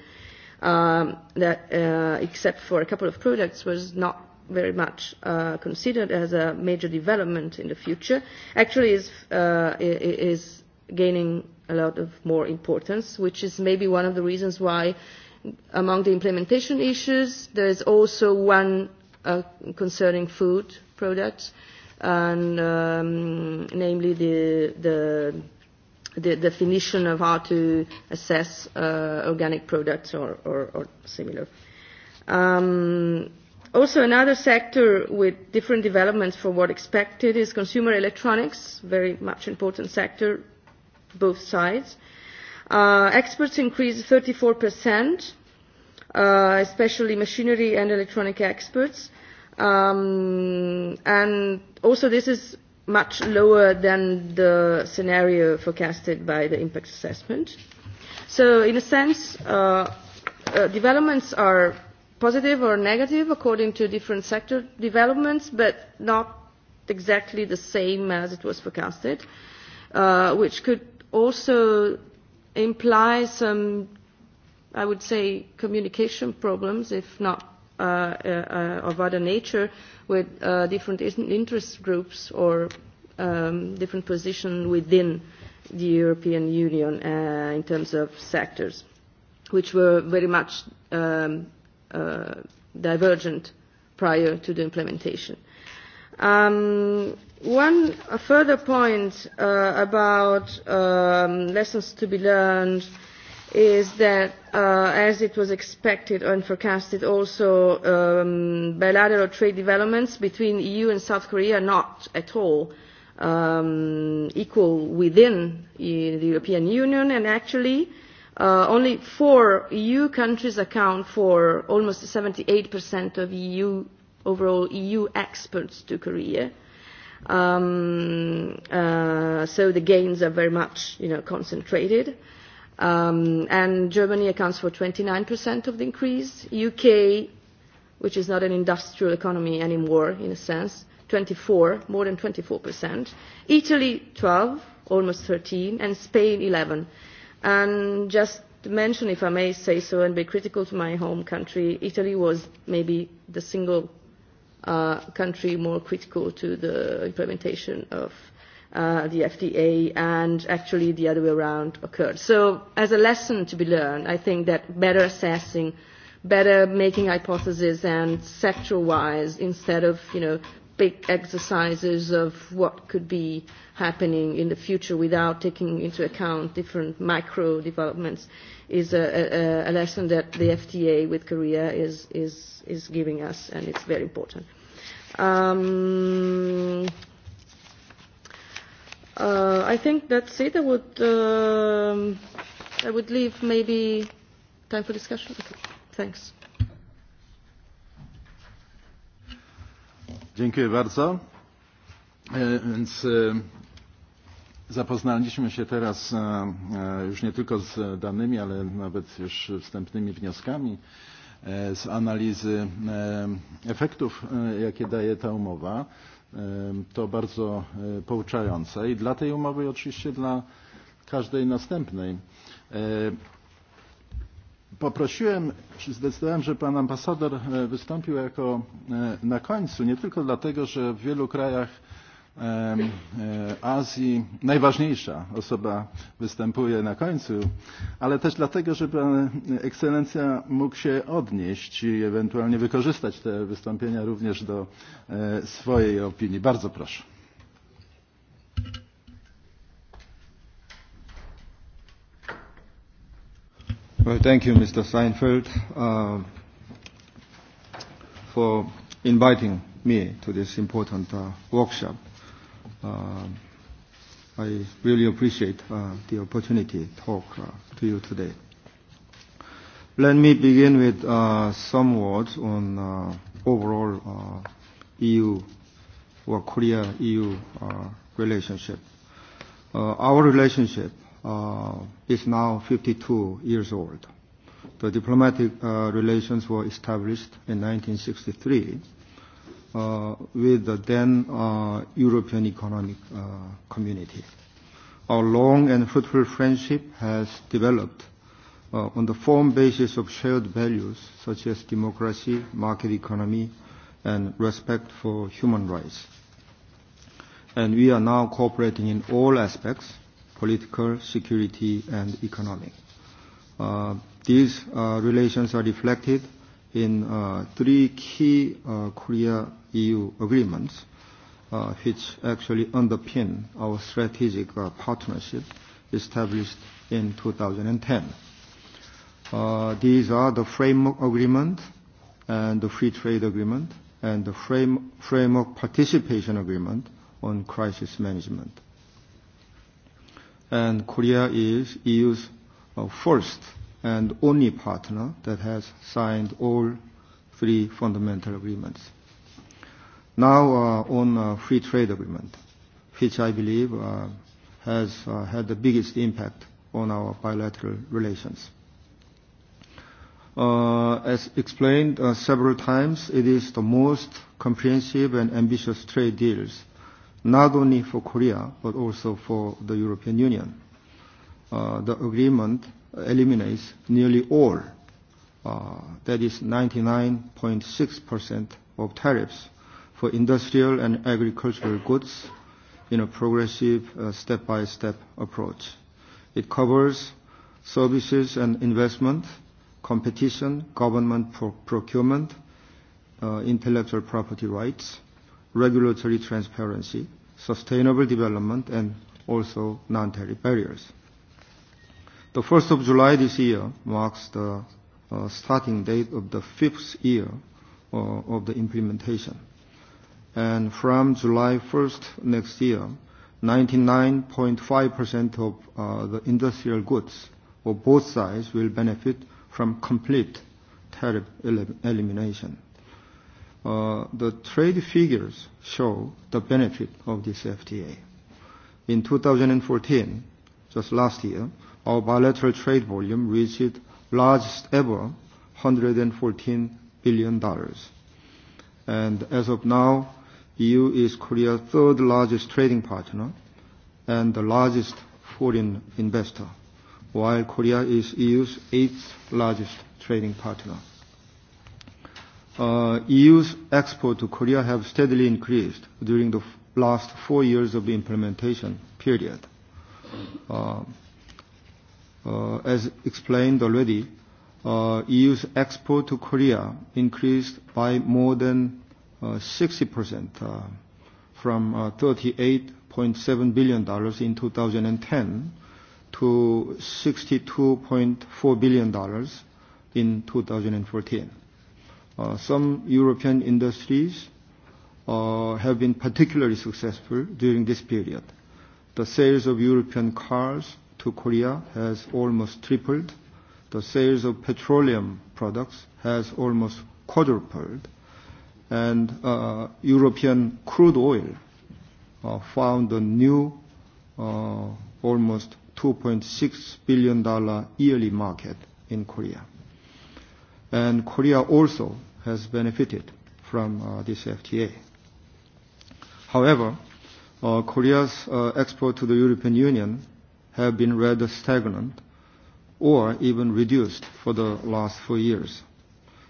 um, that uh, except for a couple of products was not very much uh, considered as a major development in the future, actually is, uh, is gaining a lot of more importance, which is maybe one of the reasons why among the implementation issues, there is also one uh, concerning food products, and um, namely the, the the definition of how to assess uh, organic products or, or, or similar. Um, also another sector with different developments from what expected is consumer electronics, very much important sector, both sides. Uh, exports increased 34%, uh, especially machinery and electronic exports. Um, and also this is much lower than the scenario forecasted by the impact assessment. So in a sense, uh, uh, developments are positive or negative according to different sector developments, but not exactly the same as it was forecasted, uh, which could also imply some, I would say, communication problems, if not uh, uh, of other nature, with uh, different interest groups or um, different positions within the European Union uh, in terms of sectors, which were very much um, uh, divergent prior to the implementation. Um, one a further point uh, about um, lessons to be learned is that, uh, as it was expected and forecasted, also um, bilateral trade developments between EU and South Korea are not at all um, equal within e the European Union, and actually uh, Uh, only four EU countries account for almost 78% of EU, overall EU exports to Korea. Um, uh, so the gains are very much you know, concentrated. Um, and Germany accounts for 29% of the increase. UK, which is not an industrial economy anymore in a sense, 24, more than 24%. Italy, 12, almost 13, and Spain, 11 And just to mention, if I may say so, and be critical to my home country, Italy was maybe the single uh, country more critical to the implementation of uh, the FDA, and actually the other way around occurred. So, as a lesson to be learned, I think that better assessing, better making hypotheses and sector-wise instead of you know big exercises of what could be happening in the future without taking into account different micro developments is a, a, a lesson that the FTA with Korea is, is, is giving us, and it's very important. Um, uh, I think that's it. I would, um, I would leave maybe time for discussion. Okay. Thanks. Dziękuję bardzo. E, więc e, zapoznaliśmy się teraz e, już nie tylko z danymi, ale nawet już wstępnymi wnioskami z analizy efektów, jakie daje ta umowa. To bardzo pouczające i dla tej umowy i oczywiście dla każdej następnej poprosiłem, czy zdecydowałem, że pan ambasador e, wystąpił jako e, na końcu, nie tylko dlatego, że w wielu krajach e, Azji najważniejsza osoba występuje na końcu, ale też dlatego, żeby ekscelencja mógł się odnieść i ewentualnie wykorzystać te wystąpienia również do swojej opinii. Bardzo proszę. Well, thank you, Mr. Seinfeld, uh, for inviting me to this important uh, workshop. Uh, I really appreciate uh, the opportunity to talk uh, to you today. Let me begin with uh, some words on uh, overall uh, EU or Korea-EU uh, relationship. Uh, our relationship uh, is now 52 years old. The diplomatic uh, relations were established in 1963 uh, with the then uh, European Economic uh, Community. Our long and fruitful friendship has developed uh, on the firm basis of shared values such as democracy, market economy, and respect for human rights. And we are now cooperating in all aspects political, security, and economic. Uh, these uh, relations are reflected in uh, three key uh, Korea-EU agreements, uh, which actually underpin our strategic uh, partnership established in 2010. Uh, these are the Framework Agreement and the Free Trade Agreement and the frame, Framework Participation Agreement on Crisis Management. Uh, and Korea is EU's uh, first and only partner that has signed all three fundamental agreements. Now uh, on uh, free trade agreement, which I believe uh, has uh, had the biggest impact on our bilateral relations. Uh, as explained uh, several times, it is the most comprehensive and ambitious trade deals not only for Korea but also for the European Union. Uh, the agreement eliminates nearly all, uh, that is 99.6% of tariffs for industrial and agricultural goods in a progressive uh, step-by-step -step approach. It covers services and investment, competition, government pro procurement, uh, intellectual property rights, regulatory transparency, sustainable development, and also non-tariff barriers. The 1st of July this year marks the uh, starting date of the fifth year uh, of the implementation. And from July 1st next year, 99.5% of uh, the industrial goods of both sides will benefit from complete tariff el elimination uh, the trade figures show the benefit of this FTA. In 2014, just last year, our bilateral trade volume reached largest ever, $114 billion. And as of now, EU is Korea's third largest trading partner and the largest foreign investor, while Korea is EU's eighth largest trading partner uh, EU's export to Korea have steadily increased during the f- last four years of the implementation period. Uh, uh, as explained already, uh, EU's export to Korea increased by more than uh, 60% uh, from uh, $38.7 billion in 2010 to $62.4 billion in 2014 uh, some European industries uh, have been particularly successful during this period. The sales of European cars to Korea has almost tripled. The sales of petroleum products has almost quadrupled. And uh, European crude oil uh, found a new uh, almost $2.6 billion yearly market in Korea. And Korea also has benefited from uh, this FTA. However, uh, Korea's uh, export to the European Union have been rather stagnant or even reduced for the last four years.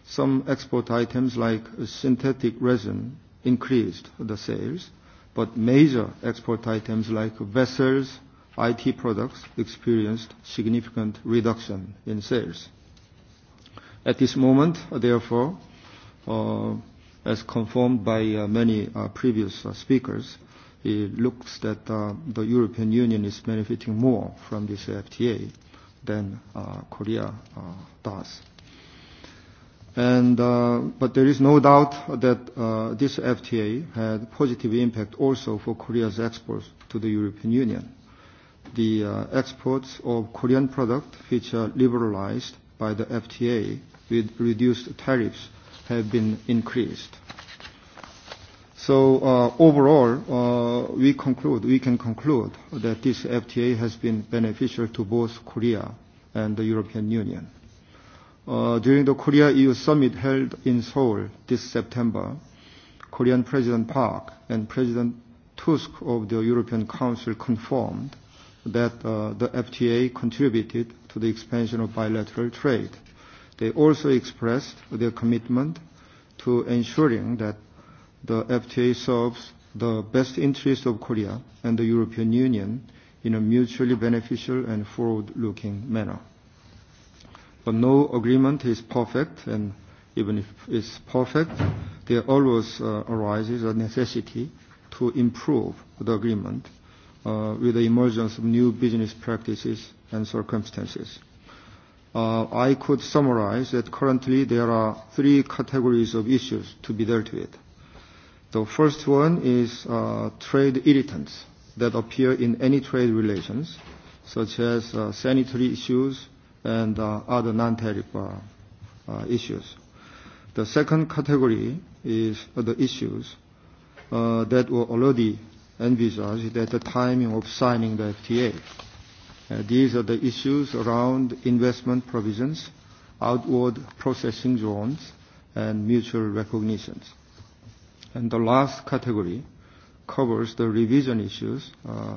Some export items like synthetic resin increased the sales, but major export items like vessels, IT products experienced significant reduction in sales. At this moment, therefore, uh, as confirmed by uh, many uh, previous uh, speakers, it looks that uh, the European Union is benefiting more from this FTA than uh, Korea uh, does. And, uh, but there is no doubt that uh, this FTA had positive impact also for Korea's exports to the European Union. The uh, exports of Korean products, which are liberalized by the FTA with reduced tariffs have been increased. So uh, overall, uh, we conclude, we can conclude that this FTA has been beneficial to both Korea and the European Union. Uh, during the Korea-EU summit held in Seoul this September, Korean President Park and President Tusk of the European Council confirmed that uh, the FTA contributed to the expansion of bilateral trade. Uh, They also expressed their commitment to ensuring that the FTA serves the best interest of Korea and the European Union in a mutually beneficial and forward-looking manner. But no agreement is perfect, and even if it's perfect, there always uh, arises a necessity to improve the agreement uh, with the emergence of new business practices and circumstances uh, I could summarize that currently there are three categories of issues to be dealt with. The first one is uh, trade irritants that appear in any trade relations, such as uh, sanitary issues and uh, other non-tariff uh, uh, issues. The second category is uh, the issues uh, that were already envisaged at the timing of signing the FTA Uh, these are the issues around investment provisions, outward processing zones, and mutual recognitions. And the last category covers the revision issues, uh,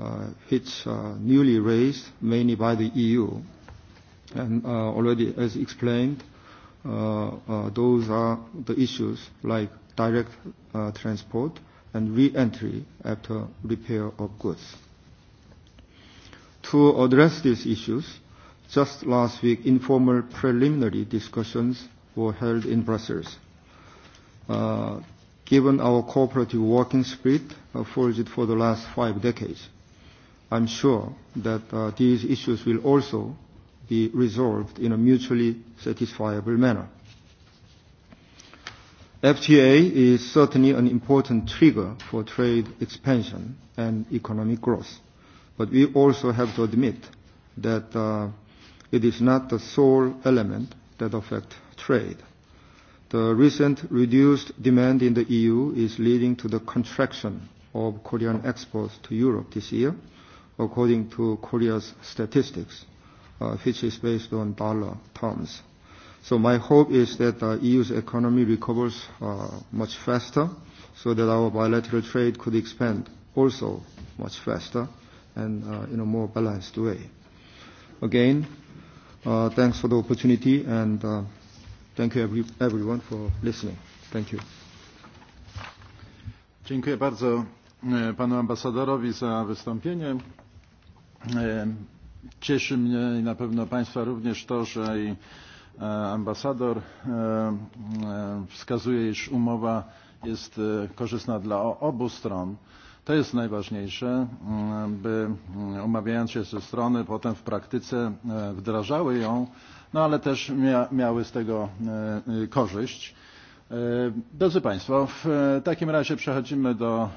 uh, which are uh, newly raised mainly by the EU. And uh, already, as explained, uh, uh, those are the issues like direct uh, transport and re-entry after repair of goods. To address these issues, just last week, informal preliminary discussions were held in Brussels. Uh, given our cooperative working spirit uh, forged for the last five decades, I'm sure that uh, these issues will also be resolved in a mutually satisfiable manner. FTA is certainly an important trigger for trade expansion and economic growth But we also have to admit that uh, it is not the sole element that affects trade. The recent reduced demand in the EU is leading to the contraction of Korean exports to Europe this year, according to Korea's statistics, uh, which is based on dollar terms. So my hope is that the uh, e EU's economy recovers uh, much faster so that our bilateral trade could expand also much faster and uh, in a more balanced way. Again, uh, thanks for the opportunity and uh, thank you every, everyone for listening. Thank you. Dziękuję bardzo e, panu ambasadorowi za wystąpienie. E, cieszy mnie i na pewno państwa również to, że i e, ambasador wskazuje, iż umowa jest korzystna dla obu stron. To jest najważniejsze, mm, by umawiając mm, się ze strony, potem w praktyce e, wdrażały ją, no ale też mia miały z tego e, korzyść. E, drodzy Państwo, w takim razie przechodzimy do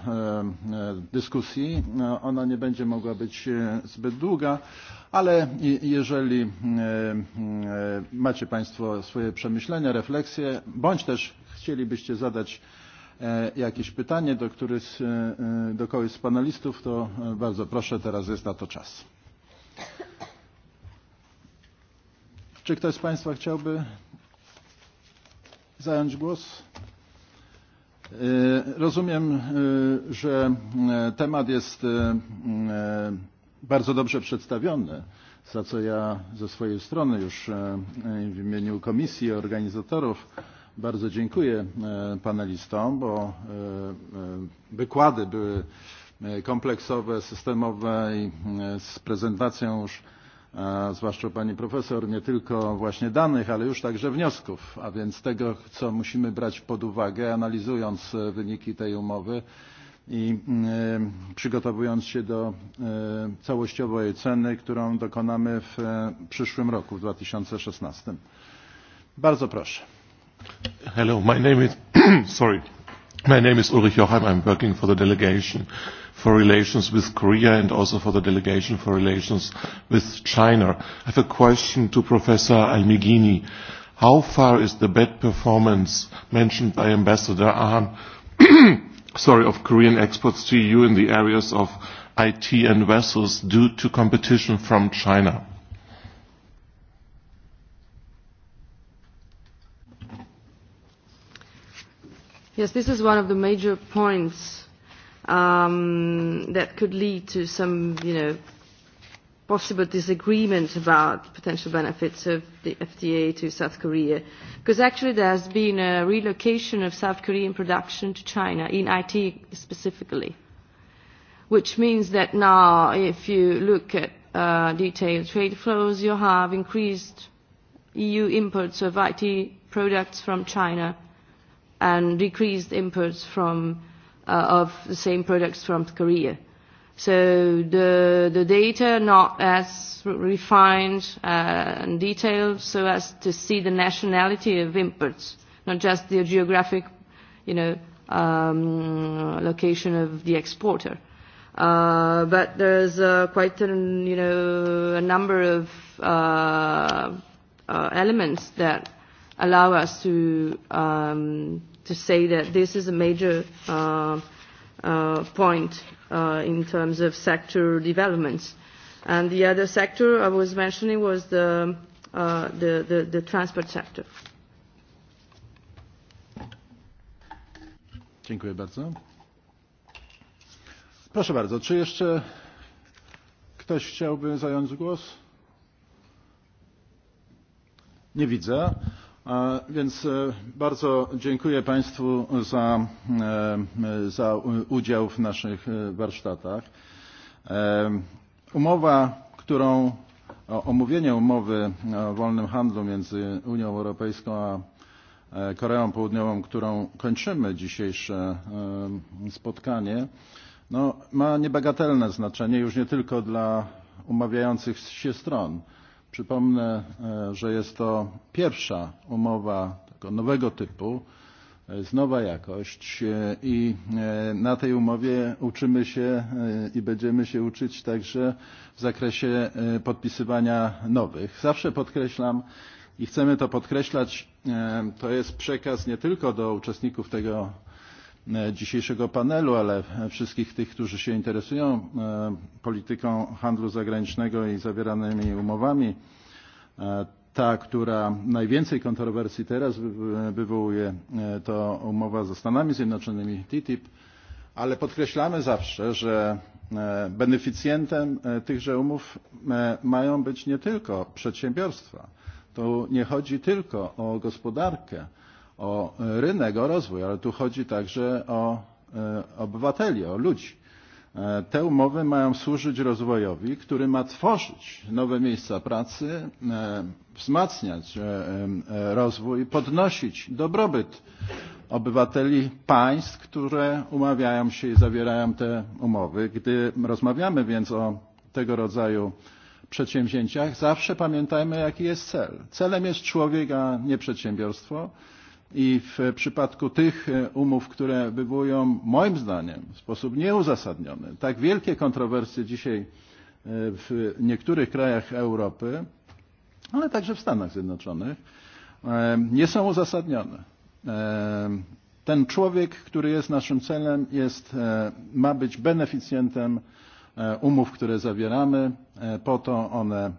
dyskusji. Ona nie będzie mogła być zbyt długa, ale jeżeli macie Państwo swoje przemyślenia, refleksje, bądź też chcielibyście zadać E, jakieś pytanie do, któryś, e, e, do kogoś z panelistów, to bardzo proszę, teraz jest na to czas. Czy ktoś z Państwa chciałby zająć głos? Rozumiem, że temat jest bardzo dobrze przedstawiony, za co ja ze swojej strony już w imieniu komisji organizatorów Bardzo dziękuję e, panelistom, bo e, e, wykłady były kompleksowe, systemowe i z prezentacją już zwłaszcza pani profesor nie tylko właśnie danych, ale już także wniosków, a więc tego, co musimy brać pod uwagę, analizując wyniki tej umowy i przygotowując się do całościowej ceny, którą dokonamy w przyszłym roku, w 2016. Bardzo proszę. Hello, my name is sorry. My name is Ulrich Jochheim. I'm working for the delegation for relations with Korea and also for the delegation for relations with China. I have a question to Professor Almighini. How far is the bad performance mentioned by Ambassador Ahn sorry, of Korean exports to EU in the areas of IT and vessels due to competition from China? Yes, this is one of the major points um, that could lead to some, you know, possible disagreement about potential benefits of the FTA to South Korea. Because actually there has been a relocation of South Korean production to China, in IT specifically. Which means that now if you look at uh, detailed trade flows, you have increased EU imports of IT products from China and decreased imports from, uh, of the same products from Korea. So the, the data not as refined uh, and detailed so as to see the nationality of imports, not just the geographic, you know, um, location of the exporter. Uh, but there's uh, quite a, you know, a number of uh, uh, elements that allow us to um, to say that this is a major uh, uh, point uh, in terms of sector developments. And the other sector I was mentioning was the, uh, the, the, the transport sector. Dziękuję bardzo. Proszę bardzo, czy jeszcze ktoś chciałby zająć głos? Nie widzę. Więc e, bardzo dziękuję Państwu za, e, za udział w naszych e, warsztatach. Umowa, którą omówienie umowy o wolnym handlu między Unią Europejską a Koreą Południową, którą kończymy dzisiejsze spotkanie, no, ma niebagatelne znaczenie już nie tylko dla umawiających się stron, Przypomnę, e, że jest to pierwsza umowa tego nowego typu, jest nowa jakość e, i e, na tej umowie uczymy się i będziemy się uczyć także w zakresie podpisywania nowych. Zawsze podkreślam i chcemy to podkreślać, to jest przekaz nie tylko do uczestników tego E, dzisiejszego panelu, ale wszystkich tych, którzy się interesują e, polityką handlu zagranicznego i zawieranymi umowami. E, ta, która najwięcej kontrowersji teraz wywołuje, to umowa ze Stanami Zjednoczonymi, TTIP, ale podkreślamy zawsze, że beneficjentem tychże umów mają być nie tylko przedsiębiorstwa. Tu nie chodzi tylko o gospodarkę, o e, rynek, o rozwój, ale tu chodzi także o e, obywateli, o ludzi. E, te umowy mają służyć rozwojowi, który ma tworzyć nowe miejsca pracy, wzmacniać rozwój, podnosić dobrobyt obywateli państw, które umawiają się i zawierają te umowy. Gdy rozmawiamy więc o tego rodzaju przedsięwzięciach, zawsze pamiętajmy, jaki jest cel. Celem jest człowiek, a nie przedsiębiorstwo i w przypadku tych e, umów, które wywołują moim zdaniem w sposób nieuzasadniony tak wielkie kontrowersje dzisiaj e, w niektórych krajach Europy, ale także w Stanach Zjednoczonych, e, nie są uzasadnione. Ten człowiek, który jest naszym celem, jest, ma być beneficjentem umów, które zawieramy, po to one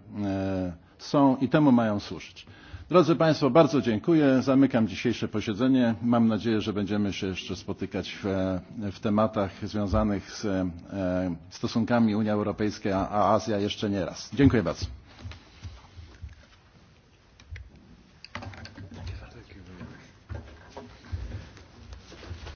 są i temu mają służyć. Drodzy Państwo, bardzo dziękuję. Zamykam dzisiejsze posiedzenie. Mam nadzieję, że będziemy się jeszcze spotykać w, w tematach związanych z e, stosunkami Unia Europejska a Azja jeszcze nie raz. Dziękuję bardzo.